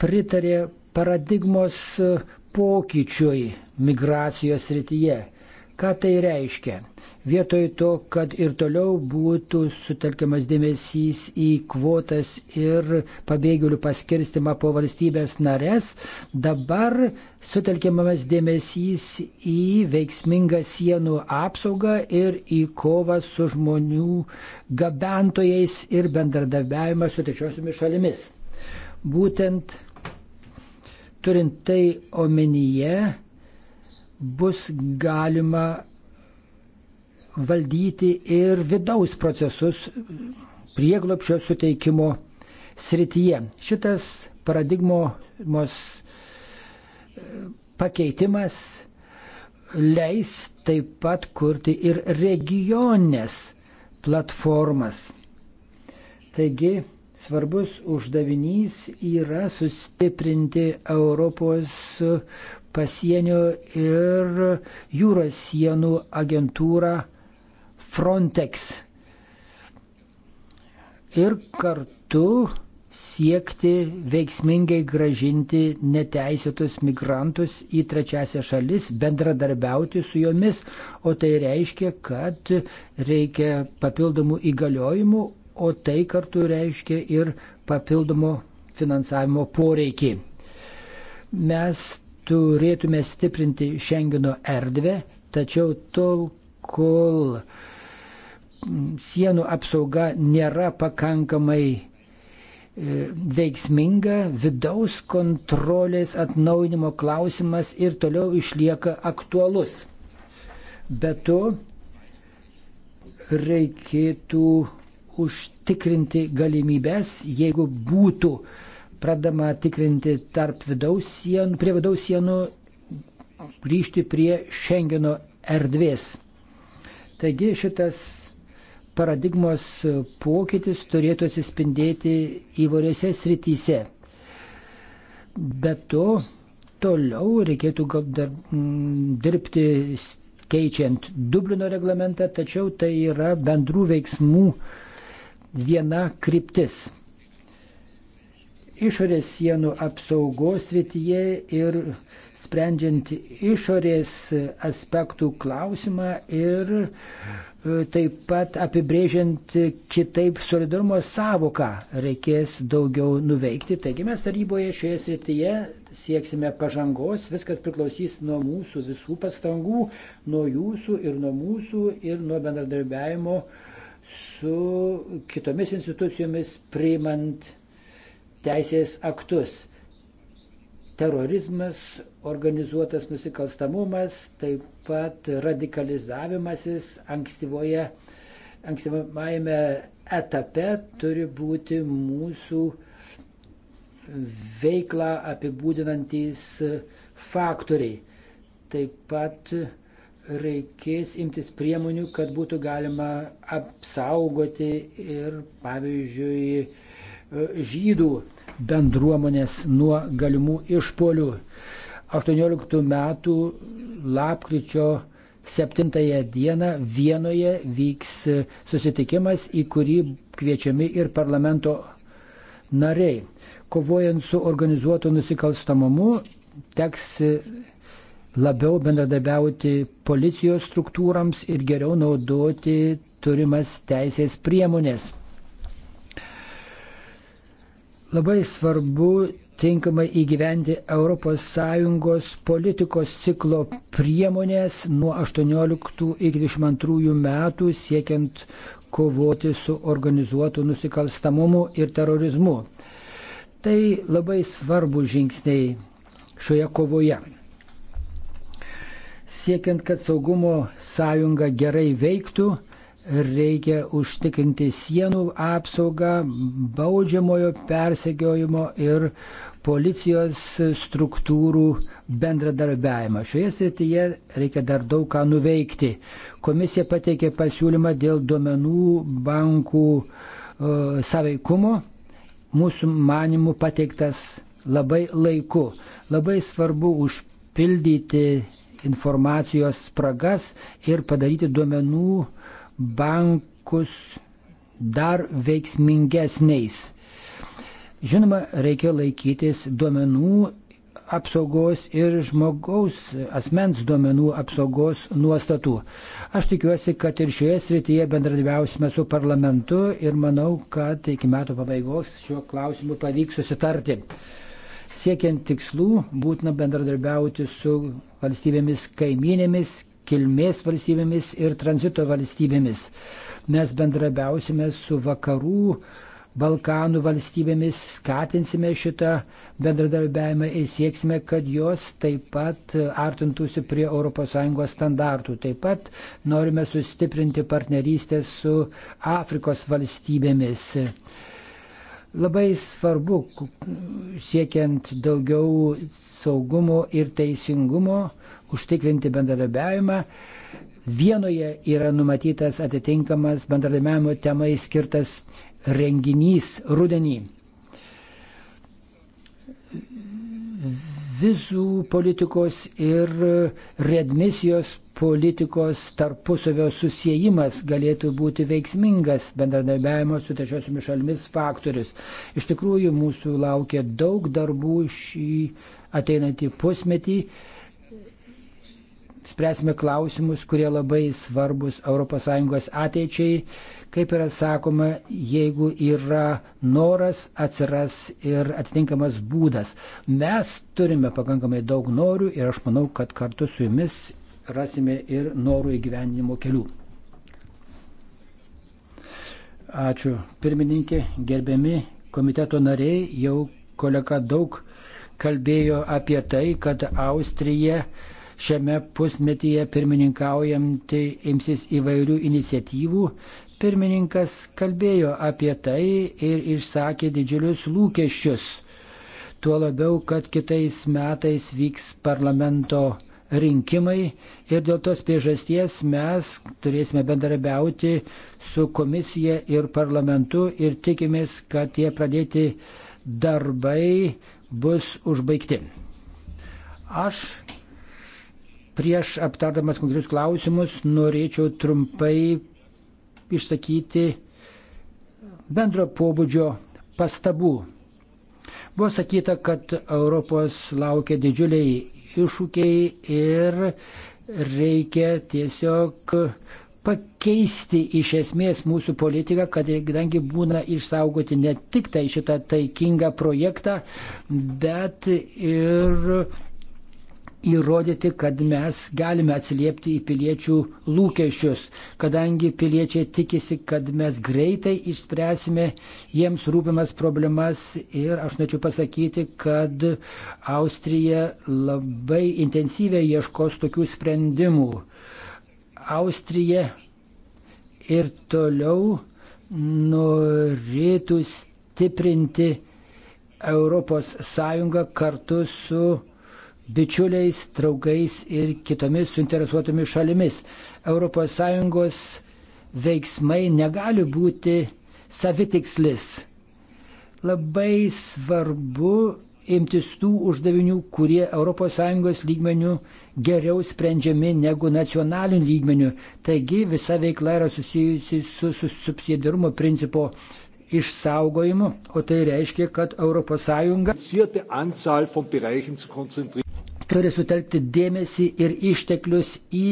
pritarė paradigmos pokyčiui migracijos rytyje. Ką tai reiškia? vietoj to, kad ir toliau būtų sutelkiamas dėmesys į kvotas ir pabėgėlių paskirstimą po valstybės narės, dabar sutelkiamas dėmesys į veiksmingą sienų apsaugą ir į kovą su žmonių gabentojais ir bendradarbiavimą su trečiosiomis šalimis. Būtent turint tai omenyje, bus galima valdyti ir vidaus procesus prieglopšio suteikimo srityje. Šitas paradigmos pakeitimas leis taip pat kurti ir regionės platformas. Taigi svarbus uždavinys yra sustiprinti Europos pasienio ir jūros sienų agentūrą Frontex ir kartu siekti veiksmingai gražinti neteisėtus migrantus į trečiasią šalis, bendradarbiauti su jomis, o tai reiškia, kad reikia papildomų įgaliojimų, o tai kartu reiškia ir papildomo finansavimo poreikį. Mes turėtume stiprinti Šengino erdvę, tačiau tol, kol uh, sienų apsauga nėra pakankamai e, veiksminga, vidaus kontrolės atnaujinimo klausimas ir toliau išlieka aktualus. Be to, reikėtų užtikrinti galimybės, jeigu būtų pradama tikrinti tarp vidaus sienų, prie vidaus sienų grįžti prie Šengeno erdvės. Taigi šitas paradigmos pokytis turėtų atsispindėti įvairiose srityse. Be to, toliau reikėtų gal dar mm, dirbti keičiant Dublino reglamentą, tačiau tai yra bendrų veiksmų viena kryptis. Išorės sienų apsaugos srityje ir sprendžiant išorės aspektų klausimą ir e, taip pat apibrėžiant kitaip solidarumo savoką reikės daugiau nuveikti. Taigi mes taryboje šioje srityje sieksime pažangos, viskas priklausys nuo mūsų visų pastangų, nuo jūsų ir nuo mūsų ir nuo bendradarbiavimo su kitomis institucijomis priimant teisės aktus terorizmas, organizuotas nusikalstamumas, taip pat radikalizavimasis ankstyvoje, ankstyvame etape turi būti mūsų veiklą apibūdinantis faktoriai. Taip pat reikės imtis priemonių, kad būtų galima apsaugoti ir, pavyzdžiui, E, žydų bendruomenės nuo galimų išpolių. 18 metų lapkričio 7 dieną Vienoje vyks susitikimas, į kurį kviečiami ir parlamento nariai. Kovojant su organizuotu nusikalstamumu, teks labiau bendradarbiauti policijos struktūrams ir geriau naudoti turimas teisės priemonės. Labai svarbu tinkamai įgyventi ES politikos ciklo priemonės nuo 18 iki 22 metų siekiant kovoti su organizuotu nusikalstamumu ir terorizmu. Tai labai svarbu žingsniai šioje kovoje. Siekiant, kad saugumo sąjunga gerai veiktų, reikia užtikrinti sienų apsaugą, baudžiamojo persegiojimo ir policijos struktūrų bendradarbiavimą. Šioje srityje reikia dar daug ką nuveikti. Komisija pateikė pasiūlymą dėl duomenų bankų e, saveikumo. Mūsų manimų pateiktas labai laiku. Labai svarbu užpildyti informacijos spragas ir padaryti duomenų bankus dar veiksmingesniais. Žinoma, reikia laikytis duomenų apsaugos ir žmogaus asmens duomenų apsaugos nuostatų. Aš tikiuosi, kad ir šioje srityje bendradarbiausime su parlamentu ir manau, kad iki metų pabaigos šiuo klausimu pavyks susitarti. Siekiant tikslų būtina bendradarbiauti su valstybėmis kaiminėmis, kilmės valstybėmis ir tranzito valstybėmis. Mes bendrabiausime su vakarų Balkanų valstybėmis, skatinsime šitą bendradarbiavimą ir sieksime, kad jos taip pat artintųsi prie ES standartų. Taip pat norime sustiprinti partnerystę su Afrikos valstybėmis. Labai svarbu, siekiant daugiau saugumo ir teisingumo, užtikrinti bendradarbiavimą. Vienoje yra numatytas atitinkamas bendradarbiavimo temai skirtas renginys rudenį. Vizų politikos ir redmisijos politikos tarpusavio susijimas galėtų būti veiksmingas bendradarbiavimo su trečiosiomis šalimis faktorius. Iš tikrųjų, mūsų laukia daug darbų šį ateinantį pusmetį spręsime klausimus, kurie labai svarbus ES ateičiai. Kaip yra sakoma, jeigu yra noras, atsiras ir atitinkamas būdas. Mes turime pakankamai daug norių ir aš manau, kad kartu su jumis rasime ir norų įgyvendinimo kelių. Ačiū pirmininkė, gerbiami komiteto nariai, jau kolega daug kalbėjo apie tai, kad Austrija Šiame pusmetyje pirmininkaujantį imsis įvairių iniciatyvų. Pirmininkas kalbėjo apie tai ir išsakė didžiulius lūkesčius. Tuo labiau, kad kitais metais vyks parlamento rinkimai ir dėl tos priežasties mes turėsime bendrabiauti su komisija ir parlamentu ir tikimės, kad tie pradėti darbai bus užbaigti. Aš Prieš aptardamas konkrečius klausimus norėčiau trumpai išsakyti bendro pobūdžio pastabų. Buvo sakyta, kad Europos laukia didžiuliai iššūkiai ir reikia tiesiog pakeisti iš esmės mūsų politiką, kad kadangi būna išsaugoti ne tik tai šitą taikingą projektą, bet ir įrodyti, kad mes galime atsiliepti į piliečių lūkesčius, kadangi piliečiai tikisi, kad mes greitai išspręsime jiems rūpimas problemas ir aš norėčiau pasakyti, kad Austrija labai intensyviai ieškos tokių sprendimų. Austrija ir toliau norėtų stiprinti ES kartu su bičiuliais, draugais ir kitomis suinteresuotomis šalimis. ES veiksmai negali būti savitikslis. Labai svarbu imtis tų uždavinių, kurie ES lygmenių geriau sprendžiami negu nacionaliniu lygmeniu. Taigi visa veikla yra susijusi su, su subsidiarumo principo išsaugojimu, o tai reiškia, kad ES turi sutelkti dėmesį ir išteklius į,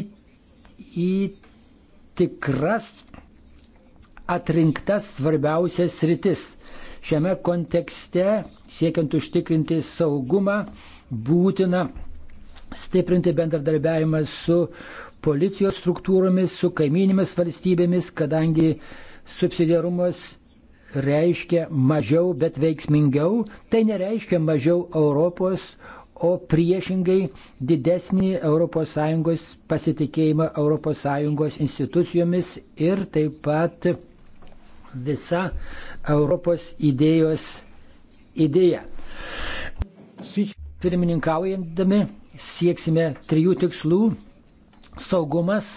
į tikras atrinktas svarbiausias sritis. Šiame kontekste, siekiant užtikrinti saugumą, būtina stiprinti bendradarbiavimą su policijos struktūromis, su kaiminimis valstybėmis, kadangi subsidiarumas reiškia mažiau, bet veiksmingiau. Tai nereiškia mažiau Europos, o priešingai didesnį ES pasitikėjimą ES institucijomis ir taip pat visa Europos idėjos idėja. Pirmininkaujantami sieksime trijų tikslų - saugumas,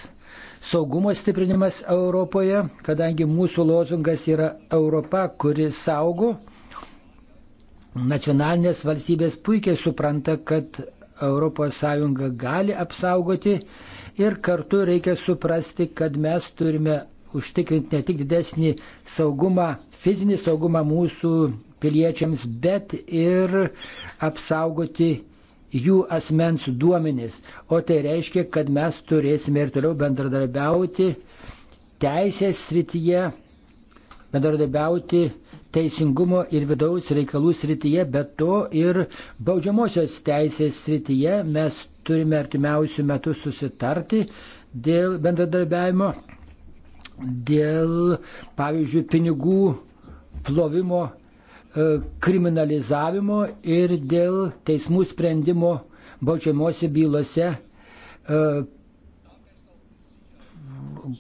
saugumo stiprinimas Europoje, kadangi mūsų lozungas yra Europa, kuri saugo, nacionalinės valstybės puikiai supranta, kad ES gali apsaugoti ir kartu reikia suprasti, kad mes turime užtikrinti ne tik didesnį saugumą, fizinį saugumą mūsų piliečiams, bet ir apsaugoti jų asmens duomenis. O tai reiškia, kad mes turėsime ir toliau bendradarbiauti teisės srityje, bendradarbiauti teisingumo ir vidaus reikalų srityje, bet to ir baudžiamosios teisės srityje mes turime artimiausių metų susitarti dėl bendradarbiavimo, dėl, pavyzdžiui, pinigų plovimo e, kriminalizavimo ir dėl teismų sprendimo baudžiamosi bylose e,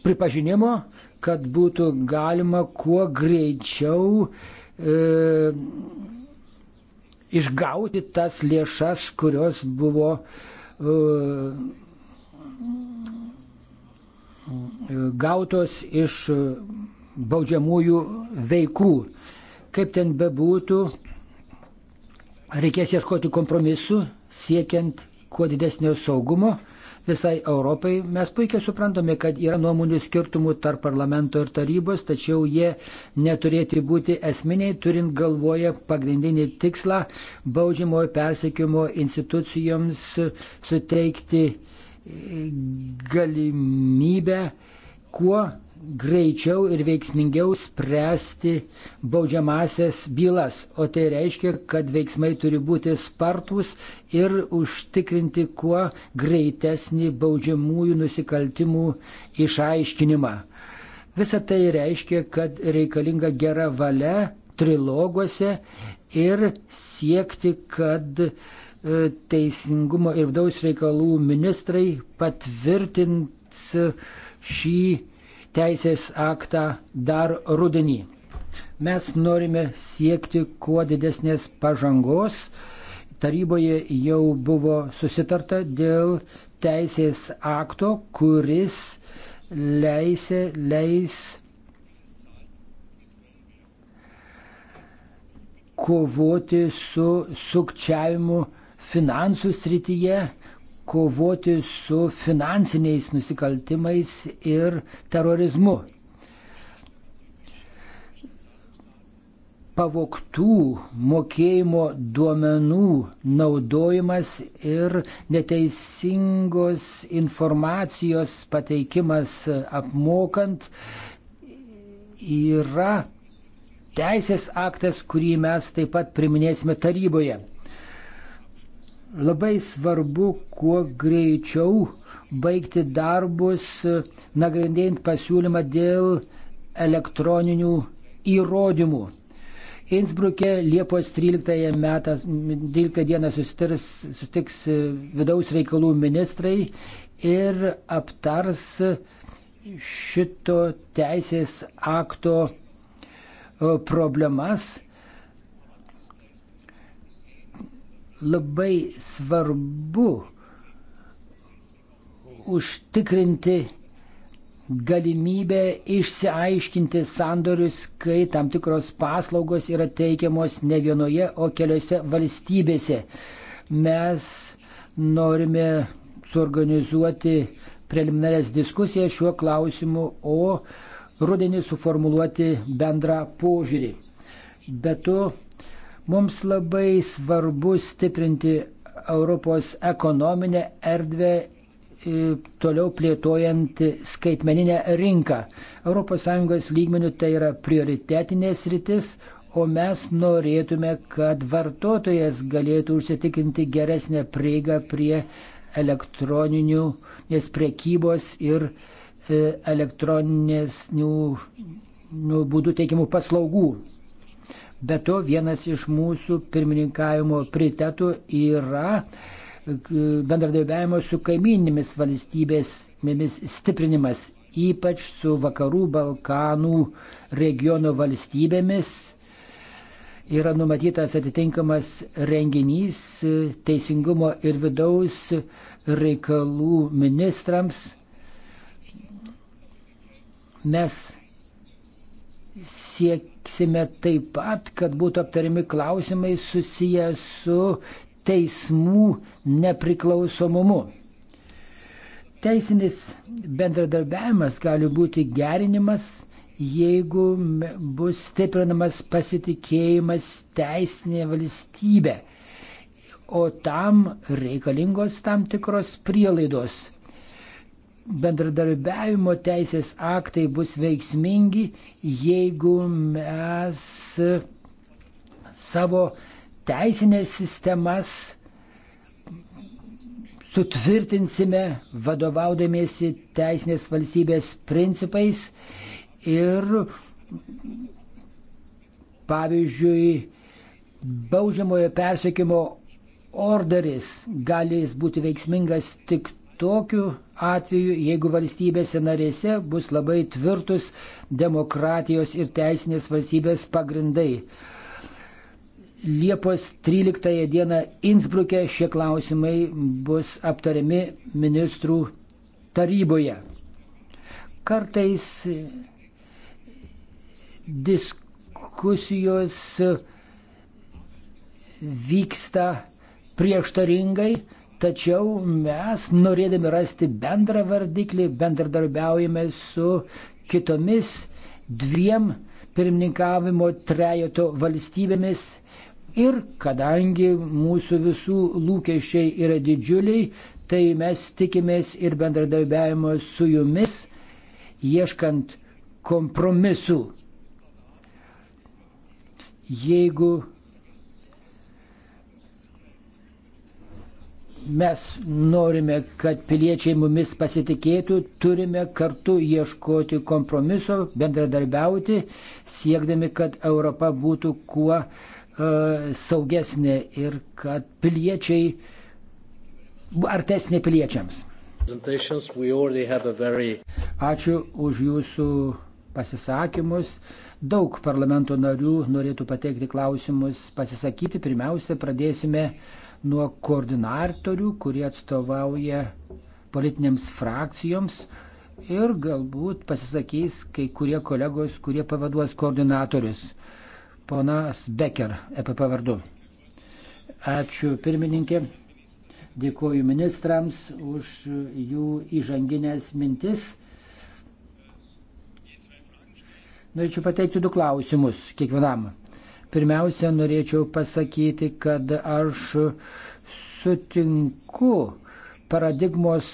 pripažinimo kad būtų galima kuo greičiau e, išgauti tas lėšas, kurios buvo e, gautos iš baudžiamųjų veikų. Kaip ten bebūtų, reikės ieškoti kompromisu, siekiant kuo didesnio saugumo visai Europai. Mes puikiai suprantame, kad yra nuomonių skirtumų tarp parlamento ir tarybos, tačiau jie neturėtų būti esminiai, turint galvoje pagrindinį tikslą baudžiamojo persekimo institucijoms suteikti galimybę kuo greičiau ir veiksmingiau spręsti baudžiamasias bylas, o tai reiškia, kad veiksmai turi būti spartus ir užtikrinti kuo greitesnį baudžiamųjų nusikaltimų išaiškinimą. Visa tai reiškia, kad reikalinga gera valia triloguose ir siekti, kad e, teisingumo ir vidaus reikalų ministrai patvirtins šį teisės aktą dar rudenį. Mes norime siekti kuo didesnės pažangos. Taryboje jau buvo susitarta dėl teisės akto, kuris leisė, leis kovoti su sukčiavimu finansų srityje kovoti su finansiniais nusikaltimais ir terorizmu. Pavoktų mokėjimo duomenų naudojimas ir neteisingos informacijos pateikimas apmokant yra teisės aktas, kurį mes taip pat priminėsime taryboje. Labai svarbu kuo greičiau baigti darbus, nagrindėjant pasiūlymą dėl elektroninių įrodymų. Innsbruke Liepos 13, metas, 13 dieną susitirs, susitiks vidaus reikalų ministrai ir aptars šito teisės akto e, problemas labai svarbu užtikrinti galimybę išsiaiškinti sandorius, kai tam tikros paslaugos yra teikiamos ne vienoje, o keliose valstybėse. Mes norime suorganizuoti preliminarias diskusijas šiuo klausimu, o rudenį suformuluoti bendrą požiūrį. Be to, Mums labai svarbu stiprinti Europos ekonominę erdvę e, toliau plėtojant skaitmeninę rinką. ES lygmenių tai yra prioritetinės rytis, o mes norėtume, kad vartotojas galėtų užsitikinti geresnę prieigą prie elektroninių, nes priekybos ir e, elektroninės nu, nu, būdų teikiamų paslaugų. Be to, vienas iš mūsų pirmininkavimo prioritetų yra bendradarbiavimo su kaiminimis valstybėmis stiprinimas, ypač su vakarų Balkanų regiono valstybėmis. Yra numatytas atitinkamas renginys teisingumo ir vidaus reikalų ministrams. Mes siek, lauksime taip pat, kad būtų aptariami klausimai susiję su teismų nepriklausomumu. Teisinis bendradarbiavimas gali būti gerinimas, jeigu bus stiprinamas pasitikėjimas teisinė valstybė. O tam reikalingos tam tikros prielaidos bendradarbiavimo teisės aktai bus veiksmingi, jeigu mes savo teisinės sistemas sutvirtinsime vadovaudamiesi teisinės valstybės principais ir pavyzdžiui baudžiamojo persiekimo orderis gali jis būti veiksmingas tik tokiu atveju, jeigu valstybėse narėse bus labai tvirtus demokratijos ir teisinės valstybės pagrindai. Liepos 13 dieną Innsbruke šie klausimai bus aptariami ministrų taryboje. Kartais diskusijos vyksta prieštaringai, Tačiau mes, norėdami rasti bendrą vardiklį, bendradarbiaujame su kitomis dviem pirmininkavimo trejato valstybėmis. Ir kadangi mūsų visų lūkesčiai yra didžiuliai, tai mes tikimės ir bendradarbiavimo su jumis, ieškant kompromisų. Jeigu mes norime, kad piliečiai mumis pasitikėtų, turime kartu ieškoti kompromiso, bendradarbiauti, siekdami, kad Europa būtų kuo uh, saugesnė ir kad piliečiai artesnė piliečiams. Very... Ačiū už jūsų pasisakymus. Daug parlamento narių norėtų pateikti klausimus, pasisakyti. Pirmiausia, pradėsime nuo koordinatorių, kurie atstovauja politinėms frakcijoms ir galbūt pasisakys kai kurie kolegos, kurie pavaduos koordinatorius. Ponas Becker, EPP vardu. Ačiū pirmininkė. Dėkuoju ministrams už jų įžanginės mintis. Norėčiau pateikti du klausimus kiekvienam. Pirmiausia, norėčiau pasakyti, kad aš sutinku paradigmos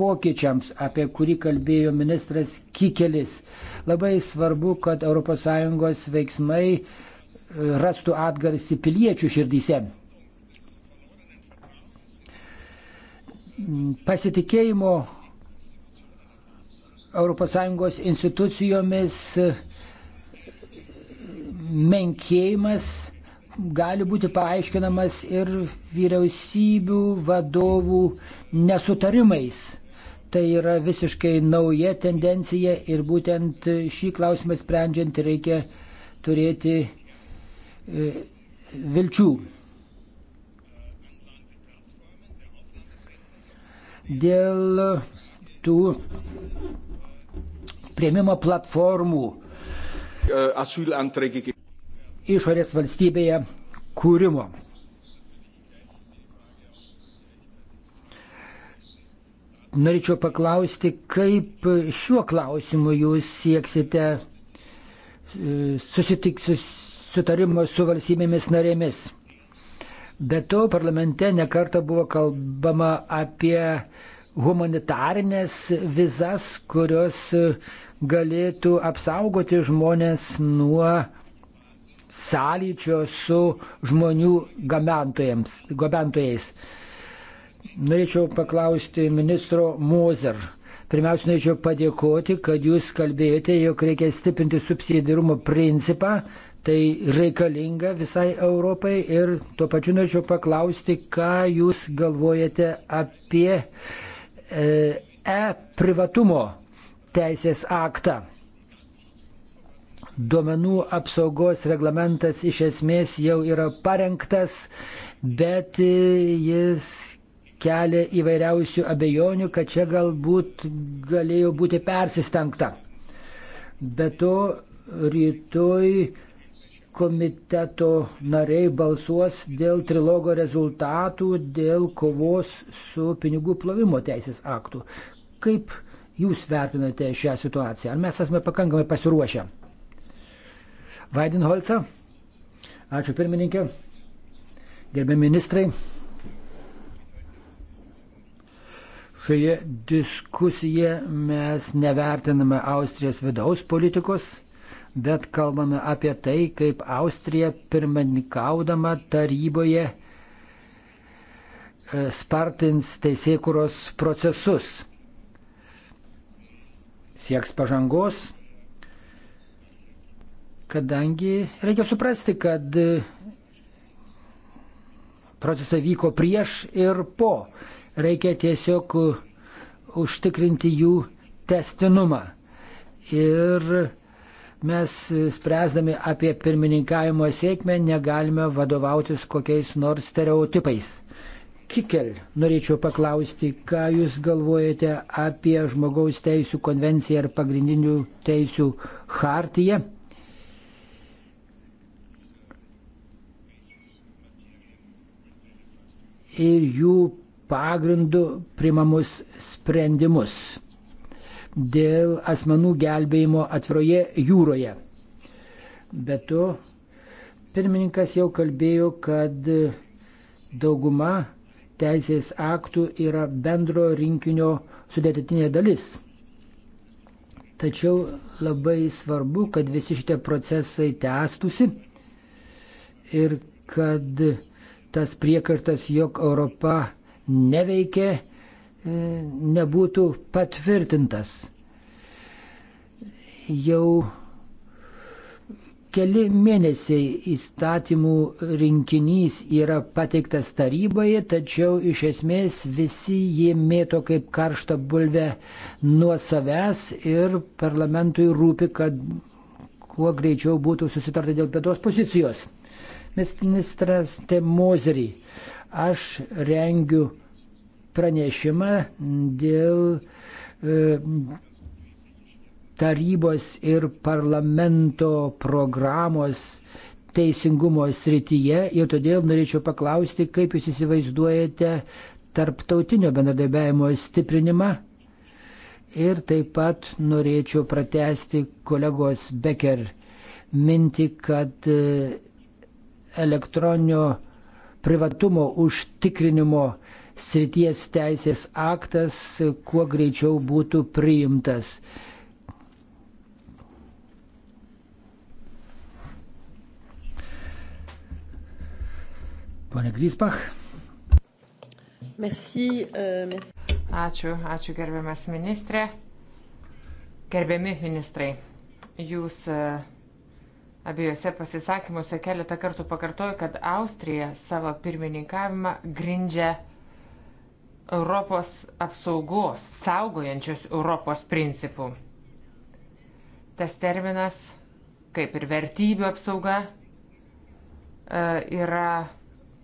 pokyčiams, apie kurį kalbėjo ministras Kikelis. Labai svarbu, kad ES veiksmai rastų atgarsį piliečių širdyse. Pasitikėjimo ES institucijomis menkėjimas gali būti paaiškinamas ir vyriausybių vadovų nesutarimais. Tai yra visiškai nauja tendencija ir būtent šį klausimą sprendžiant reikia turėti e, vilčių. Dėl tų prieimimo platformų E, išorės valstybėje kūrimo. Norėčiau paklausti, kaip šiuo klausimu jūs sieksite e, susitiksius sutarimo su valstybėmis narėmis. Be to, parlamente nekarta buvo kalbama apie humanitarinės vizas, kurios e, galėtų apsaugoti žmonės nuo sąlyčio su žmonių gabentojais. Norėčiau paklausti ministro Mozer. Pirmiausia, norėčiau padėkoti, kad jūs kalbėjote, jog reikia stiprinti subsidiarumo principą. Tai reikalinga visai Europai ir tuo pačiu norėčiau paklausti, ką jūs galvojate apie e, e-privatumo e teisės aktą. Duomenų apsaugos reglamentas iš esmės jau yra parengtas, bet jis kelia įvairiausių abejonių, kad čia galbūt galėjo būti persistengta. Be to, rytoj komiteto nariai balsuos dėl trilogo rezultatų, dėl kovos su pinigų plovimo teisės aktų. Kaip jūs vertinate šią situaciją? Ar mes esame pakankamai pasiruošę? Vaidinholca, ačiū pirmininkė, gerbėmi ministrai. Šioje diskusijoje mes nevertiname Austrijos vidaus politikos, bet kalbame apie tai, kaip Austrija pirmininkaudama taryboje e, spartins teisėkuros procesus sieks pažangos, kadangi reikia suprasti, kad procesai vyko prieš ir po. Reikia tiesiog užtikrinti jų testinumą. Ir mes spręsdami apie pirmininkavimo sėkmę negalime vadovautis kokiais nors stereotipais. Kikel norėčiau paklausti, ką Jūs galvojate apie žmogaus teisų konvenciją ir pagrindinių teisų hartiją? Ir jų pagrindų primamus sprendimus dėl asmenų gelbėjimo atviroje jūroje. Bet to pirmininkas jau kalbėjo, kad dauguma teisės aktų yra bendro rinkinio sudėtinė dalis. Tačiau labai svarbu, kad visi šitie procesai tęstusi ir kad tas priekartas, jog Europa neveikia, e, nebūtų patvirtintas. Jau keli mėnesiai įstatymų rinkinys yra pateiktas taryboje, tačiau iš esmės visi jį mėto kaip karštą bulvę nuo savęs ir parlamentui rūpi, kad kuo greičiau būtų susitarta dėl pėtos pozicijos. Ministras Temozerį, aš rengiu pranešimą dėl e, tarybos ir parlamento programos teisingumo srityje ir todėl norėčiau paklausti, kaip jūs įsivaizduojate tarptautinio bendradarbiavimo stiprinimą. Ir taip pat norėčiau pratesti kolegos Becker mintį, kad e, elektroninio privatumo užtikrinimo srities teisės aktas kuo greičiau būtų priimtas. Pone Grispach. Merci, uh, merci. Ačiū, ačiū gerbiamas ministrė. Gerbiami ministrai, jūs uh, abiejose pasisakymuose keletą kartų pakartoju, kad Austrija savo pirmininkavimą grindžia Europos apsaugos, saugojančios Europos principų. Tas terminas, kaip ir vertybių apsauga, e, yra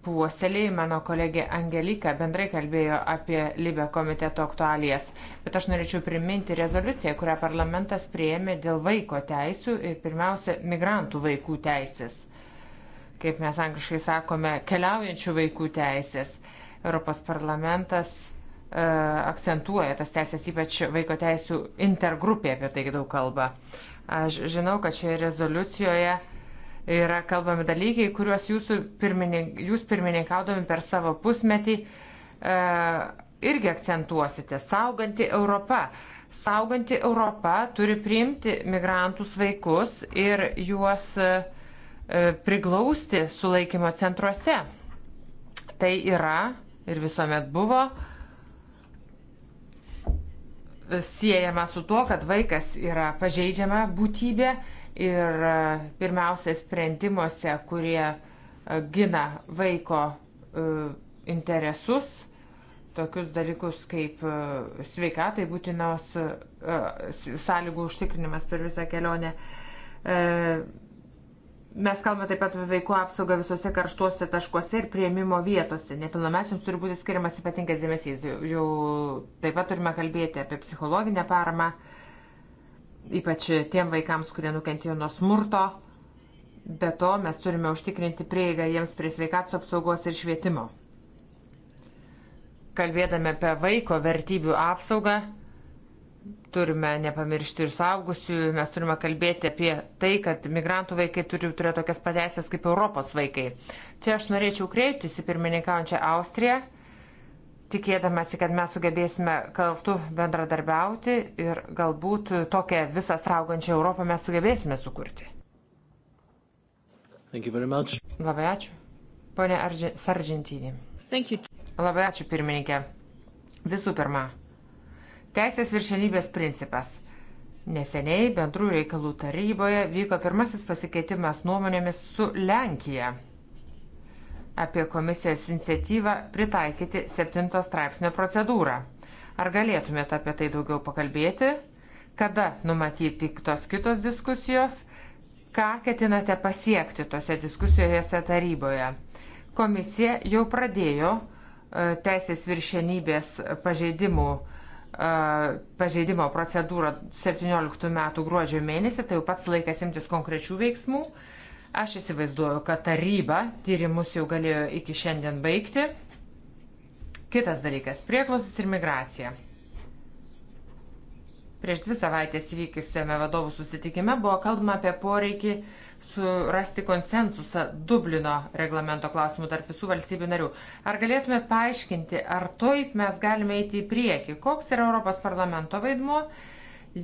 puoselėjai, mano kolegė Angelika bendrai kalbėjo apie Libę komiteto aktualijas, bet aš norėčiau priminti rezoliuciją, kurią parlamentas prieėmė dėl vaiko teisų ir pirmiausia, migrantų vaikų teisės, kaip mes angliškai sakome, keliaujančių vaikų teisės. Europos parlamentas e, akcentuoja tas teisės, ypač vaiko teisų intergrupė apie tai daug kalba. Aš žinau, kad šioje rezoliucijoje yra kalbami dalykai, kuriuos pirminink, jūs pirmininkaudami per savo pusmetį e, irgi akcentuosite. Sauganti Europa. Sauganti Europa turi priimti migrantus vaikus ir juos e, priglausti sulaikymo centruose. Tai yra ir visuomet buvo e, siejama su tuo, kad vaikas yra pažeidžiama būtybė ir e, pirmiausia sprendimuose, kurie e, gina vaiko e, interesus, tokius dalykus kaip sveikatai būtinos sąlygų užtikrinimas per visą kelionę. Mes kalbame taip pat apie vaikų apsaugą visose karštuose taškuose ir prieimimo vietose. Nepilnamečiams turi būti skiriamas ypatingas dėmesys. Jau taip pat turime kalbėti apie psichologinę paramą. Uh, ypač tiem vaikams, kurie nukentėjo nuo smurto. Be to mes turime užtikrinti prieigą jiems prie sveikatos apsaugos ir švietimo. Kalbėdami apie vaiko vertybių apsaugą, turime nepamiršti ir suaugusiųjų, mes turime kalbėti apie tai, kad migrantų vaikai turi turėti tokias pateisės kaip Europos vaikai. Čia aš norėčiau kreiptis į pirmininkaujančią Austriją tikėdamasi, kad mes sugebėsime kartu bendradarbiauti ir galbūt tokią visą saugančią Europą mes sugebėsime sukurti. Labai ačiū. Pone Arži Sargentinį. Labai ačiū pirmininkė. Visų pirma, teisės viršenybės principas. Neseniai bendrų reikalų taryboje vyko pirmasis pasikeitimas nuomonėmis su Lenkija apie komisijos iniciatyvą pritaikyti 7 straipsnio procedūrą. Ar galėtumėte apie tai daugiau pakalbėti? Kada numatyti tos kitos diskusijos? Ką ketinate pasiekti tose diskusijose taryboje? Komisija jau pradėjo e, teisės viršenybės pažeidimų e, pažeidimo procedūrą 17 metų gruodžio mėnesį, tai jau pats laikas imtis konkrečių veiksmų. Aš įsivaizduoju, kad taryba tyrimus jau galėjo iki šiandien baigti. Kitas dalykas - prieklosis ir migracija. Prieš dvi savaitės įvykusiame vadovų susitikime buvo kalbama apie poreikį surasti konsensusą Dublino reglamento klausimų tarp visų valstybių narių. Ar galėtume paaiškinti, ar taip mes galime eiti į priekį? Koks yra Europos parlamento vaidmuo,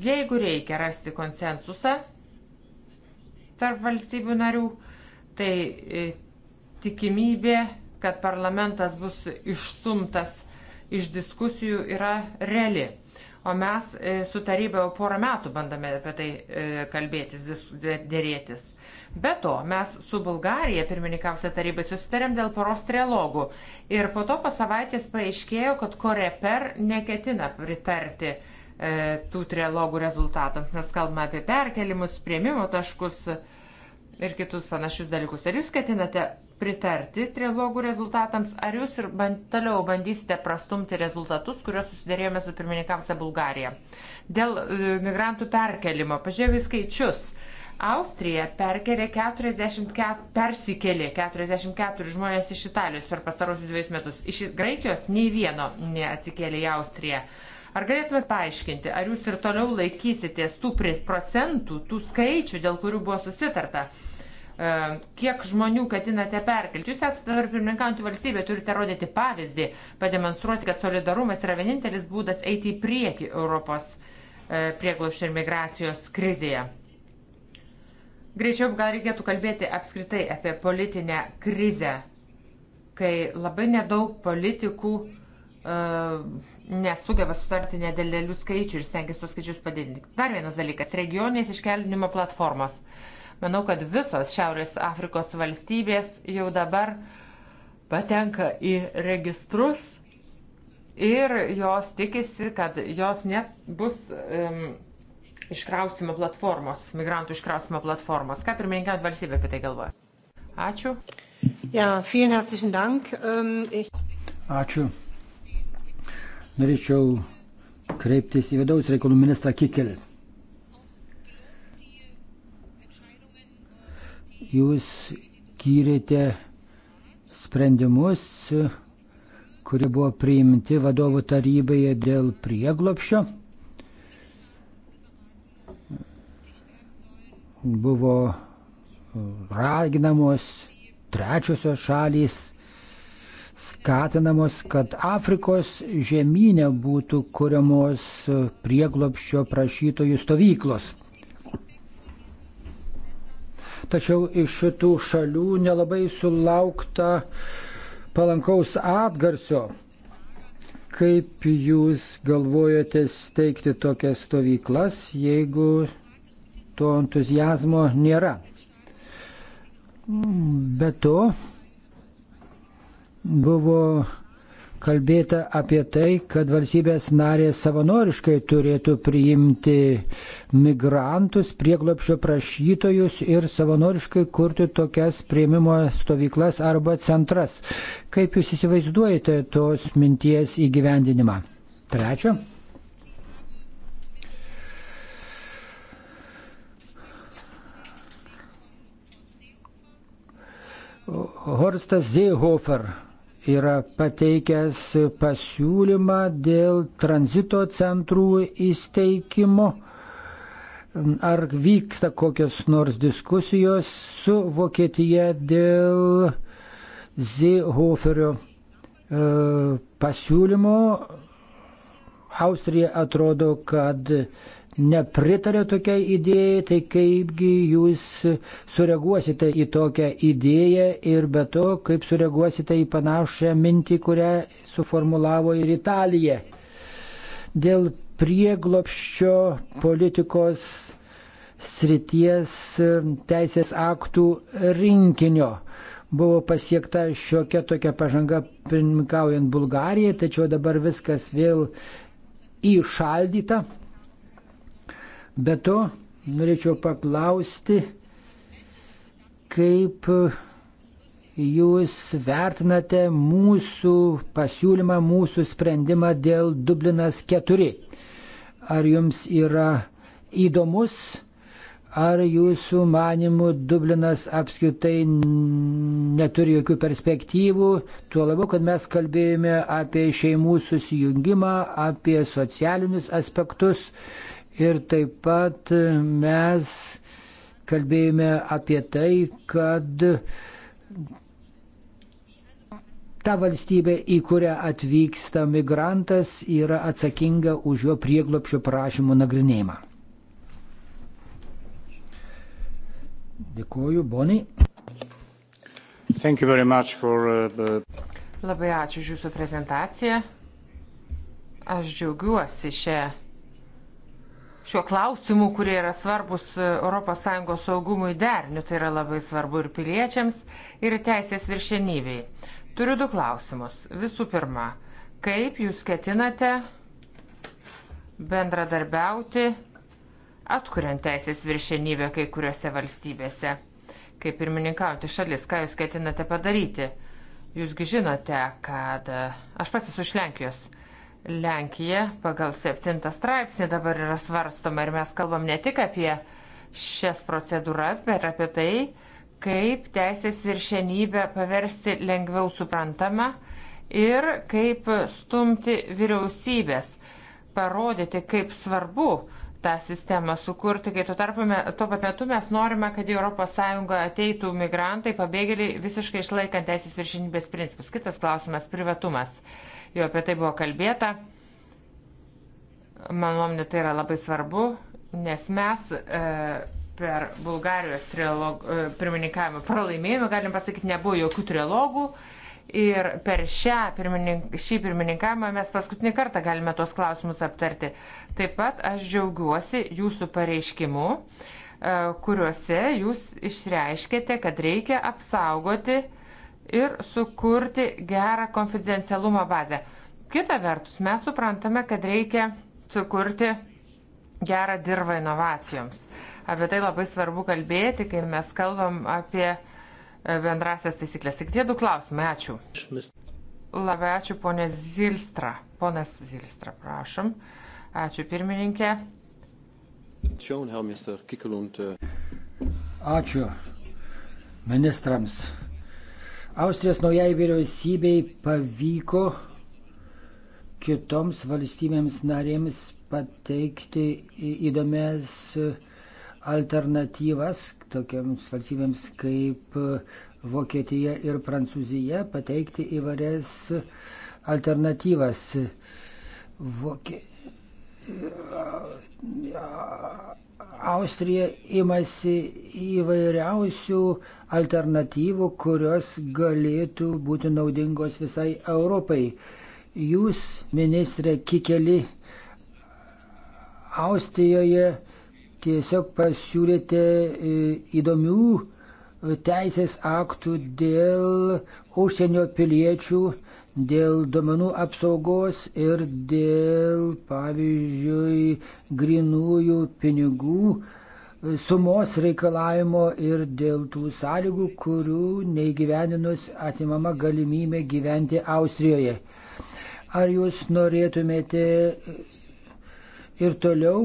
jeigu reikia rasti konsensusą tarp valstybių narių, tai e, tikimybė, kad parlamentas bus išstumtas iš diskusijų yra reali. O mes e, su taryba jau porą metų bandome apie tai e, kalbėtis, dėrėtis. Be to, mes su Bulgarija, pirmininkavusia tarybai, susitarėm dėl poros trilogų. Ir po to po savaitės paaiškėjo, kad Koreper neketina pritarti uh, E, tų trilogų rezultatams. Mes kalbame apie perkelimus, prieimimo taškus ir kitus panašius dalykus. Ar jūs ketinate pritarti trilogų rezultatams, ar jūs ir band, toliau bandysite prastumti rezultatus, kuriuos susidarėjome su pirmininkavusia Bulgarija? Dėl e, migrantų perkelimo, pažiūrėjau į skaičius. Austrija perkelė 44, persikėlė 44 žmonės iš Italijos per pastarosius dviejus metus. Iš Graikijos nei vieno neatsikėlė į Austriją. Uh, Ar galėtumėt paaiškinti, ar jūs ir toliau laikysitės tų procentų, tų skaičių, dėl kurių buvo susitarta? E, kiek žmonių ketinate perkelti? Jūs esate dabar pirmininkaujantį valstybę, turite rodyti pavyzdį, pademonstruoti, kad solidarumas yra vienintelis būdas eiti į priekį Europos e, prieglošio ir migracijos krizėje. Greičiau gal reikėtų kalbėti apskritai apie politinę krizę, kai labai nedaug politikų uh, nesugeba sutarti nedėlelių skaičių ir stengiasi tuos skaičius padidinti. Dar vienas dalykas - regioninės iškeldinimo platformos. Manau, kad visos Šiaurės Afrikos valstybės jau dabar patenka į registrus ir jos tikisi, kad jos net bus um, iškraustimo platformos, migrantų iškraustimo platformos. Ką pirmininkiant valstybė apie tai galvoja? Ačiū. Ja, vielen herzlichen Dank. Um, ich... Ačiū norėčiau kreiptis į vidaus reikalų ministrą Kikelį. Jūs skyrėte sprendimus, kurie buvo priimti vadovų taryboje dėl prieglopšio. Buvo raginamos trečiosios šalys skatinamos, kad Afrikos žemynė būtų kuriamos prieglopščio prašytojų stovyklos. Tačiau iš šitų šalių nelabai sulaukta palankaus atgarsio. Kaip jūs galvojate steigti tokias stovyklas, jeigu to entuzijazmo nėra? Be to, buvo kalbėta apie tai, kad valstybės narės savanoriškai turėtų priimti migrantus, prieglopšio prašytojus ir savanoriškai kurti tokias prieimimo stovyklas arba centras. Kaip Jūs įsivaizduojate tos minties įgyvendinimą? Trečia. Horstas Seehofer yra pateikęs pasiūlymą dėl tranzito centrų įsteigimo. Ar vyksta kokios nors diskusijos su Vokietija dėl Zehoferio e, pasiūlymo? Austrija atrodo, kad nepritarė tokiai idėjai, tai kaipgi jūs sureaguosite į tokią idėją ir be to, kaip sureaguosite į panašią mintį, kurią suformulavo ir Italija. Dėl prieglopščio politikos srities teisės aktų rinkinio buvo pasiekta šiokia tokia pažanga pirmininkaujant Bulgarijai, tačiau dabar viskas vėl įšaldyta. Be to, norėčiau paklausti, kaip jūs vertinate mūsų pasiūlymą, mūsų sprendimą dėl Dublinas 4? Ar jums yra įdomus, ar jūsų manimų Dublinas apskritai neturi jokių perspektyvų, tuo labiau, kad mes kalbėjome apie šeimų susijungimą, apie socialinius aspektus. Uh, Ir taip pat mes kalbėjome apie tai, kad ta valstybė, į kurią atvyksta migrantas, yra atsakinga už jo prieglopšio prašymo nagrinėjimą. Dėkuoju, Boniai. For, uh, Labai ačiū už Jūsų prezentaciją. Aš džiaugiuosi šią šiuo klausimu, kurie yra svarbus ES saugumui deriniu, tai yra labai svarbu ir piliečiams, ir teisės viršenybei. Turiu du klausimus. Visų pirma, kaip jūs ketinate bendradarbiauti atkuriant teisės viršenybę kai kuriuose valstybėse? Kaip pirmininkauti šalis, ką jūs ketinate padaryti? Jūsgi žinote, kad e, aš pats esu iš Lenkijos Lenkija pagal septintą straipsnį dabar yra svarstoma ir mes kalbam ne tik apie šias procedūras, bet apie tai, kaip teisės viršenybę paversti lengviau suprantama ir kaip stumti vyriausybės, parodyti, kaip svarbu tą sistemą sukurti, kai tuo tarpu tuo pat metu mes norime, kad į ES ateitų migrantai, pabėgėliai, visiškai išlaikant teisės viršinybės principus. Kitas klausimas - privatumas. Uh, jau apie tai buvo kalbėta. Mano nuomonė tai yra labai svarbu, nes mes e, per Bulgarijos trilog, e, pirmininkavimą pralaimėjimą, galim pasakyti, nebuvo jokių trilogų. Ir per šią, pirmininink, šį pirmininkavimą mes paskutinį kartą galime tuos klausimus aptarti. Taip pat aš džiaugiuosi jūsų pareiškimu, e, kuriuose jūs išreiškėte, kad reikia apsaugoti e, ir sukurti gerą konfidencialumo bazę. Kita vertus, mes suprantame, kad reikia sukurti gerą dirbą inovacijoms. Apie tai labai svarbu kalbėti, kai mes kalbam apie e, bendrasias taisyklės. Tik tie du klausimai. Ačiū. Labai ačiū, ponė Zilstra. Ponas Zilstra, prašom. Ačiū, pirmininkė. E. Ačiū ministrams Austrijos naujai vyriausybei pavyko kitoms valstybėms narėms pateikti įdomias alternatyvas tokiams valstybėms kaip Vokietija ir Prancūzija, pateikti įvairias alternatyvas. Vokie... Austrija imasi įvairiausių alternatyvų, kurios galėtų būti naudingos visai Europai. Jūs, ministrė Kikeli, Austrijoje tiesiog pasiūlėte e, įdomių e, teisės aktų dėl užsienio piliečių dėl domenų apsaugos ir dėl, pavyzdžiui, grinųjų pinigų e, sumos reikalavimo ir dėl tų sąlygų, kurių neįgyveninus atimama galimybė gyventi Austrijoje. Ar jūs norėtumėte e, ir toliau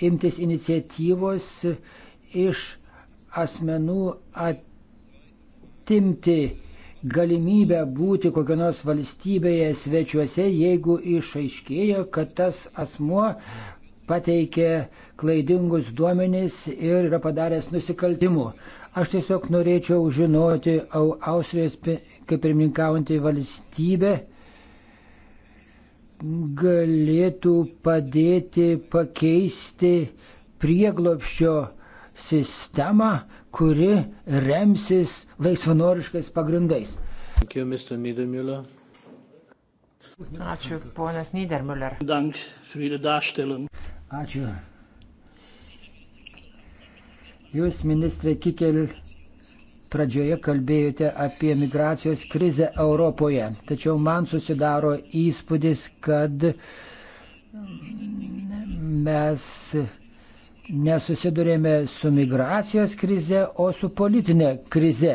imtis iniciatyvos iš asmenų atimti galimybę būti kokio nors valstybėje svečiuose, jeigu išaiškėjo, kad tas asmuo pateikė klaidingus duomenys ir yra padaręs nusikaltimų. Aš tiesiog norėčiau žinoti, au Austrijos kaip pirmininkaujantį valstybę galėtų padėti pakeisti prieglopščio sistemą, kuri remsis laisvanoriškais pagrindais. Ačiū, Mr. Niedermüller. Ačiū, ponas Niedermüller. Dank für Ihre Darstellung. Ačiū. Jūs, ministrė Kikel, pradžioje kalbėjote apie migracijos krizę Europoje, tačiau man susidaro įspūdis, kad mes nesusidurėme su migracijos krize, o su politinė krize.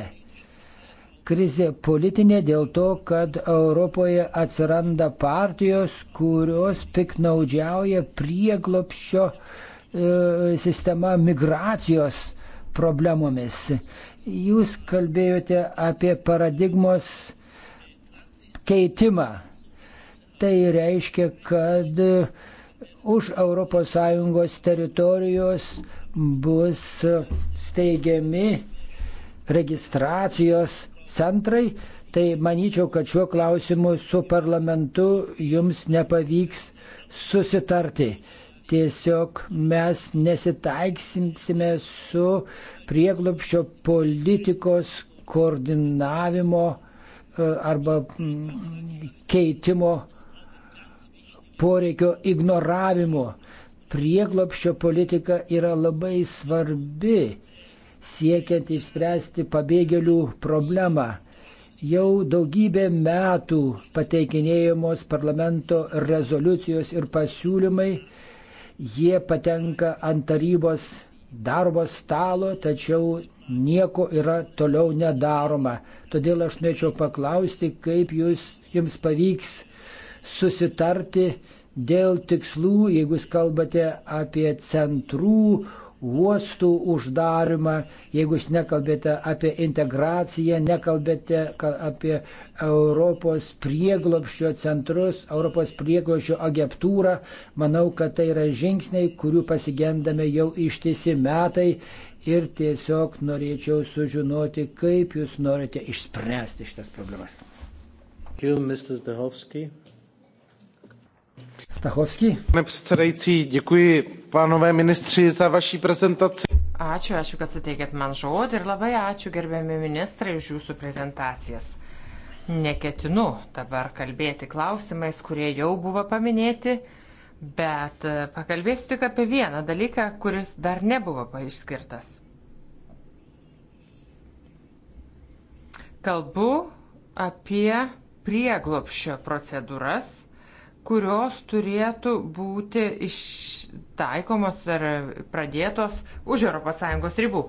Krize politinė dėl to, kad Europoje atsiranda partijos, kurios piknaudžiauja prieglopščio e, sistema migracijos problemomis. Jūs kalbėjote apie paradigmos keitimą. Tai reiškia, kad e, už ES teritorijos bus steigiami registracijos centrai, tai manyčiau, kad šiuo klausimu su parlamentu jums nepavyks susitarti. Tiesiog mes nesitaiksimsime su prieglopščio politikos koordinavimo e, arba keitimo poreikio ignoravimu. Prieglopščio politika yra labai svarbi siekiant išspręsti pabėgėlių problemą. Jau daugybę metų pateikinėjamos parlamento rezoliucijos ir pasiūlymai, jie patenka ant tarybos darbo stalo, tačiau nieko yra toliau nedaroma. Todėl aš norėčiau paklausti, kaip jūs, jums pavyks susitarti dėl tikslų, jeigu jūs kalbate apie centrų, uostų uždarimą, jeigu jūs nekalbate apie integraciją, nekalbate apie Europos prieglopščio centrus, Europos prieglopščio agentūrą, manau, kad tai yra žingsniai, kurių pasigendame jau ištisi metai ir tiesiog norėčiau sužinoti, kaip jūs norite išspręsti šitas problemas. Thank you, Mr. Zdehovsky. Stachovský. Pane předsedající, děkuji pánové ministři za vaší prezentaci. Ačiū, ačiū, kad suteikėt man žodį ir labai ačiū gerbiami ministrai už jūsų prezentacijas. Neketinu dabar kalbėti klausimais, kurie jau buvo paminėti, bet pakalbėsiu tik apie vieną dalyką, kuris dar nebuvo paaiškirtas. Kalbu apie prieglopščio procedūras kurios turėtų būti ištaikomos ar pradėtos už ES ribų.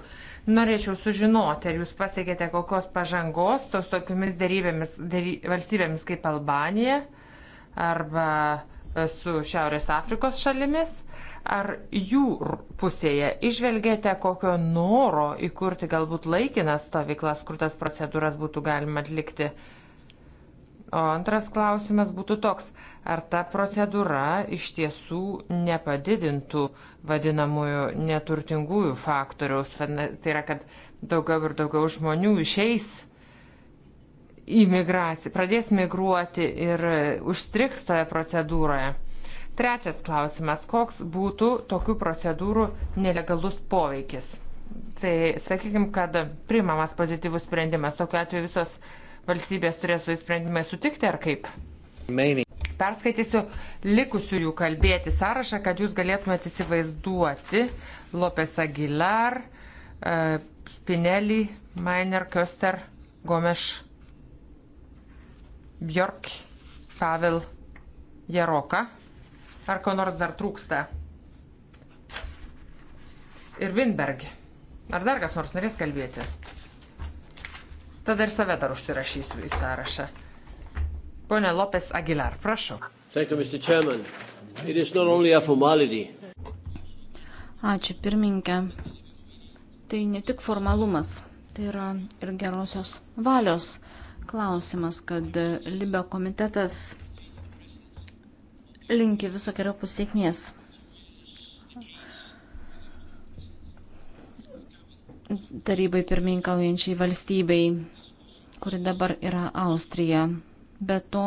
Norėčiau sužinoti, ar jūs pasiekėte kokios pažangos tos tokiamis darybėmis, dary, valstybėmis kaip Albanija arba e, su Šiaurės Afrikos šalimis, ar jų pusėje išvelgėte kokio noro įkurti galbūt laikinas stovyklas, kur tas procedūras būtų galima atlikti uh, O antras klausimas būtų toks, ar ta procedūra iš tiesų nepadidintų vadinamųjų neturtingųjų faktoriaus, tai yra, kad daugiau ir daugiau žmonių išeis į migraciją, pradės migruoti ir užstriks toje procedūroje. Trečias klausimas, koks būtų tokių procedūrų nelegalus poveikis? Tai sakykime, kad primamas pozityvus sprendimas, tokiu atveju visos valstybės turės su įsprendimai sutikti ar kaip? Meiniai. Perskaitysiu likusiųjų kalbėti sąrašą, kad jūs galėtumėte įsivaizduoti Lopes Aguilar, e, Spinelli, Mainer, Köster, Gomes, Bjork, Pavel, Jaroka. Ar ko nors dar trūksta? Ir Winberg. Ar dar kas nors norės kalbėti? Tada ir save dar užsirašysiu į sąrašą. Pone Lopes Aguilar, prašau. Ačiū, pirmininkė. Tai ne tik formalumas, tai yra ir gerosios valios klausimas, kad Libio komitetas linki visokiojo pusėkmės tarybai pirmininkaujančiai valstybei, kuri dabar yra Austrija. Be to,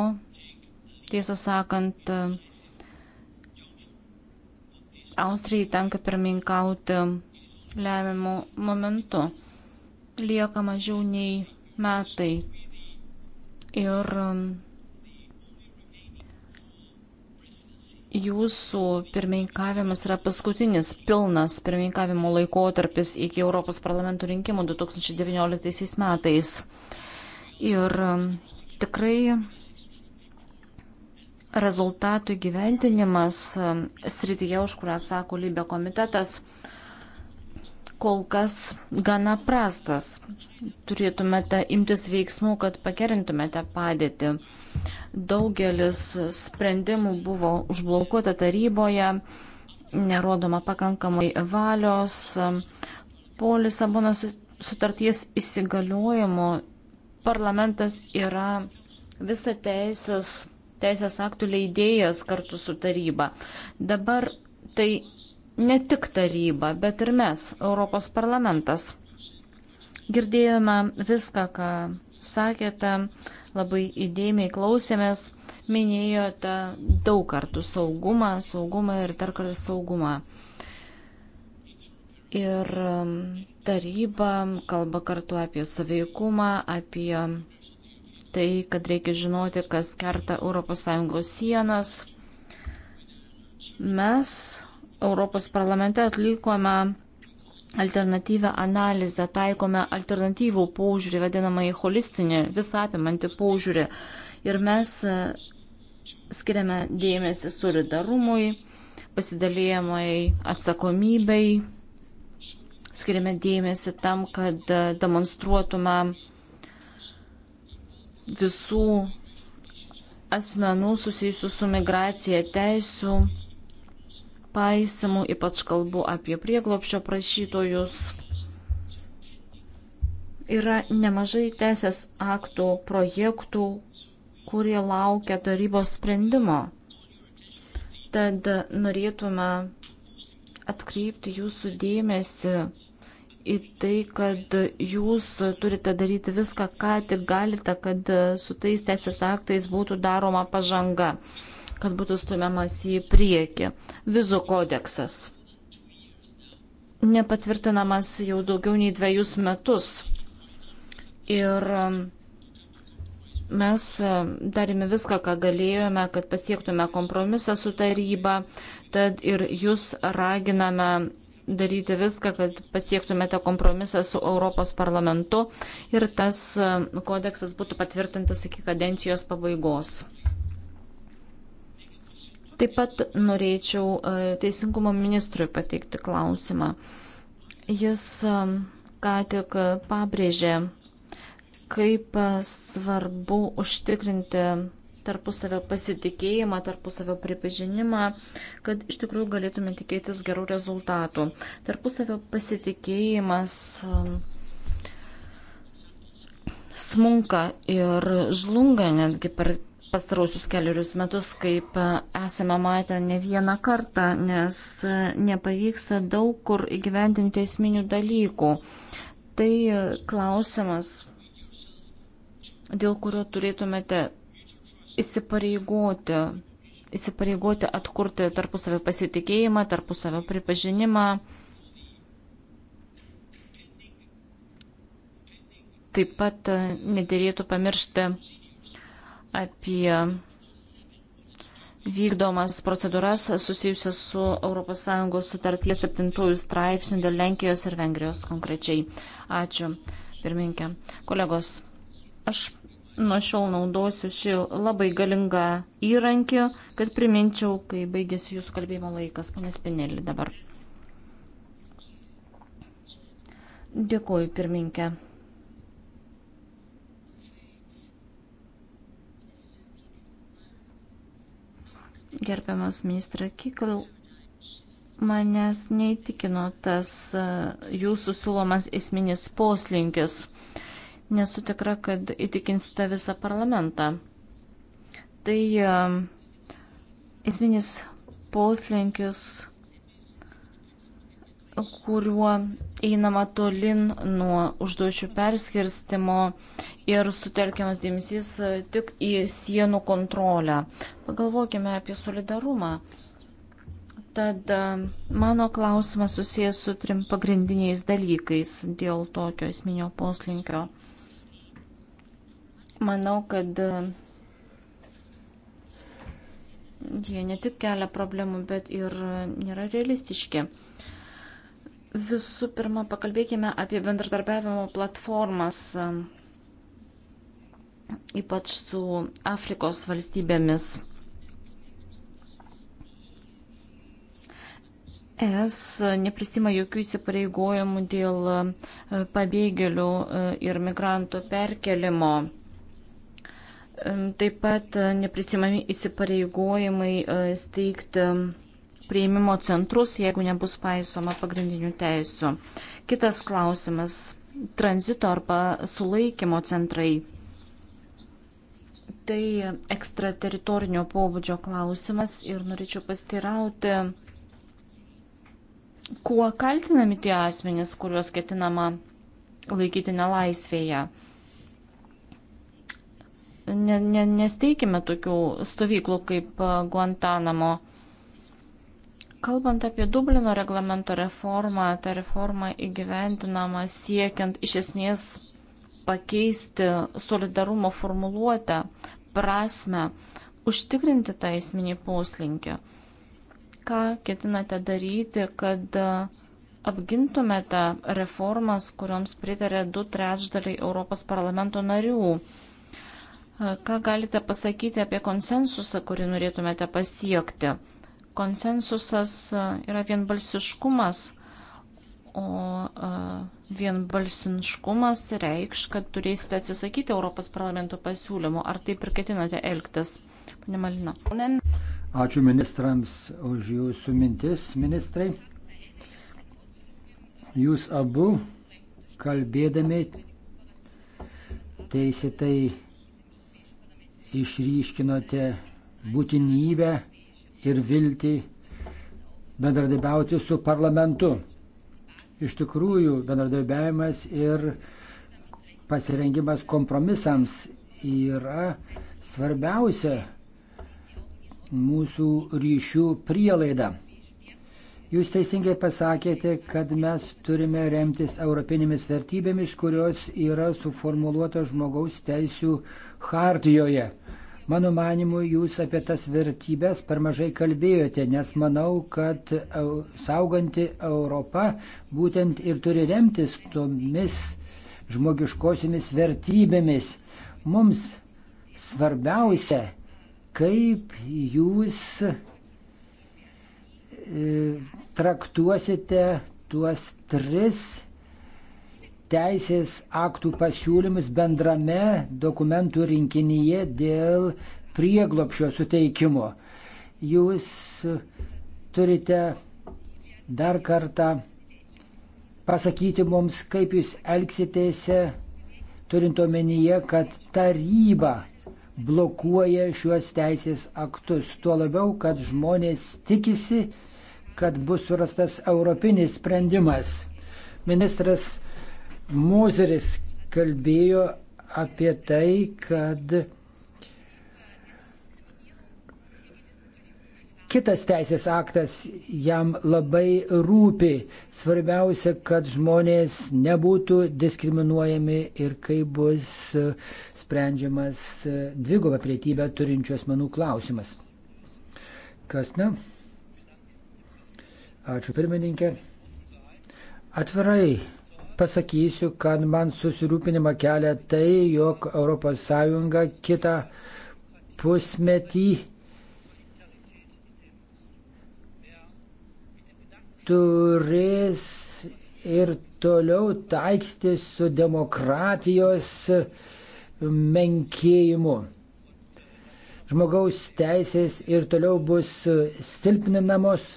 tiesą sakant, Austrijai tenka pirmininkauti lemiamų momentų. Lieka mažiau nei metai. Ir Jūsų pirmininkavimas yra paskutinis pilnas pirmininkavimo laikotarpis iki Europos parlamento rinkimų 2019 metais. Ir um, tikrai rezultatų gyventinimas um, srityje, už kurią sako Lybė komitetas, uh, kol kas gana prastas. Turėtumėte imtis veiksmų, kad pakerintumėte padėtį. Daugelis sprendimų buvo užblokuota taryboje, nerodoma pakankamai valios. Po Lisabonos sutarties įsigaliojimo parlamentas yra visą teisės, teisės aktų leidėjas kartu su taryba. Dabar tai ne tik taryba, bet ir mes, Europos parlamentas. Girdėjome viską, ką sakėte, labai įdėmiai klausėmės, minėjote daug kartų saugumą, saugumą ir dar kartą saugumą. Ir um, taryba kalba kartu apie saveikumą, apie tai, kad reikia žinoti, kas kerta ES sienas. Mes Europos parlamente atlikome alternatyvę analizę, taikome alternatyvų požiūrį, vadinamąjį holistinį, visą apimantį požiūrį. Ir mes e, skiriame dėmesį solidarumui, pasidalėjimai atsakomybei, skiriame dėmesį tam, kad e, demonstruotume visų asmenų susijusių su migracija teisų paisimų, ypač kalbu apie prieglopšio prašytojus. Yra nemažai teisės aktų projektų, kurie laukia tarybos sprendimo. Tad norėtume atkreipti jūsų dėmesį į tai, kad jūs turite daryti viską, ką tik galite, kad su tais teisės aktais būtų daroma pažanga kad būtų stumiamas į priekį. Vizų kodeksas nepatvirtinamas jau daugiau nei dviejus metus. Ir um, mes um, darėme viską, ką galėjome, kad pasiektume kompromisą su taryba, tad ir jūs raginame daryti viską, kad pasiektumėte kompromisą su Europos parlamentu ir tas um, kodeksas būtų patvirtintas iki kadencijos pabaigos. Taip pat norėčiau e, Teisingumo ministrui pateikti klausimą. Jis e, ką tik pabrėžė, kaip e, svarbu užtikrinti tarpusavio pasitikėjimą, tarpusavio pripažinimą, kad iš tikrųjų galėtume tikėtis gerų rezultatų. Tarpusavio pasitikėjimas smunka ir žlunga netgi per pastarausius keliarius metus, kaip esame matę ne vieną kartą, nes nepavyksta daug kur įgyvendinti esminių dalykų. Tai klausimas, dėl kurio turėtumėte įsipareigoti, įsipareigoti atkurti tarpusavio pasitikėjimą, tarpusavio pripažinimą. Taip pat nedėlėtų pamiršti apie vykdomas procedūras susijusias su ES sutarties 7 straipsniu dėl Lenkijos ir Vengrijos konkrečiai. Ačiū, pirminkė. Kolegos, aš nuo šiol naudosiu šį labai galingą įrankį, kad priminčiau, kai baigėsi jūsų kalbėjimo laikas, panas Pinelį dabar. Dėkuoju, pirminkė. Gerbiamas ministra Kikl, manęs neįtikino tas e, jūsų siūlomas esminis poslinkis. Nesu tikra, kad įtikinsite visą parlamentą. Tai e, esminis poslinkis, kuriuo einama tolin nuo užduočių perskirstimo ir sutelkiamas dėmesys e, tik į sienų kontrolę. Pagalvokime apie solidarumą. Tad e, mano klausimas susijęs su trim pagrindiniais dalykais dėl tokio esminio poslinkio. Manau, kad e, jie ne tik kelia problemų, bet ir nėra realistiški. Visų pirma, pakalbėkime apie bendradarbiavimo platformas, ypač su Afrikos valstybėmis. Es neprisima jokių įsipareigojimų dėl e, pabėgėlių e, ir migrantų perkelimo. Taip pat e, neprisimami įsipareigojimai steigti prieimimo centrus, jeigu nebus paisoma pagrindinių teisų. Kitas klausimas - tranzito arba sulaikymo centrai. Tai ekstrateritorinio pobūdžio klausimas ir norėčiau pastirauti, kuo kaltinami tie asmenys, kuriuos ketinama laikyti nelaisvėje. Ne, ne, nesteikime tokių stovyklų kaip Guantanamo Kalbant apie Dublino reglamento reformą, ta reforma įgyventinama siekiant iš esmės pakeisti solidarumo formuluotę, prasme, užtikrinti tą esminį poslinkį. Ką ketinate daryti, kad apgintumėte reformas, kurioms pritarė du trečdaliai Europos parlamento narių? Ką galite pasakyti apie konsensusą, kurį norėtumėte pasiekti? Konsensusas e, yra vienbalsiškumas, o e, vienbalsiškumas reikš, kad turėsite atsisakyti Europos parlamento pasiūlymų. Ar taip ir ketinate elgtis, pane Malina? Ačiū ministrams už jūsų mintis, ministrai. Jūs abu kalbėdami teisėtai išryškinote būtinybę ir viltį bendradarbiauti su parlamentu. Iš tikrųjų, bendradarbiavimas ir pasirengimas kompromisams yra svarbiausia mūsų ryšių prielaida. Jūs teisingai pasakėte, kad mes turime remtis europinėmis vertybėmis, kurios yra suformuoluotos žmogaus teisų hartijoje. Mano manimu, jūs apie tas vertybės per mažai kalbėjote, nes manau, kad sauganti Europa būtent ir turi remtis tomis žmogiškosiomis vertybėmis. Mums svarbiausia, kaip jūs e, traktuosite tuos tris teisės aktų pasiūlymus bendrame dokumentų rinkinyje dėl prieglopšio suteikimo. Jūs turite dar kartą pasakyti mums, kaip jūs elgsitėse, turint omenyje, kad taryba blokuoja šiuos teisės aktus. Tuo labiau, kad žmonės tikisi, kad bus surastas europinis sprendimas. Ministras Mozeris kalbėjo apie tai, kad kitas teisės aktas jam labai rūpi. Svarbiausia, kad žmonės nebūtų diskriminuojami ir kaip bus sprendžiamas dvigubą pilietybę turinčių asmenų klausimas. Kas ne? Ačiū pirmininkė. Atvirai pasakysiu, kad man susirūpinimą kelia tai, jog ES kitą pusmetį turės ir toliau taikstis su demokratijos menkėjimu. Žmogaus teisės ir toliau bus silpninamos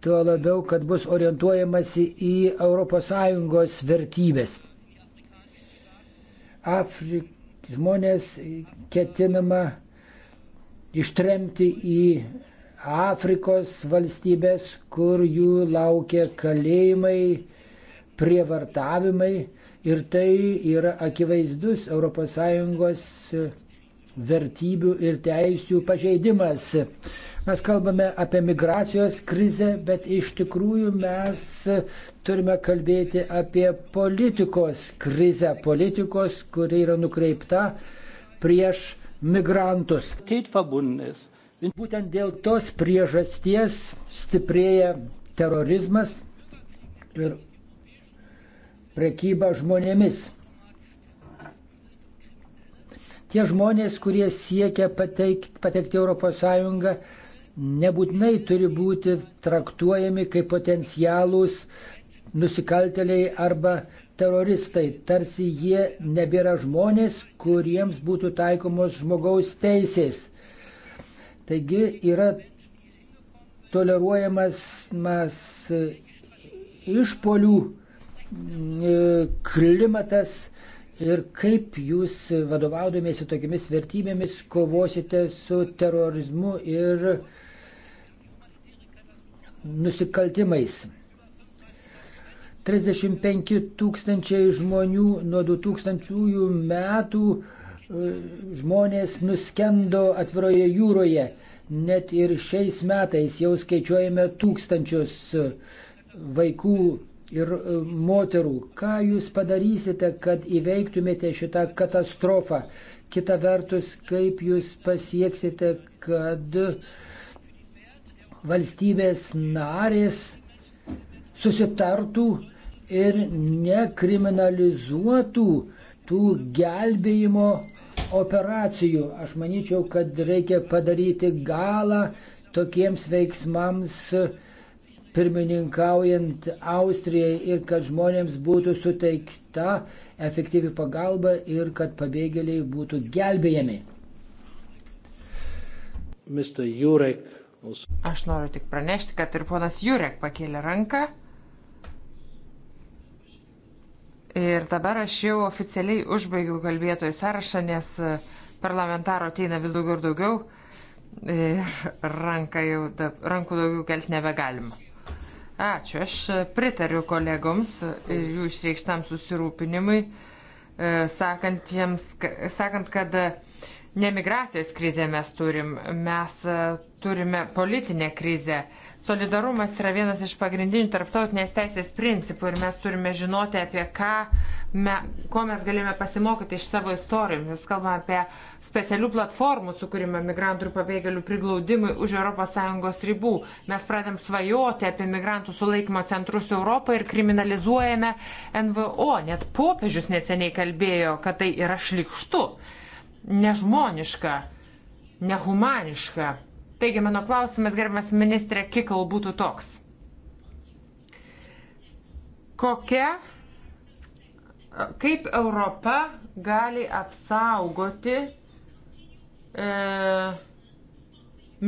tuo labiau, kad bus orientuojamasi į ES vertybės. Afrik, žmonės ketinama ištremti į Afrikos valstybės, kur jų laukia kalėjimai, prievartavimai ir tai yra akivaizdus ES vertybių ir teisių pažeidimas. Mes kalbame apie migracijos krizę, bet iš tikrųjų mes turime kalbėti apie politikos krizę, politikos, kuri yra nukreipta prieš migrantus. Būtent dėl tos priežasties stiprėja terorizmas ir prekyba žmonėmis. Tie žmonės, kurie siekia pateikti, patekti ES, nebūtinai turi būti traktuojami kaip potencialūs nusikalteliai arba teroristai, tarsi jie nebėra žmonės, kuriems būtų taikomos žmogaus teisės. Taigi yra toleruojamas mas, išpolių e, klimatas, ir kaip jūs vadovaudomėsi tokiamis vertybėmis kovosite su terorizmu ir nusikaltimais. 35 tūkstančiai žmonių nuo 2000 metų e, žmonės nuskendo atviroje jūroje. Net ir šiais metais jau skaičiuojame tūkstančius vaikų ir e, moterų. Ką jūs padarysite, kad įveiktumėte šitą katastrofą? Kita vertus, kaip jūs pasieksite, kad valstybės narės susitartų ir nekriminalizuotų tų gelbėjimo operacijų. Aš manyčiau, kad reikia padaryti galą tokiems veiksmams, uh, pirmininkaujant Austrijai ir kad žmonėms būtų suteikta efektyvi pagalba ir kad pabėgėliai būtų gelbėjami. Aš noriu tik pranešti, kad ir ponas Jurek pakėlė ranką. Ir dabar aš jau oficialiai užbaigiau kalbėtojų sąrašą, nes e, parlamentaro ateina vis daugiau ir daugiau. Ir ranką jau, rankų daugiau kelti nebegalima. Ačiū. Aš pritariu kolegoms ir jų išreikštam susirūpinimui, e, sakant, jiems, sakant kad ne migracijos krizę mes turim, mes e, turime politinę krizę. Solidarumas yra vienas iš pagrindinių tarptautinės teisės principų ir mes turime žinoti, apie ką, me, ko mes galime pasimokyti iš savo istorijų. Mes kalbame apie specialių platformų sukūrimą migrantų ir pabėgėlių priglaudimui už ES ribų. Mes pradėm svajoti apie migrantų sulaikymo centrus Europoje ir kriminalizuojame NVO. Net popiežius neseniai kalbėjo, kad tai yra šlikštu, nežmoniška, nehumaniška Taigi mano klausimas, gerbiamas ministrė, kikal būtų toks. Kokia, kaip Europa gali apsaugoti e,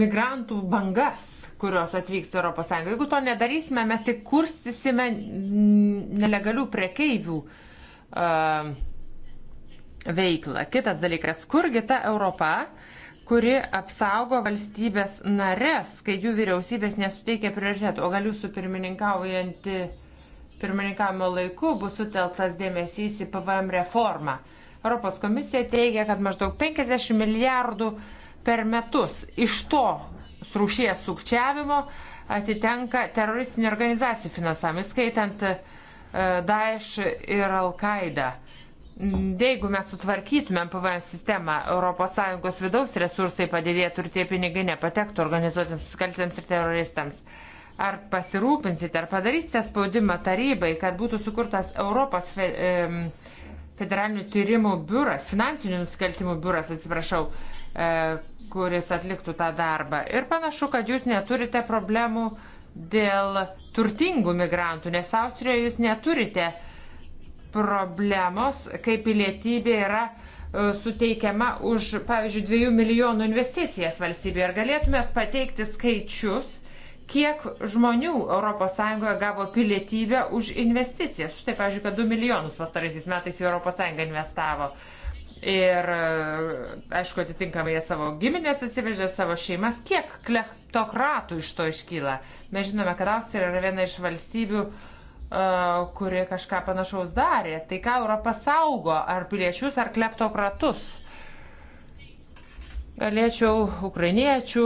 migrantų bangas, kurios atvyks į ES. Jeigu to nedarysime, mes tik kurstysime nelegalių prekeivių e, veiklą. Kitas dalykas, kurgi ta Europa, kuri apsaugo valstybės nares, kai jų vyriausybės nesuteikia prioritetų. O gal jūsų pirmininkaujantį pirmininkavimo laiku bus sutelktas dėmesys į PVM reformą. Europos komisija teigia, kad maždaug 50 milijardų per metus iš to srūšies sukčiavimo atitenka teroristinių organizacijų finansavimui, skaitant e, Daesh ir Al-Qaeda. Jeigu mes sutvarkytumėm PVM sistemą, ES vidaus resursai padidėtų ir tie pinigai nepatektų organizuotėms susikaltėms ir teroristams. Ar pasirūpinsite, ar padarysite spaudimą tarybai, kad būtų sukurtas Europos federalinių tyrimų biuras, finansinių nusikaltimų biuras, atsiprašau, e, kuris atliktų tą darbą. Ir panašu, kad jūs neturite problemų dėl turtingų migrantų, nes Austrijoje jūs neturite uh, problemos, kai pilietybė yra e, suteikiama už, pavyzdžiui, 2 milijonų investicijas valstybėje. Ar galėtumėt pateikti skaičius, kiek žmonių ES gavo pilietybę už investicijas? Štai, pavyzdžiui, kad 2 milijonus pastaraisiais metais į ES investavo. Ir, e, aišku, atitinkamai jie savo giminės atsivežė, savo šeimas. Kiek klechtokratų iš to iškyla? Mes žinome, kad Austrija yra viena iš valstybių, uh, kuri kažką panašaus darė. Tai ką Europa saugo, ar piliečius, ar kleptokratus? Galėčiau ukrainiečių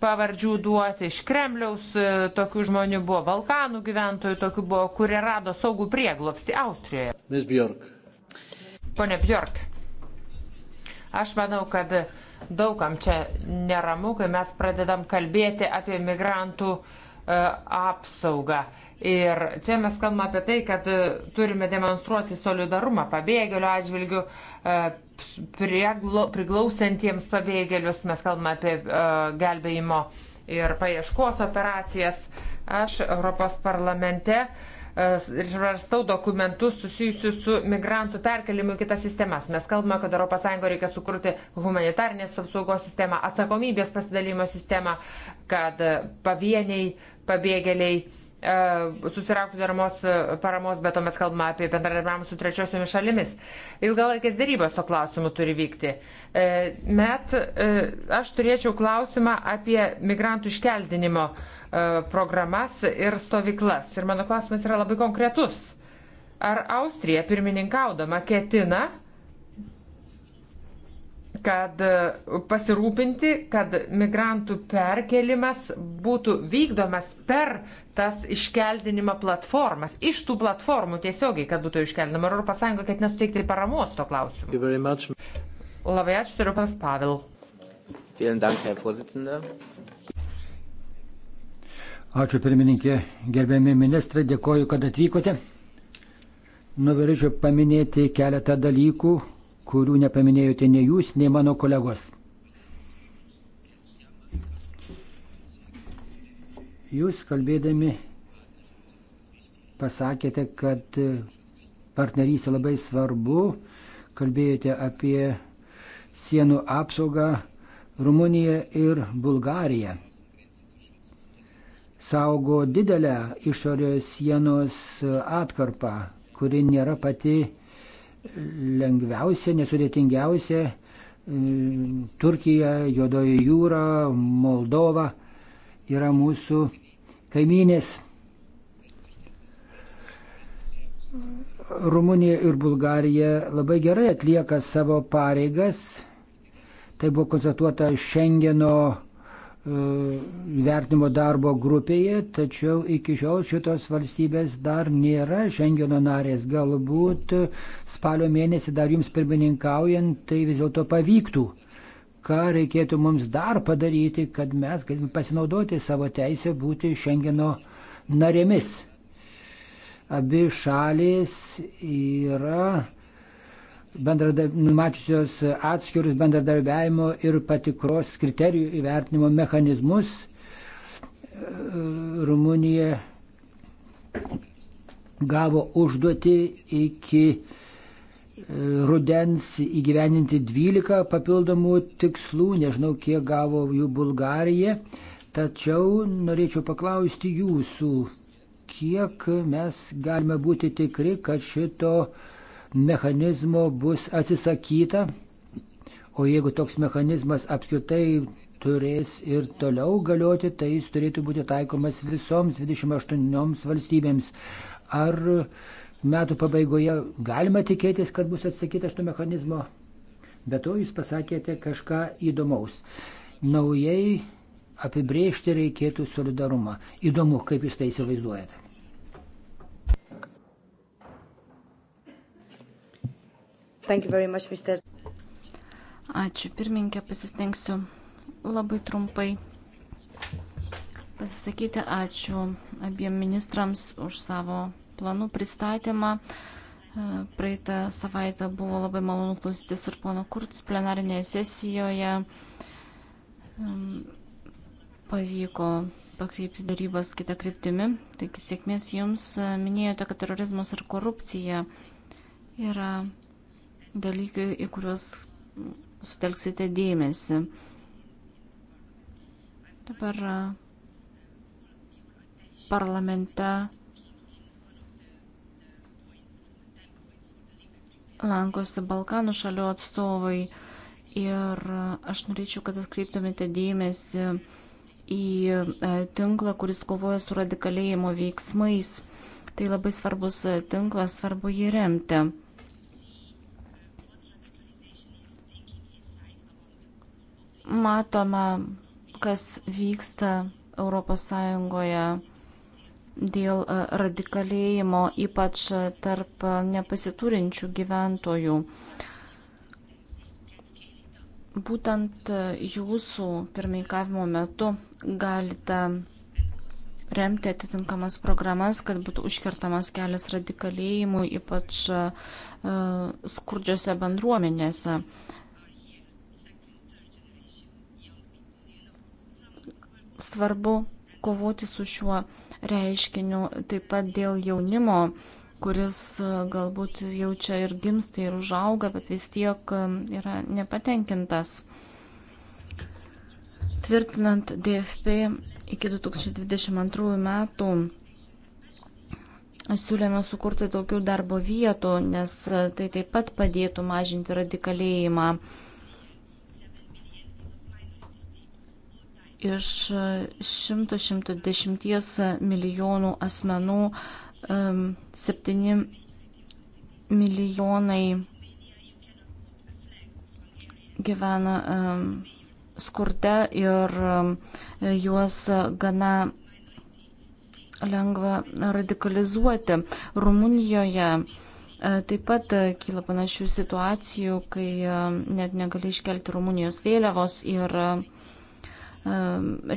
pavardžių duoti, iš Kremliaus e, tokių žmonių buvo, Balkanų gyventojų tokių buvo, kurie rado saugų prieglopsti Austrijoje. Ms. Bjork. Pone Bjork, aš manau, kad daugam čia neramu, kai mes pradedam kalbėti apie migrantų uh, E, apsaugą. Ir čia mes kalbame apie tai, kad e, turime demonstruoti solidarumą pabėgėlių atžvilgių, e, priglausantiems pabėgėlius, mes kalbame apie gelbėjimo ir paieškos operacijas. Aš Europos parlamente svarstau dokumentus susijusius su migrantų perkelimu į kitas sistemas. Mes kalbame, kad ES reikia sukurti humanitarnės apsaugos sistemą, atsakomybės pasidalimo sistemą, kad pavieniai pabėgėliai e, susirauktų deramos e, paramos, bet to mes kalbame apie bendradarbiavimą su trečiosiomis šalimis. Ilgalaikės dėrybos to klausimu turi vykti. E, met aš turėčiau klausimą apie migrantų iškeldinimo programas ir stovyklas. Ir mano klausimas yra labai konkretus. Ar Austrija pirmininkaudama ketina kad e, pasirūpinti, kad migrantų perkelimas būtų vykdomas per tas iškeldinimo platformas, iš tų platformų tiesiogiai, kad būtų iškeldinama Europos Sąjunga, kad nesuteikti paramos to klausimu. Labai ačiū, turiu pas Pavel. Ačiū pirmininkė, gerbėmi ministrai, dėkoju, kad atvykote. Norėčiau paminėti keletą dalykų, kurių nepaminėjote nei jūs, nei mano kolegos. Jūs kalbėdami pasakėte, kad partnerystė labai svarbu, kalbėjote apie sienų apsaugą Rumuniją ir Bulgariją. Saugo didelę išorės sienos atkarpą, kuri nėra pati lengviausia, nesudėtingiausia e, Turkija, Jodoji jūra, Moldova yra mūsų kaimynės. Rumunija ir Bulgarija labai gerai atlieka savo pareigas. Tai buvo konstatuota Šengeno vertinimo darbo grupėje, tačiau iki šiol šitos valstybės dar nėra Šengeno narės. Galbūt spalio mėnesį dar jums pirmininkaujant tai vis dėlto pavyktų. Ką reikėtų mums dar padaryti, kad mes galime pasinaudoti savo teisę būti Šengeno narėmis. Abi šalis yra numačiusios atskirus bendradarbiavimo ir patikros kriterijų įvertinimo mechanizmus. E, Rumunija gavo užduoti iki e, rudens įgyveninti 12 papildomų tikslų, nežinau kiek gavo jų Bulgarija, tačiau norėčiau paklausti jūsų, kiek mes galime būti tikri, kad šito uh, mechanizmo bus atsisakyta, o jeigu toks mechanizmas apskritai turės ir toliau galioti, tai jis turėtų būti taikomas visoms 28 valstybėms. Ar metų pabaigoje galima tikėtis, kad bus atsakyta šito mechanizmo? Be to jūs pasakėte kažką įdomaus. Naujai apibriežti reikėtų solidarumą. Įdomu, kaip jūs tai įsivaizduojate. Much, Mr. Ačiū pirmininkė, pasistengsiu labai trumpai pasisakyti. Ačiū abiem ministrams už savo planų pristatymą. Praeitą savaitę buvo labai malonu klausytis ir pono Kurts plenarinėje sesijoje. Pavyko pakreipti darybas kitą kryptimį. Taigi sėkmės jums. Minėjote, kad terorizmas ir korupcija yra dalykai, į kuriuos sutelksite dėmesį. Dabar parlamente lankosi Balkanų šalių atstovai ir aš norėčiau, kad atkreiptumėte dėmesį į tinklą, kuris kovoja su radikalėjimo veiksmais. Tai labai svarbus tinklas, svarbu jį remti. Matome, kas vyksta ES dėl e, radikalėjimo, ypač tarp nepasiturinčių gyventojų. Būtent jūsų pirmininkavimo metu galite remti atitinkamas programas, kad būtų užkertamas kelias radikalėjimui, ypač e, skurdžiose bendruomenėse. svarbu kovoti su šiuo reiškiniu, taip pat dėl jaunimo, kuris e, galbūt jau čia ir gimsta, ir užauga, bet vis tiek e, yra nepatenkintas. Tvirtinant DFP iki 2022 metų siūlėme sukurti daugiau darbo vietų, nes e, tai taip pat padėtų mažinti radikalėjimą. iš 110 milijonų asmenų 7 milijonai gyvena skurde ir juos gana lengva radikalizuoti. Rumunijoje e, Taip pat kyla panašių situacijų, kai net negali iškelti Rumunijos vėliavos ir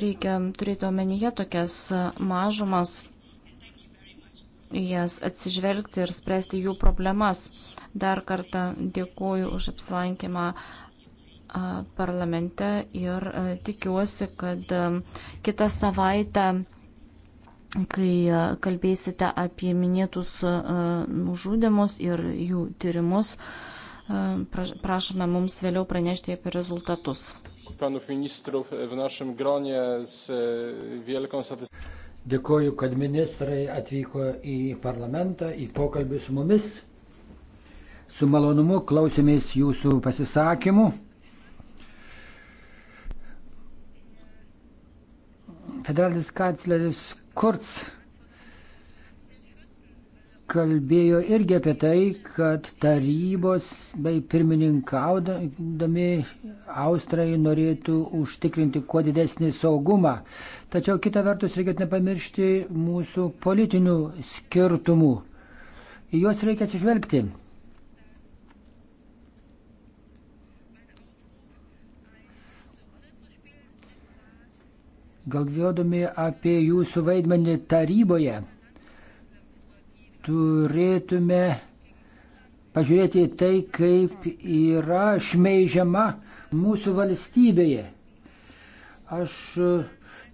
Reikia turėti omenyje tokias mažumas, jas atsižvelgti ir spręsti jų problemas. Dar kartą dėkuoju už apsilankymą parlamente ir tikiuosi, kad kitą savaitę kai kalbėsite apie minėtus nužudimus ir jų tyrimus, prašome mums vėliau pranešti apie rezultatus panów ministrów w naszym gronie z e, wielką satysfakcją. Dėkoju, kad ministrai atvyko į parlamentą, į pokalbį su mumis. Su malonumu klausėmės jūsų pasisakymų. Federalinis kancleris Kurz kalbėjo irgi apie tai, kad tarybos bei pirmininkaudami Austrai norėtų užtikrinti kuo didesnį saugumą. Tačiau kita vertus reikėtų nepamiršti mūsų politinių skirtumų. Į juos reikia atsižvelgti. Galvėdami apie jūsų vaidmenį taryboje turėtume pažiūrėti į tai, kaip yra šmeižiama mūsų valstybėje. Aš e,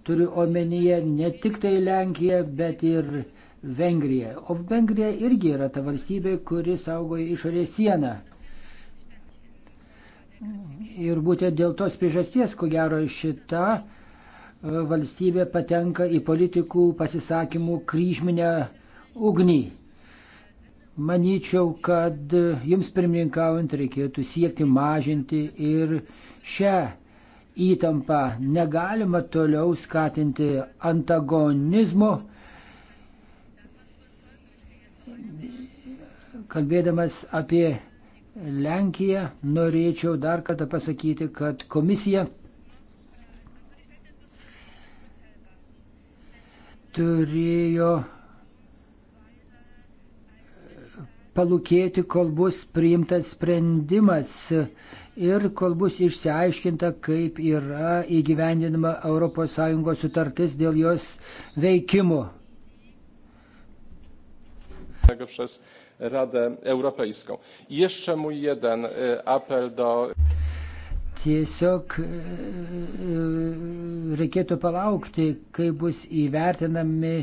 turiu omenyje ne tik tai Lenkiją, bet ir Vengriją. O Vengrija irgi yra ta valstybė, kuri saugoja išorės sieną. Ir būtent dėl tos priežasties, ko gero, šita e, valstybė patenka į politikų pasisakymų kryžminę ugnį. Manyčiau, kad jums pirmininkaujant reikėtų siekti mažinti ir šią įtampą. Negalima toliau skatinti antagonizmo. Kalbėdamas apie Lenkiją, norėčiau dar kartą pasakyti, kad komisija turėjo palūkėti, kol bus priimtas sprendimas ir kol bus išsiaiškinta, kaip yra įgyvendinama ES sutartis dėl jos veikimo. Przez Radę Europejską. Jeszcze mój jeden e, apel do. Tiesiog e, e, reikėtų palaukti, kai bus įvertinami,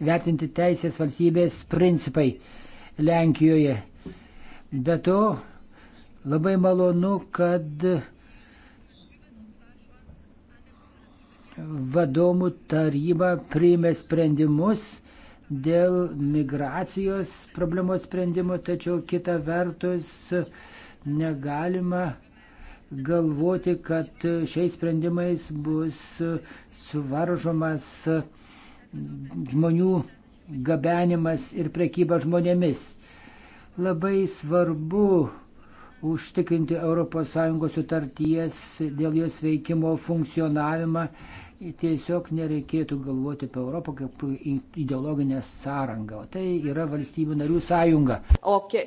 vertinti teisės valstybės principai Lenkijoje. Be to, labai malonu, kad vadovų taryba priėmė sprendimus dėl migracijos problemos sprendimo, tačiau kita vertus negalima galvoti, kad šiais sprendimais bus suvaržomas žmonių gabenimas ir prekyba žmonėmis. Labai svarbu užtikrinti ES sutarties dėl jos veikimo funkcionavimą. Tiesiog nereikėtų galvoti apie Europą kaip ideologinę sąrangą, o tai yra valstybių narių sąjunga. Okay.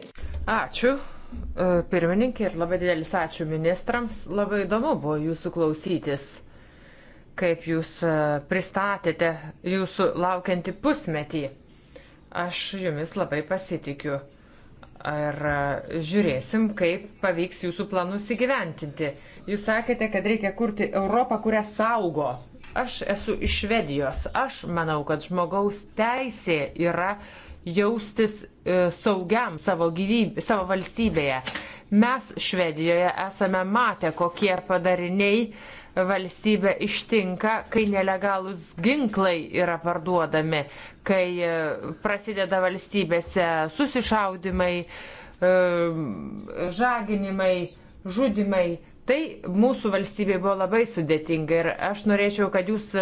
Ačiū, e, pirmininkė, ir labai didelis ačiū ministrams. Labai įdomu buvo jūsų klausytis kaip jūs e, pristatėte jūsų laukiantį pusmetį. Aš jumis labai pasitikiu. Ir e, žiūrėsim, kaip pavyks jūsų planus įgyventinti. Jūs sakėte, kad reikia kurti Europą, kurią saugo. Aš esu iš Švedijos. Aš manau, kad žmogaus teisė yra jaustis e, saugiam savo, gyvybė, savo valstybėje. Mes Švedijoje esame matę, kokie padariniai uh, valstybę ištinka, kai nelegalus ginklai yra parduodami, kai e, prasideda valstybėse susišaudimai, e, žaginimai, žudimai Tai mūsų valstybė buvo labai sudėtinga ir aš norėčiau, kad jūs e,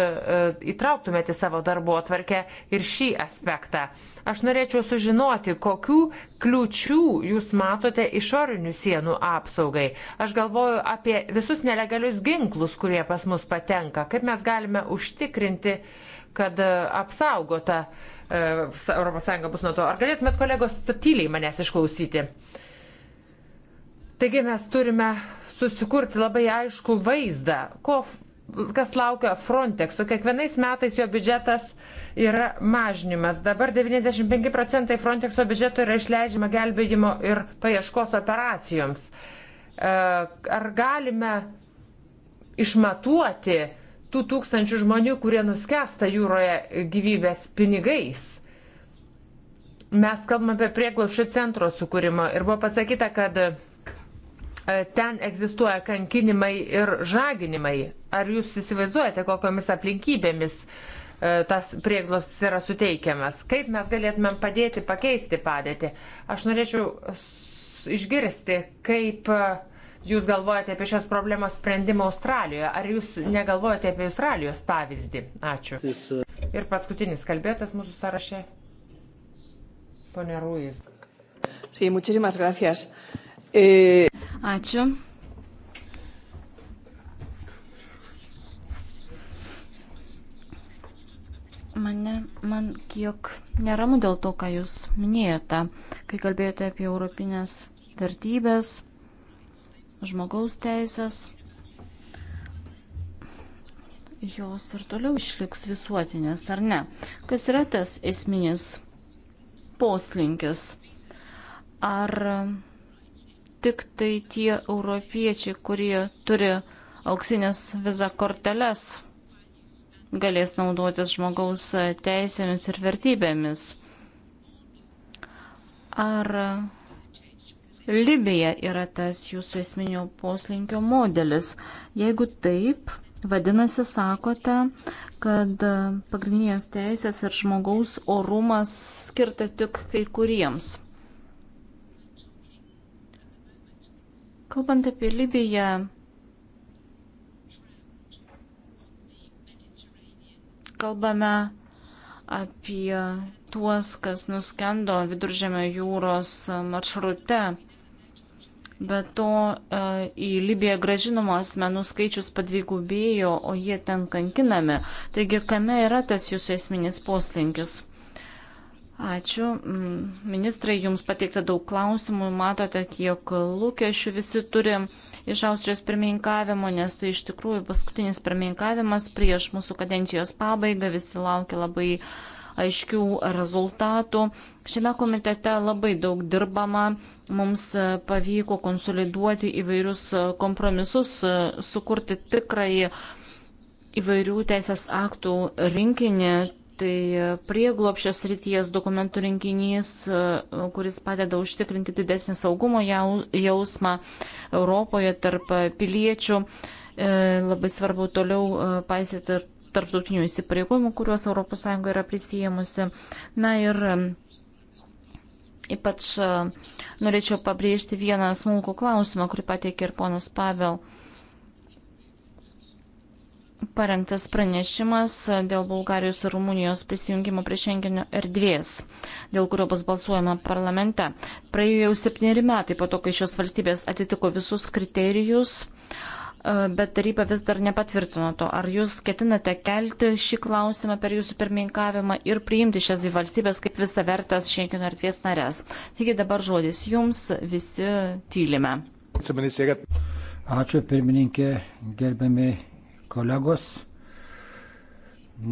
įtrauktumėte savo darbo atvarkę ir šį aspektą. Aš norėčiau sužinoti, kokių kliučių jūs matote išorinių sienų apsaugai. Aš galvoju apie visus nelegalius ginklus, kurie pas mus patenka. Kaip mes galime užtikrinti, kad e, apsaugota ES bus nuo to. Ar galėtumėt kolegos tyliai manęs išklausyti? Taigi mes turime susikurti labai aišku vaizdą, ko, kas laukia Frontexo. Kiekvienais metais jo biudžetas yra mažinimas. Dabar 95 procentai Frontexo biudžeto yra išleidžiama gelbėjimo ir paieškos operacijoms. E, ar galime išmatuoti tų tūkstančių žmonių, kurie nuskesta jūroje gyvybės pinigais? Mes kalbame apie prieglaušio centro sukūrimą ir buvo pasakyta, kad E, ten egzistuoja kankinimai ir žaginimai. Ar jūs įsivaizduojate, kokiamis aplinkybėmis e, tas prieglobstis yra suteikiamas? Kaip mes galėtumėm padėti pakeisti padėtį? Aš norėčiau išgirsti, kaip e, jūs galvojate apie šios problemos sprendimą Australijoje. Ar jūs negalvojate apie Australijos pavyzdį? Ačiū. Uh, ir paskutinis kalbėtas mūsų sąraše. Pone Rūjas. Sí, muchísimas gracias. Ačiū. Mane, man kiek neramu dėl to, ką Jūs minėjote, kai kalbėjote apie europinės vertybės, žmogaus teisės. Jos ir toliau išliks visuotinės, ar ne? Kas yra tas esminis poslinkis? Ar tik tai tie europiečiai, kurie turi auksinės viza korteles, galės naudotis žmogaus teisėmis ir vertybėmis. Ar Libija yra tas jūsų esminio poslinkio modelis? Jeigu taip, vadinasi, sakote, kad pagrindinės teisės ir žmogaus orumas skirta tik kai kuriems. Kalbant apie Libiją, kalbame apie tuos, kas nuskendo viduržėmio jūros maršrute. Be to, e, į Libiją gražinamo asmenų skaičius padvigubėjo, o jie ten kankinami. Taigi, kame yra tas jūsų esminis poslinkis? Ačiū. Mm, ministrai, jums pateikta daug klausimų, matote, kiek lūkesčių visi turi iš Austrijos pirmininkavimo, nes tai iš tikrųjų paskutinis pirmininkavimas prieš mūsų kadencijos pabaigą, visi laukia labai aiškių rezultatų. Šiame komitete labai daug dirbama, mums pavyko konsoliduoti įvairius kompromisus, sukurti tikrai įvairių teisės aktų rinkinį Tai prieglopšio srities dokumentų rinkinys, kuris padeda užtikrinti didesnį saugumo jausmą Europoje tarp piliečių. E, labai svarbu toliau e, paisyti tarptautinių įsipareigojimų, kuriuos ES yra prisijėmusi. Na ir ypač e, norėčiau pabrėžti vieną smulkų klausimą, kurį pateikė ir ponas Pavel parengtas pranešimas dėl Bulgarijos ir Rumunijos prisijungimo prie Šengenio erdvės, dėl kurio bus balsuojama parlamente. Praėjo jau septyneri metai po to, kai šios valstybės atitiko visus kriterijus, e, bet taryba vis dar nepatvirtino to. Ar jūs ketinate kelti šį klausimą per jūsų pirmininkavimą ir priimti šias dvi valstybės kaip visą vertas Šengenio erdvės narės? Taigi dabar žodis jums, visi tylime. Ačiū pirmininkė, gerbiami kolegos.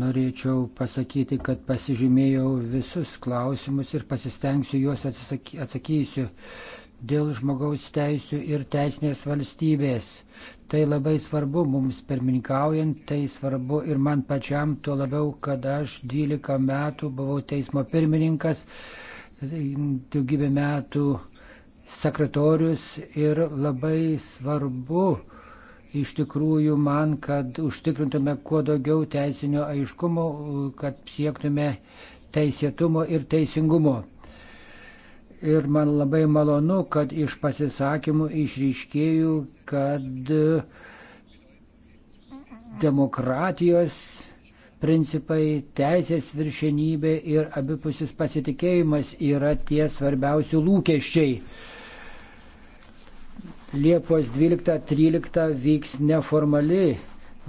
Norėčiau pasakyti, kad pasižymėjau visus klausimus ir pasistengsiu juos atsakysiu dėl žmogaus teisų ir teisinės valstybės. Tai labai svarbu mums pirmininkaujant, tai svarbu ir man pačiam, tuo labiau, kad aš 12 metų buvau teismo pirmininkas, daugybę metų sekretorius ir labai svarbu iš tikrųjų man, kad užtikrintume kuo daugiau teisinio aiškumo, kad siektume teisėtumo ir teisingumo. Ir man labai malonu, kad iš pasisakymų išryškėjau, kad demokratijos principai, teisės viršenybė ir abipusis pasitikėjimas yra tie svarbiausi lūkesčiai Liepos 12-13 vyks neformali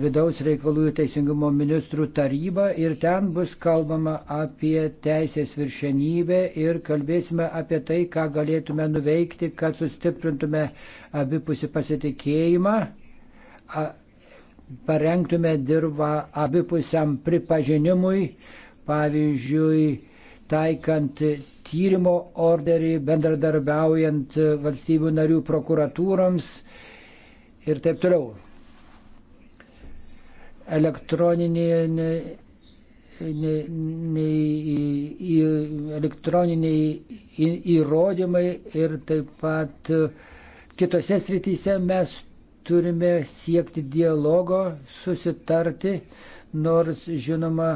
vidaus reikalų ir teisingumo ministrų taryba ir ten bus kalbama apie teisės viršenybę ir kalbėsime apie tai, ką galėtume nuveikti, kad sustiprintume abipusį pasitikėjimą, parengtume dirbą abipusiam pripažinimui, pavyzdžiui, taikant tyrimo orderį, bendradarbiaujant valstybių narių prokuratūroms ir taip toliau. Elektroninė, ne, ne, į, elektroniniai įrodymai ir taip pat kitose srityse mes turime siekti dialogo, susitarti, nors žinoma,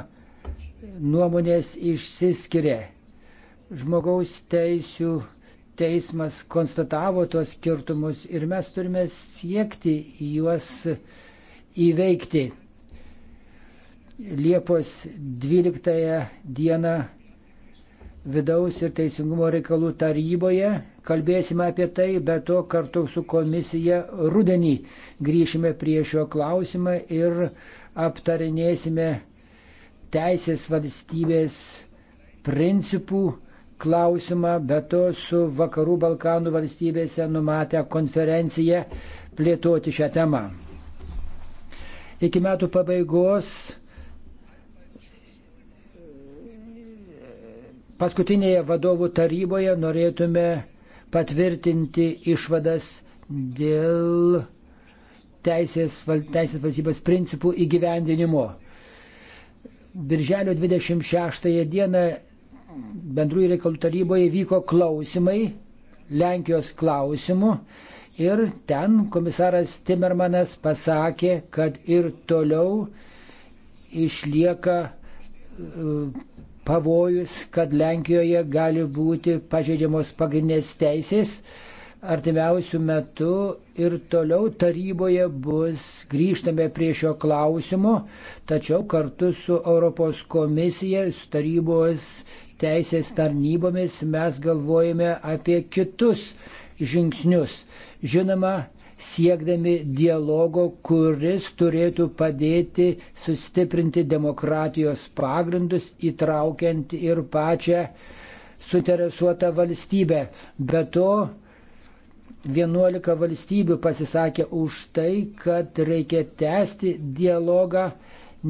nuomonės išsiskiria. Žmogaus teisų teismas konstatavo tuos skirtumus ir mes turime siekti juos įveikti. Liepos 12 dieną vidaus ir teisingumo reikalų taryboje kalbėsime apie tai, bet to kartu su komisija rudenį grįšime prie šio klausimą ir aptarinėsime teisės valstybės principų klausimą, bet to su Vakarų Balkanų valstybėse numatę konferenciją plėtoti šią temą. Iki metų pabaigos paskutinėje vadovų taryboje norėtume patvirtinti išvadas dėl teisės, teisės valstybės principų įgyvendinimo. Birželio 26 dieną bendrųjų reikalų taryboje vyko klausimai Lenkijos klausimu ir ten komisaras Timermanas pasakė, kad ir toliau išlieka e, pavojus, kad Lenkijoje gali būti pažeidžiamos pagrindinės teisės, artimiausių metų ir toliau taryboje bus grįžtame prie šio klausimo, tačiau kartu su Europos komisija, su tarybos teisės tarnybomis mes galvojame apie kitus žingsnius. Žinoma, siekdami dialogo, kuris turėtų padėti sustiprinti demokratijos pagrindus, įtraukiant ir pačią suinteresuotą valstybę. Be to, 11 valstybių pasisakė už tai, kad reikia tęsti dialogą,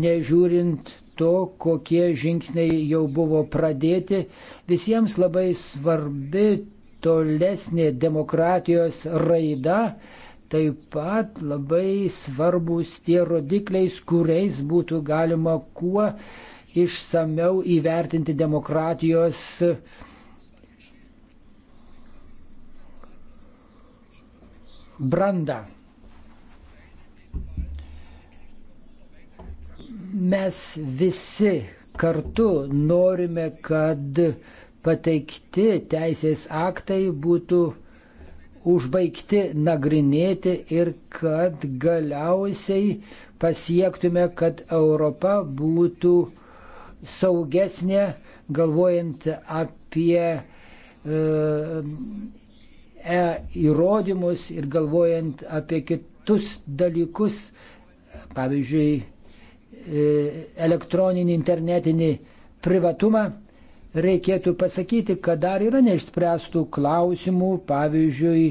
nežiūrint to, kokie žingsniai jau buvo pradėti. Visiems labai svarbi tolesnė demokratijos raida, taip pat labai svarbus tie rodikliais, kuriais būtų galima kuo išsameu įvertinti demokratijos uh, brandą. Mes visi kartu norime, kad pateikti teisės aktai būtų užbaigti nagrinėti ir kad galiausiai pasiektume, kad Europa būtų saugesnė, galvojant apie e, e įrodymus ir galvojant apie kitus dalykus, pavyzdžiui, e, elektroninį internetinį privatumą, reikėtų pasakyti, kad dar yra neišspręstų klausimų, pavyzdžiui,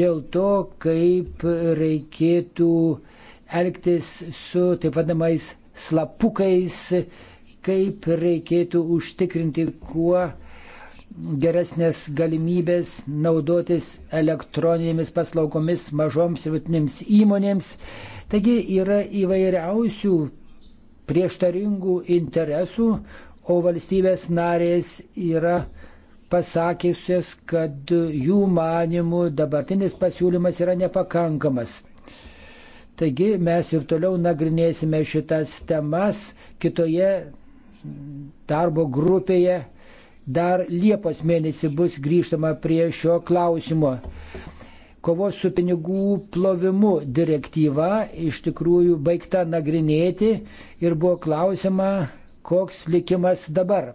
dėl to, kaip reikėtų elgtis su taip vadamais slapukais, kaip reikėtų užtikrinti kuo geresnės galimybės naudotis elektroninėmis paslaugomis mažoms ir vidutinėms įmonėms. Taigi yra įvairiausių prieštaringų interesų, o valstybės narės yra pasakysios, kad jų manimų dabartinis pasiūlymas yra nepakankamas. Taigi mes ir toliau nagrinėsime šitas temas kitoje darbo grupėje Dar Liepos mėnesį bus grįžtama prie šio klausimo. Kovos su pinigų plovimu direktyva iš tikrųjų baigta nagrinėti ir buvo klausima, koks likimas dabar.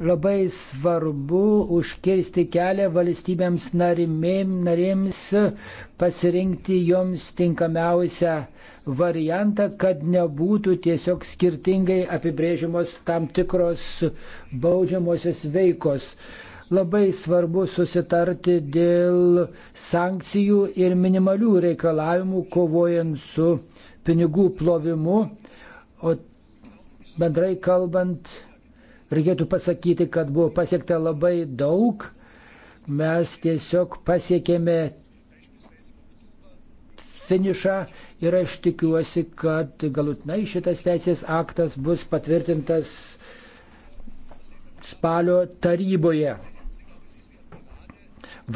Labai svarbu užkirsti kelią valstybėms narimėm, narėms pasirinkti joms tinkamiausią variantą, kad nebūtų tiesiog skirtingai apibrėžimos tam tikros baudžiamosios veikos. Labai svarbu susitarti dėl sankcijų ir minimalių reikalavimų kovojant su pinigų plovimu, o bendrai kalbant, reikėtų pasakyti, kad buvo pasiekta labai daug. Mes tiesiog pasiekėme finišą ir aš tikiuosi, kad galutinai šitas teisės aktas bus patvirtintas spalio taryboje.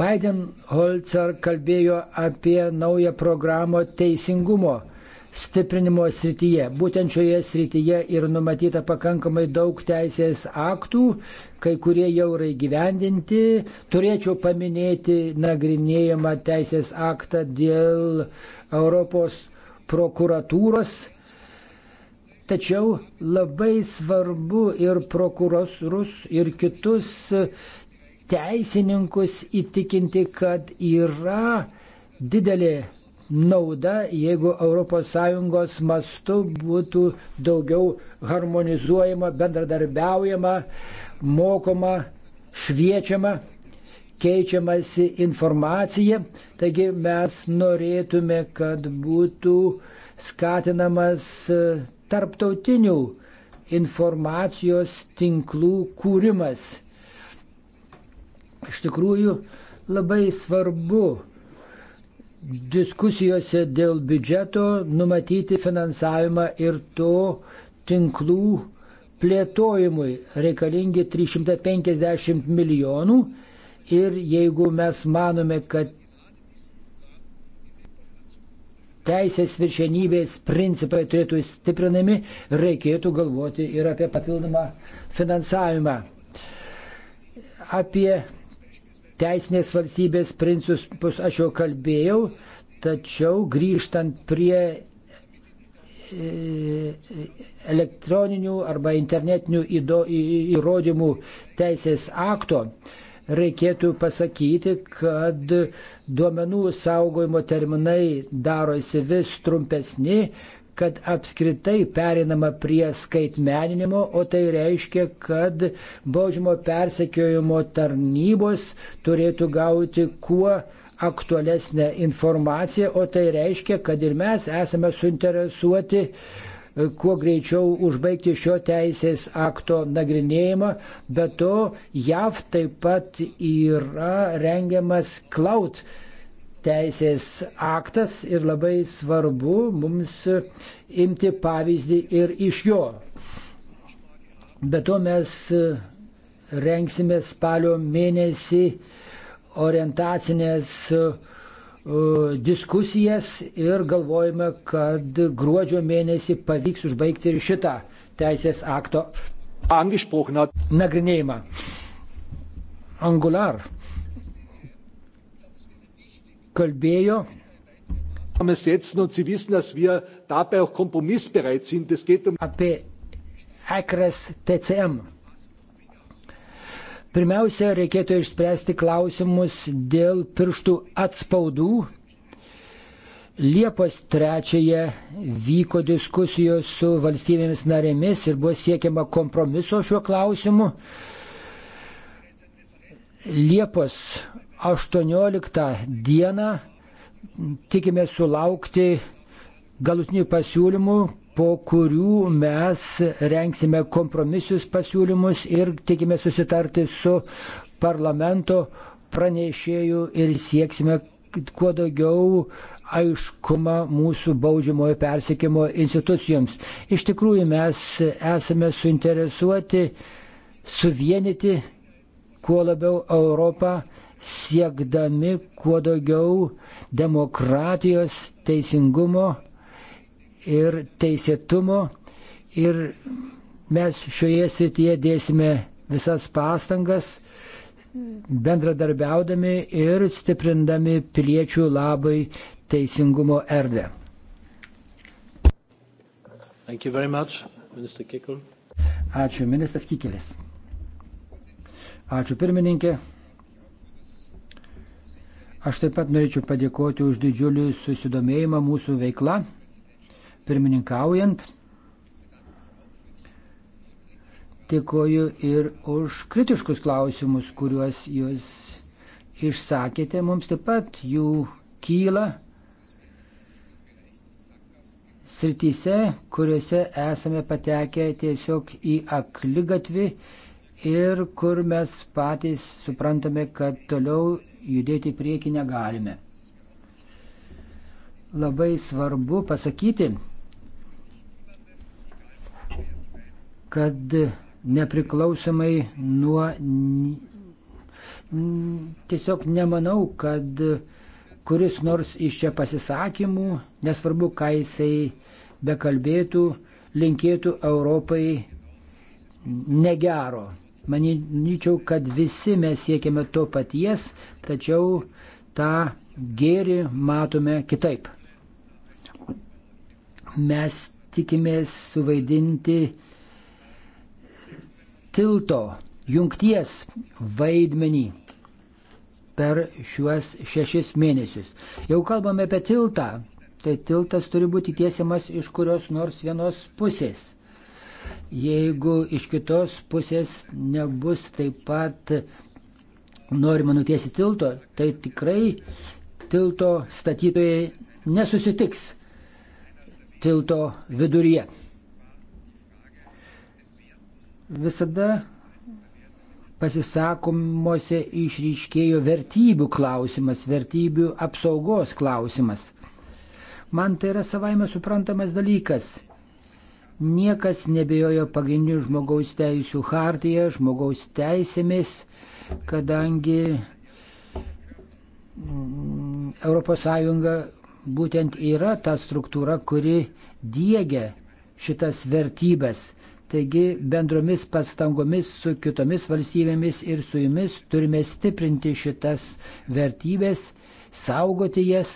Weidenholzer kalbėjo apie naują programą teisingumo stiprinimo srityje. Būtent šioje srityje ir numatyta pakankamai daug teisės aktų, kai kurie jau yra įgyvendinti. Turėčiau paminėti nagrinėjimą teisės aktą dėl Europos prokuratūros. Tačiau labai svarbu ir prokurorus, ir kitus teisininkus įtikinti, kad yra didelė nauda, jeigu ES mastu būtų daugiau harmonizuojama, bendradarbiaujama, mokoma, šviečiama keičiamasi informacija, taigi mes norėtume, kad būtų skatinamas e, tarptautinių informacijos tinklų kūrimas. Iš tikrųjų, labai svarbu diskusijose dėl biudžeto numatyti finansavimą ir to tinklų plėtojimui reikalingi 350 milijonų Ir jeigu mes manome, kad teisės viršenybės principai turėtų stiprinami, reikėtų galvoti ir apie papildomą finansavimą. Apie teisinės valstybės principus aš jau kalbėjau, tačiau grįžtant prie e, elektroninių arba internetinių įrodymų teisės akto, reikėtų pasakyti, kad duomenų saugojimo terminai darosi vis trumpesni, kad apskritai perinama prie skaitmeninimo, o tai reiškia, kad baudžiamo persekiojimo tarnybos turėtų gauti kuo aktualesnę informaciją, o tai reiškia, kad ir mes esame suinteresuoti uh, kuo greičiau užbaigti šio teisės akto nagrinėjimą, bet to JAV taip pat yra rengiamas klaut teisės aktas ir labai svarbu mums imti pavyzdį ir iš jo. Be to mes rengsime spalio mėnesį orientacinės uh, E, diskusijas ir galvojame, kad gruodžio mėnesį pavyks užbaigti ir šitą teisės akto nagrinėjimą. Angular kalbėjo. Um apie ECRES TCM Pirmiausia, reikėtų išspręsti klausimus dėl pirštų atspaudų. Liepos 3-ąją vyko diskusijos su valstybėmis narėmis ir buvo siekiama kompromiso šiuo klausimu. Liepos 18 dieną tikime sulaukti galutinių pasiūlymų, po kurių mes renksime kompromisius pasiūlymus ir tikime susitarti su parlamento pranešėjų ir sieksime kuo daugiau aiškumą mūsų baudžiamojo persikimo institucijoms. Iš tikrųjų mes esame suinteresuoti suvienyti kuo labiau Europą, siekdami kuo daugiau demokratijos, teisingumo ir teisėtumo ir mes šioje srityje dėsime visas pastangas, bendradarbiaudami ir stiprindami piliečių labai teisingumo erdvę. Much, Minister Ačiū, ministras Kikelis. Ačiū, pirmininkė. Aš taip pat norėčiau padėkoti už didžiulį susidomėjimą mūsų veikla pirmininkaujant. Tikoju ir už kritiškus klausimus, kuriuos jūs išsakėte. Mums taip pat jų kyla srityse, kuriuose esame patekę tiesiog į akligatvį ir kur mes patys suprantame, kad toliau judėti į priekį negalime. Labai svarbu pasakyti, kad nepriklausomai nuo... Tiesiog nemanau, kad kuris nors iš čia pasisakymų, nesvarbu, ką jisai bekalbėtų, linkėtų Europai negero. Manyčiau, kad visi mes siekiame to paties, tačiau tą gėrį matome kitaip. Mes tikimės suvaidinti tilto jungties vaidmenį per šiuos šešis mėnesius. Jau kalbame apie tiltą, tai tiltas turi būti tiesiamas iš kurios nors vienos pusės. Jeigu iš kitos pusės nebus taip pat norima nutiesi tilto, tai tikrai tilto statytojai nesusitiks tilto viduryje. Visada pasisakomuose išryškėjo vertybių klausimas, vertybių apsaugos klausimas. Man tai yra savaime suprantamas dalykas. Niekas nebejojo pagrindinių žmogaus teisų hartyje, žmogaus teisėmis, kadangi mm, ES būtent yra ta struktūra, kuri diegia šitas vertybės. Taigi bendromis pastangomis su kitomis valstybėmis ir su jumis turime stiprinti šitas vertybės, saugoti jas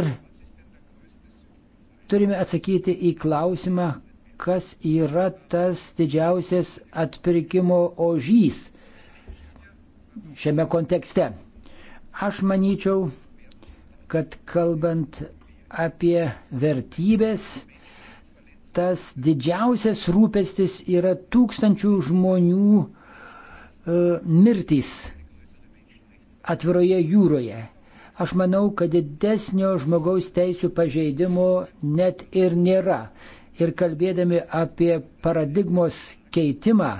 ir turime atsakyti į klausimą, kas yra tas didžiausias atpirkimo ožys šiame kontekste. Aš manyčiau, kad kalbant apie vertybės, tas didžiausias rūpestis yra tūkstančių žmonių e, mirtys atviroje jūroje. Aš manau, kad didesnio žmogaus teisų pažeidimo net ir nėra. Ir kalbėdami apie paradigmos keitimą,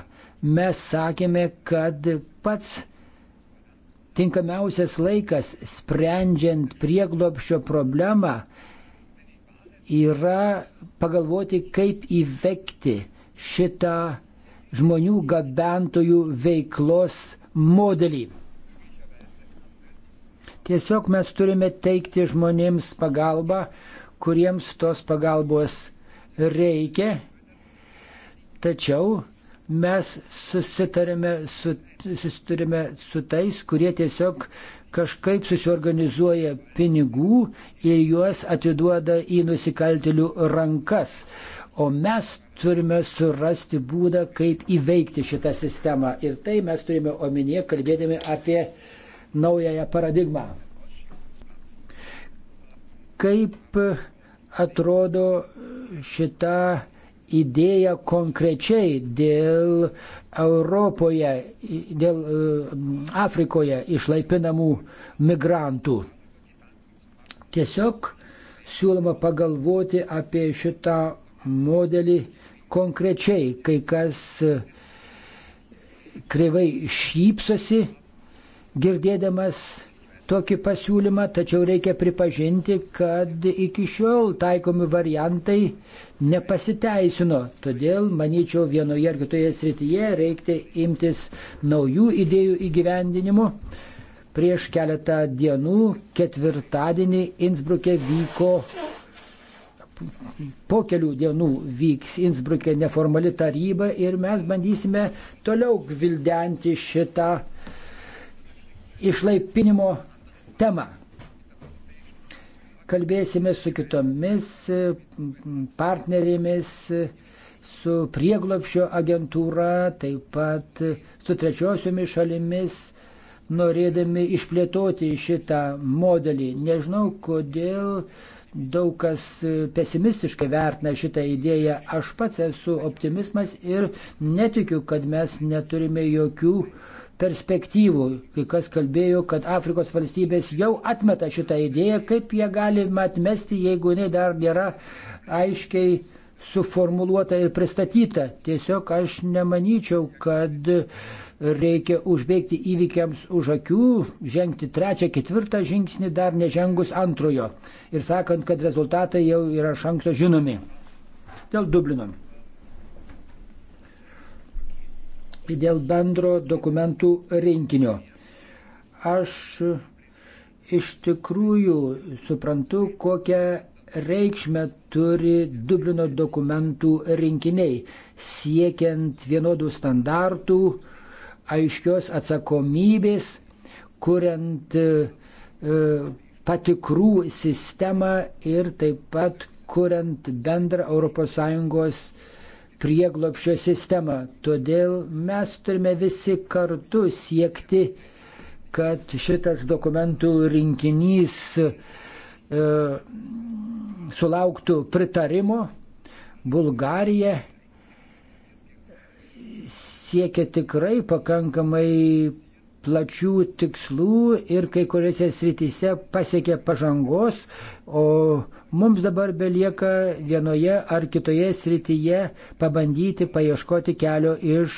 mes sakėme, kad pats tinkamiausias laikas sprendžiant prieglopšio problemą yra pagalvoti, kaip įveikti šitą žmonių gabentojų veiklos modelį. Tiesiog mes turime teikti žmonėms pagalbą, kuriems tos pagalbos reikia. Tačiau mes susitarime su, susitarime su tais, kurie tiesiog kažkaip susiorganizuoja pinigų ir juos atiduoda į nusikaltelių rankas. O mes turime surasti būdą, kaip įveikti šitą sistemą. Ir tai mes turime omenyje, kalbėdami apie naująją paradigmą. Kaip atrodo šita idėja konkrečiai dėl Europoje, dėl e, Afrikoje išlaipinamų migrantų. Tiesiog siūloma pagalvoti apie šitą modelį konkrečiai, kai kas e, kreivai šypsosi, girdėdamas tokį pasiūlymą, tačiau reikia pripažinti, kad iki šiol taikomi variantai nepasiteisino. Todėl, manyčiau, vienoje ar kitoje srityje reikia imtis naujų idėjų įgyvendinimu. Prieš keletą dienų, ketvirtadienį, Innsbruke vyko po kelių dienų vyks Innsbruke neformali taryba ir mes bandysime toliau gvildenti šitą išlaipinimo temą. Kalbėsime su kitomis partnerėmis, su prieglopšio agentūra, taip pat su trečiosiomis šalimis, norėdami išplėtoti šitą modelį. Nežinau, kodėl daug kas pesimistiškai vertina šitą idėją. Aš pats esu optimismas ir netikiu, kad mes neturime jokių uh, perspektyvų. Kai kas kalbėjo, kad Afrikos valstybės jau atmeta šitą idėją, kaip jie gali atmesti, jeigu jinai dar nėra aiškiai suformuluota ir pristatyta. Tiesiog aš nemanyčiau, kad reikia užbėgti įvykiams už akių, žengti trečią, ketvirtą žingsnį dar nežengus antrojo ir sakant, kad rezultatai jau yra šankso žinomi. Dėl Dublino. dėl bendro dokumentų rinkinio. Aš iš tikrųjų suprantu, kokią reikšmę turi Dublino dokumentų rinkiniai, siekiant vienodų standartų, aiškios atsakomybės, kuriant e, patikrų sistemą ir taip pat kuriant bendrą ES prieglopšio sistemą. Todėl mes turime visi kartu siekti, kad šitas dokumentų rinkinys e, sulauktų pritarimo. Bulgarija siekia tikrai pakankamai plačių tikslų ir kai kuriuose srityse pasiekė pažangos, o Mums dabar belieka vienoje ar kitoje srityje pabandyti paieškoti kelio iš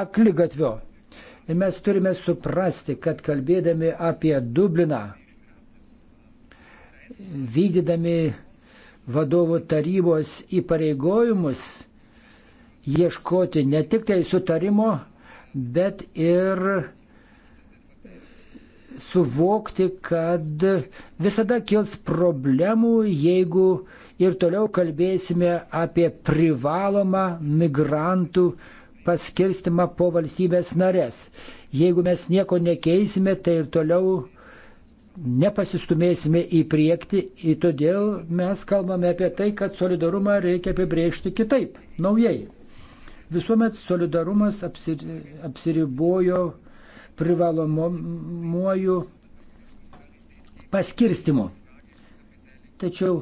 akligatvio. Ir mes turime suprasti, kad kalbėdami apie Dubliną, vykdydami vadovų tarybos įpareigojimus, ieškoti ne tik tai sutarimo, bet ir suvokti, kad visada kils problemų, jeigu ir toliau kalbėsime apie privalomą migrantų paskirstimą po valstybės narės. Jeigu mes nieko nekeisime, tai ir toliau nepasistumėsime į priekį, ir todėl mes kalbame apie tai, kad solidarumą reikia apibriežti kitaip, naujai. Visuomet solidarumas apsiribojo privalomuoju paskirstimu. Tačiau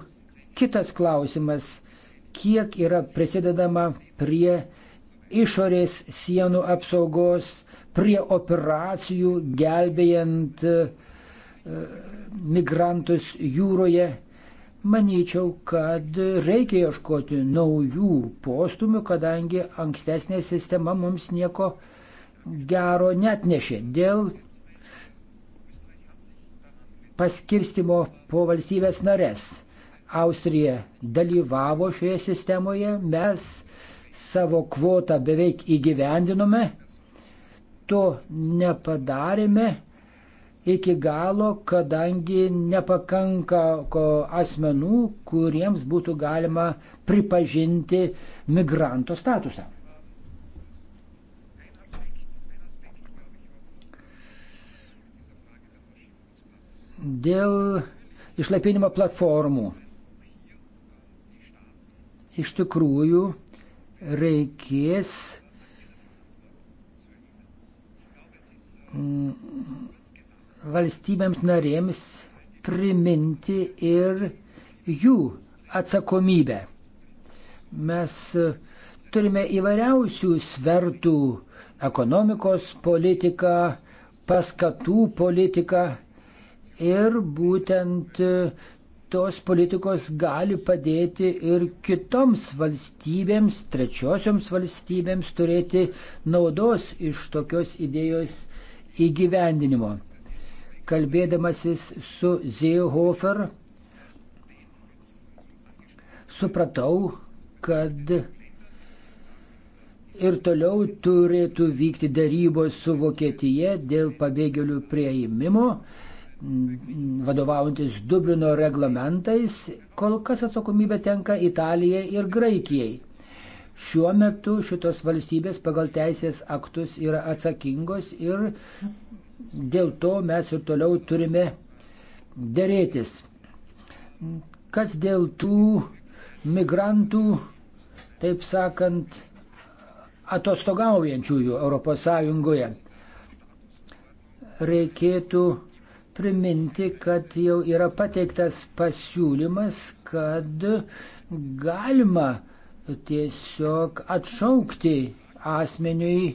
kitas klausimas, kiek yra prisidedama prie išorės sienų apsaugos, prie operacijų gelbėjant e, migrantus jūroje. Manyčiau, kad reikia ieškoti naujų postumių, kadangi ankstesnė sistema mums nieko nepadarė gero net nešė dėl paskirstimo po valstybės narės. Austrija dalyvavo šioje sistemoje, mes savo kvotą beveik įgyvendinome, to nepadarėme iki galo, kadangi nepakanka asmenų, kuriems būtų galima pripažinti migranto statusą. Dėl išlaipinimo platformų. Iš tikrųjų, reikės mm, valstybėms narėms priminti ir jų atsakomybę. Mes turime įvairiausių svertų - ekonomikos politiką, paskatų politiką ir būtent e, tos politikos gali padėti ir kitoms valstybėms, trečiosioms valstybėms turėti naudos iš tokios idėjos įgyvendinimo. Kalbėdamasis su Zeehofer, supratau, kad ir toliau turėtų vykti darybos su Vokietija dėl pabėgėlių prieimimo vadovaujantis Dublino reglamentais, kol kas atsakomybė tenka Italijai ir Graikijai. Šiuo metu šitos valstybės pagal teisės aktus yra atsakingos ir dėl to mes ir toliau turime dėrėtis. Kas dėl tų migrantų, taip sakant, atostogaujančiųjų ES reikėtų priminti, kad jau yra pateiktas pasiūlymas, kad galima tiesiog atšaukti asmeniui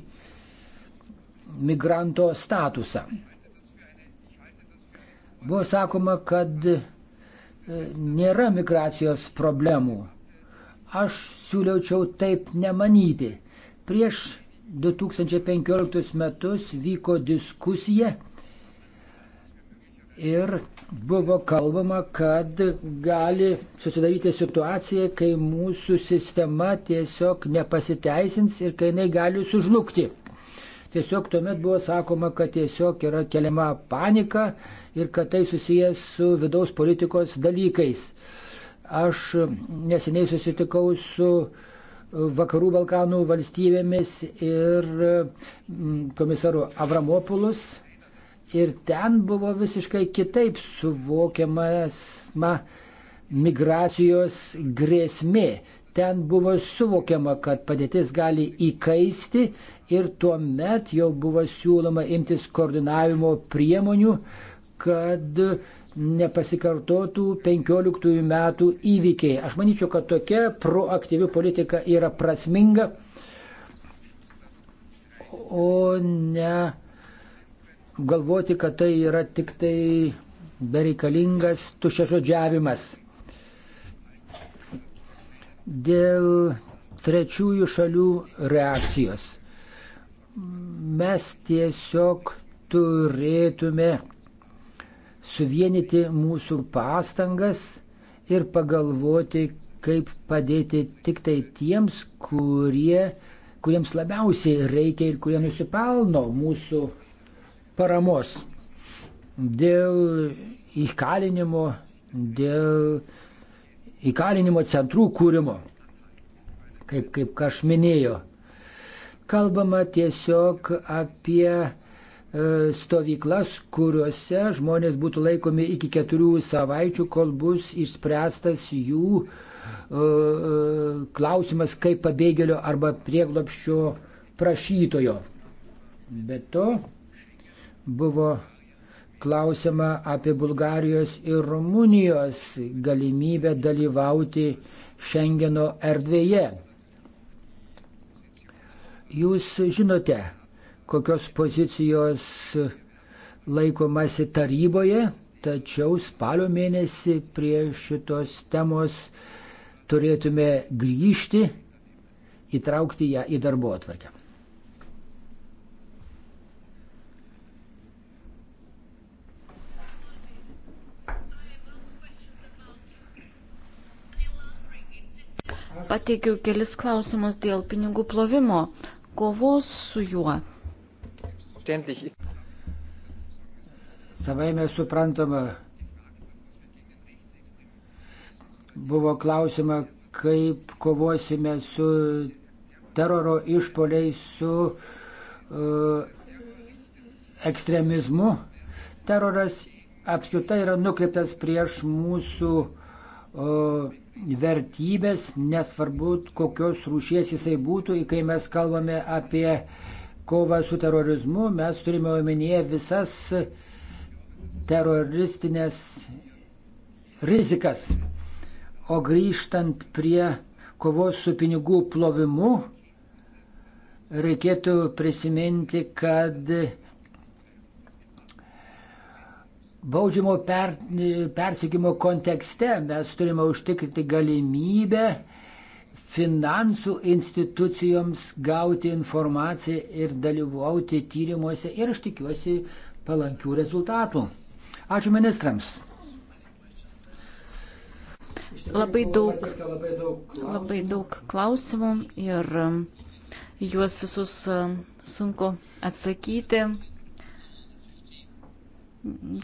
migranto statusą. Buvo sakoma, kad e, nėra migracijos problemų. Aš siūliaučiau taip nemanyti. Prieš 2015 metus vyko diskusija ir buvo kalbama, kad gali susidaryti situacija, kai mūsų sistema tiesiog nepasiteisins ir kai jinai gali sužlugti. Tiesiog tuomet buvo sakoma, kad tiesiog yra keliama panika ir kad tai susijęs su vidaus politikos dalykais. Aš neseniai susitikau su e, Vakarų Balkanų valstybėmis ir komisaru Avramopulus ir ten buvo visiškai kitaip suvokiamas ma, migracijos grėsmė. Ten buvo suvokiama, kad padėtis gali įkaisti ir tuo met jau buvo siūloma imtis koordinavimo priemonių, kad nepasikartotų 15 metų įvykiai. Aš manyčiau, kad tokia proaktyvi politika yra prasminga, o ne galvoti, kad tai yra tik tai bereikalingas tušežodžiavimas. Dėl trečiųjų šalių reakcijos mes tiesiog turėtume suvienyti mūsų pastangas ir pagalvoti, kaip padėti tik tai tiems, kurie, kuriems labiausiai reikia ir kurie nusipelno mūsų paramos, dėl įkalinimo, dėl įkalinimo centrų kūrimo, kaip, kaip aš minėjau. Kalbama tiesiog apie e, stovyklas, kuriuose žmonės būtų laikomi iki keturių savaičių, kol bus išspręstas jų uh, klausimas kaip pabėgėlio arba prieglopščio prašytojo. Be to, buvo klausima apie Bulgarijos ir Rumunijos galimybę dalyvauti Šengeno erdvėje. Jūs žinote, kokios pozicijos laikomasi taryboje, tačiau spalio mėnesį prie šitos temos turėtume grįžti, įtraukti ją į darbo atvarkę. Pateikiau kelis klausimus dėl pinigų plovimo, kovos su juo. Savai mes suprantama, buvo klausima, kaip kovosime su teroro išpoliais, su uh, ekstremizmu. Teroras apskritai yra nukreiptas prieš mūsų uh, vertybės, nesvarbu kokios rūšies jisai būtų, kai mes kalbame apie kovą su terorizmu, mes turime omenyje visas teroristinės rizikas. O grįžtant prie kovos su pinigų plovimu, reikėtų prisiminti, kad baudžiamo per, e, persikimo kontekste mes turime užtikrinti galimybę finansų institucijoms gauti informaciją ir dalyvauti tyrimuose ir aš tikiuosi palankių rezultatų. Ačiū ministrams. Labai daug, labai daug, labai daug klausimų ir um, juos visus um, sunku atsakyti.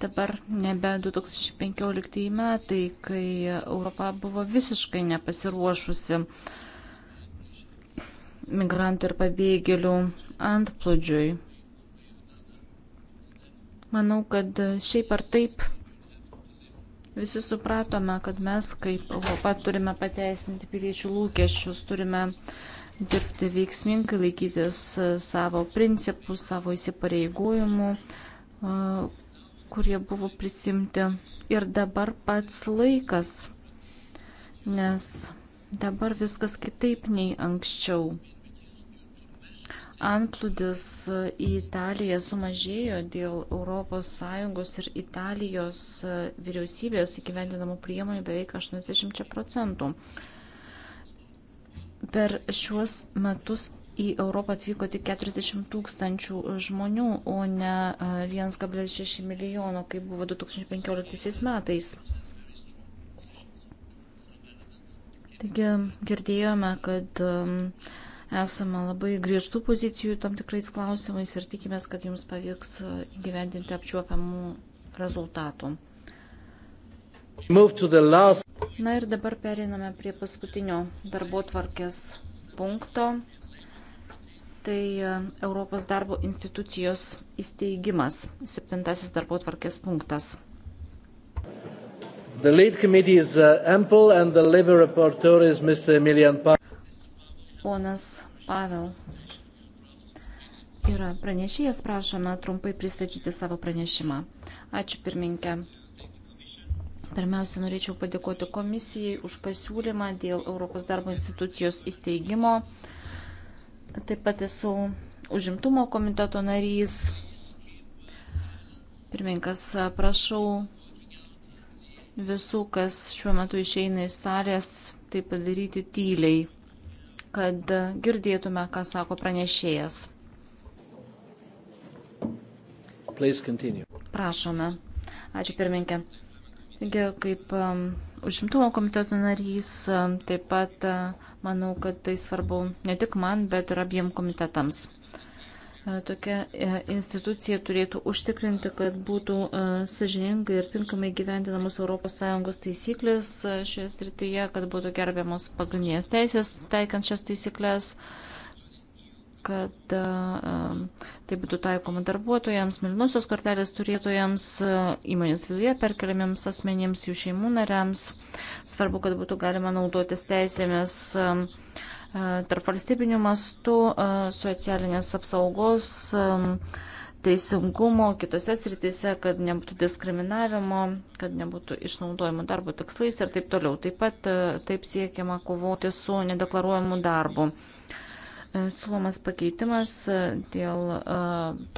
Dabar nebe 2015 metai, kai Europa buvo visiškai nepasiruošusi migrantų ir pabėgėlių antplūdžiui. Manau, kad šiaip ar taip visi supratome, kad mes kaip Europa turime pateisinti piliečių lūkesčius, turime dirbti veiksmingai, laikytis savo principų, savo įsipareigojimų, kurie buvo prisimti. Ir dabar pats laikas, nes dabar viskas kitaip nei anksčiau. Antplūdis į Italiją sumažėjo dėl ES ir Italijos vyriausybės įgyvendinamų priemonių beveik 80 procentų. Per šiuos metus į Europą atvyko tik 40 tūkstančių žmonių, o ne 1,6 e, milijono, kaip buvo 2015 metais. Taigi girdėjome, kad e, esame labai griežtų pozicijų tam tikrais klausimais ir tikimės, kad jums pavyks e, įgyvendinti apčiuopiamų rezultatų. Na ir dabar periname prie paskutinio darbo tvarkės punkto tai e, Europos darbo institucijos įsteigimas, septintasis darbo tvarkės punktas. Uh, Ponas Pavel yra pranešėjas, prašome trumpai pristatyti savo pranešimą. Ačiū pirminkė. Pirmiausia, norėčiau padėkoti komisijai už pasiūlymą dėl Europos darbo institucijos įsteigimo. Uh, Taip pat esu užimtumo komiteto narys. Pirmininkas, prašau visų, kas šiuo metu išeina iš salės, tai padaryti tyliai, kad girdėtume, ką sako pranešėjas. Prašome. Ačiū pirmininkė. Taigi, kaip um, užimtumo komiteto narys, um, taip pat uh, Manau, kad tai svarbu ne tik man, bet ir abiem komitetams. E, tokia e, institucija turėtų užtikrinti, kad būtų e, sažiningai ir tinkamai gyventinamos ES taisyklės šioje srityje, kad būtų gerbiamos pagrindinės teisės taikiant šias taisyklės kad e, e, tai būtų taikoma darbuotojams, milinosios kortelės turėtojams, e, įmonės viduje perkeliamiems asmenims, jų šeimų nariams. Svarbu, kad būtų galima naudotis teisėmis tarp valstybinių mastų, socialinės apsaugos, teisingumo, kitose sritise, kad nebūtų diskriminavimo, kad nebūtų išnaudojimo darbo tikslais ir taip toliau. Taip pat taip siekiama kovoti su nedeklaruojamu darbu. E, siūlomas pakeitimas e, dėl e,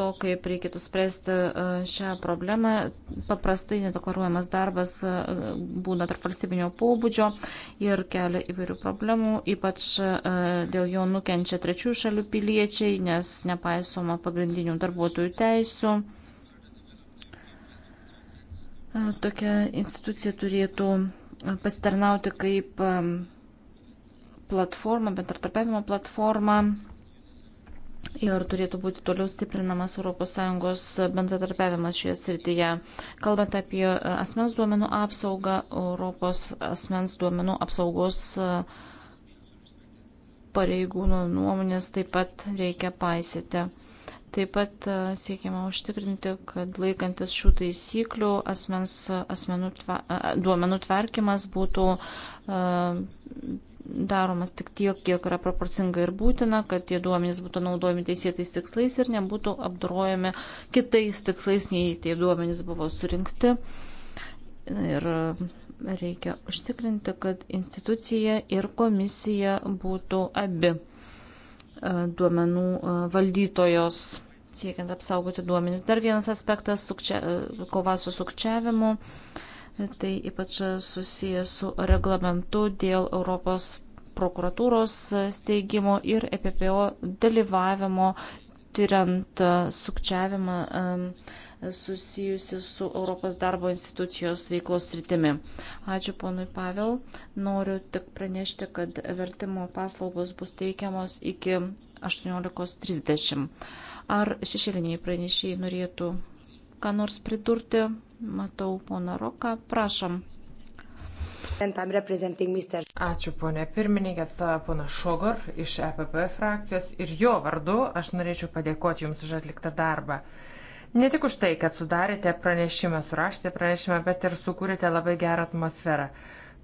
to, kaip reikėtų spręsti šią problemą. Paprastai nedeklaruojamas darbas būna tarp valstybinio pobūdžio ir kelia įvairių problemų, ypač dėl jo nukenčia trečių šalių piliečiai, nes nepaisoma pagrindinių darbuotojų teisų. Tokia institucija turėtų pasitarnauti kaip platformą, bendratarpiavimo platformą ir turėtų būti toliau stiprinamas ES bendradarbiavimas šioje srityje. Kalbant apie asmens duomenų apsaugą, Europos asmens duomenų apsaugos pareigūnų nuomonės taip pat reikia paisyti. Taip pat e, siekiama užtikrinti, kad laikantis šių taisyklių asmens, asmenų, tva, e, duomenų tvarkymas būtų uh, daromas tik tiek, kiek yra proporcinga ir būtina, kad tie duomenys būtų naudojami teisėtais tikslais ir nebūtų apdorojami kitais tikslais, nei tie duomenys buvo surinkti. Ir reikia užtikrinti, kad institucija ir komisija būtų abi e, duomenų e, valdytojos siekiant apsaugoti duomenys. Dar vienas aspektas - e, kova su sukčiavimu. Sukčia, Tai ypač susijęs su reglamentu dėl Europos prokuratūros steigimo ir EPPO dalyvavimo tyriant sukčiavimą susijusi su Europos darbo institucijos veiklos rytimi. Ačiū ponui Pavel. Noriu tik pranešti, kad vertimo paslaugos bus teikiamos iki 18.30. Ar šešėliniai pranešiai norėtų ką nors pridurti? Matau pono Roką. Prašom. Ačiū ponė pirmininkė, ta pana Šogor iš EPP frakcijos ir jo vardu aš norėčiau padėkoti Jums už atliktą darbą. Ne tik už tai, kad sudarėte pranešimą, surašėte pranešimą, bet ir sukūrėte labai gerą atmosferą.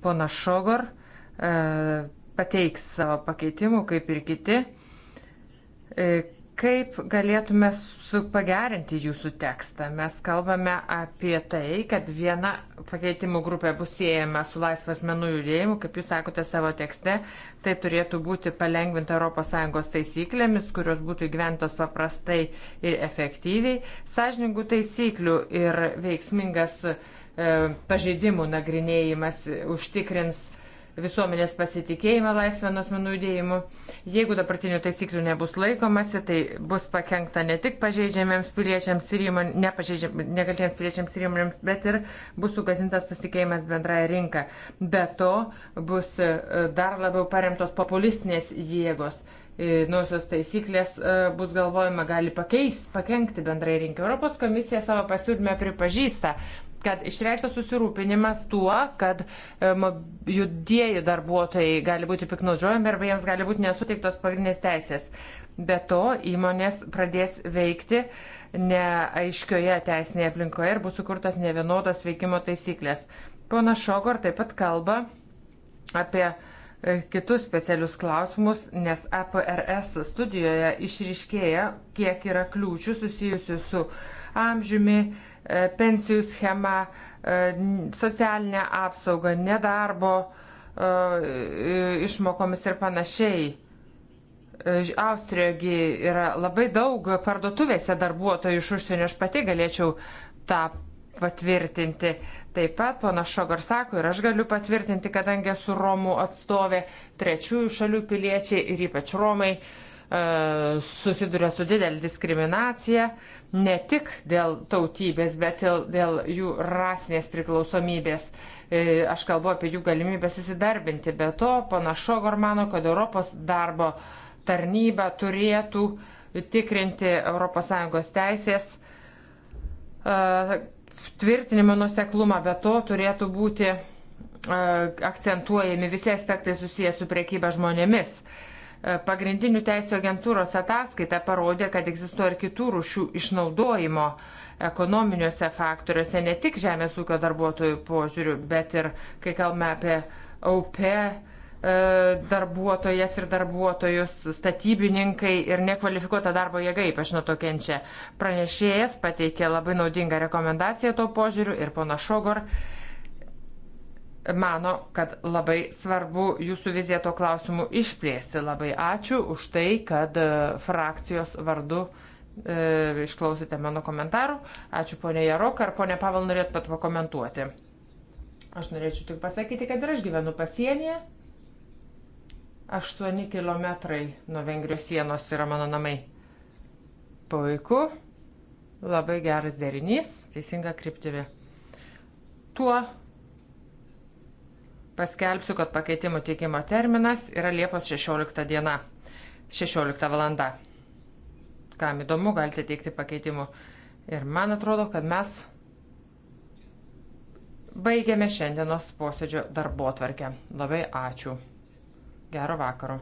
Pana Šogor e, pateiks savo pakeitimų, kaip ir kiti. E, Kaip galėtume pagerinti jūsų tekstą? Mes kalbame apie tai, kad viena pakeitimų grupė bus siejama su laisvas menų judėjimu, kaip jūs sakote savo tekste, tai turėtų būti palengvinta ES taisyklėmis, kurios būtų įgyventos paprastai ir efektyviai, sąžiningų taisyklių ir veiksmingas e, pažeidimų nagrinėjimas užtikrins visuomenės pasitikėjimą laisvę nuo asmenų judėjimų. Jeigu dabartinių taisyklių nebus laikomasi, tai bus pakengta ne tik pažeidžiamiems piliečiams ir įmonėms, negaltiems piliečiams ir įmonėms, bet ir bus sugazintas pasitikėjimas bendrąją rinką. Be to bus e, dar labiau paremtos populistinės jėgos e, nuosios taisyklės e, bus galvojama gali pakeis, pakengti bendrai rinkai. Europos komisija savo pasiūlymę pripažįsta, kad išreikštas susirūpinimas tuo, kad e, judėjų darbuotojai gali būti piknaudžiojami arba jiems gali būti nesuteiktos pagrindinės teisės. Be to, įmonės pradės veikti neaiškioje teisinėje aplinkoje ir bus sukurtas ne vienodos veikimo taisyklės. Pona Šogor taip pat kalba apie e, kitus specialius klausimus, nes APRS e studijoje išriškėja, kiek yra kliūčių susijusių su amžiumi, E, pensijų schemą, e, socialinę apsaugą, nedarbo e, išmokomis ir panašiai. Austrijoje yra labai daug parduotuvėse darbuotojų iš užsienio, aš pati galėčiau tą patvirtinti. Taip pat ponas Šogar sako ir aš galiu patvirtinti, kadangi esu Romų atstovė, trečiųjų šalių piliečiai ir ypač Romai uh, E, susiduria su didelė diskriminacija ne tik dėl tautybės, bet ir dėl jų rasinės priklausomybės. E, aš kalbu apie jų galimybę įsidarbinti. Be to, panašu, Gormano, kad Europos darbo tarnyba turėtų tikrinti ES teisės e, tvirtinimo nuseklumą, bet to turėtų būti akcentuojami visi aspektai susijęs su priekyba žmonėmis. E, pagrindinių teisų agentūros ataskaita parodė, kad egzistuoja ir kitų rušių išnaudojimo ekonominiuose faktoriuose, ne tik žemės ūkio darbuotojų požiūrių, bet ir, kai kalbame apie AUP e, darbuotojas ir darbuotojus, statybininkai ir nekvalifikuota darbo jėga ypač nuo to kenčia. Pranešėjas pateikė labai naudingą rekomendaciją to požiūriu ir pana Šogor mano, kad labai svarbu jūsų viziją to klausimu išplėsti. Labai ačiū už tai, kad e, frakcijos vardu e, išklausėte mano komentarų. Ačiū ponė Jarok, ar ponė Pavel norėt pat pakomentuoti. Aš norėčiau tik pasakyti, kad ir aš gyvenu pasienyje. 8 km nuo Vengrijos sienos yra mano namai. Puiku, labai geras derinys, teisinga kryptimi. Tuo Paskelbsiu, kad pakeitimų teikimo terminas yra Liepos 16 diena, 16 valanda. Kam įdomu, galite teikti pakeitimų. Ir man atrodo, kad mes baigiame šiandienos posėdžio darbo tvarkę. Labai ačiū. Gero vakaro.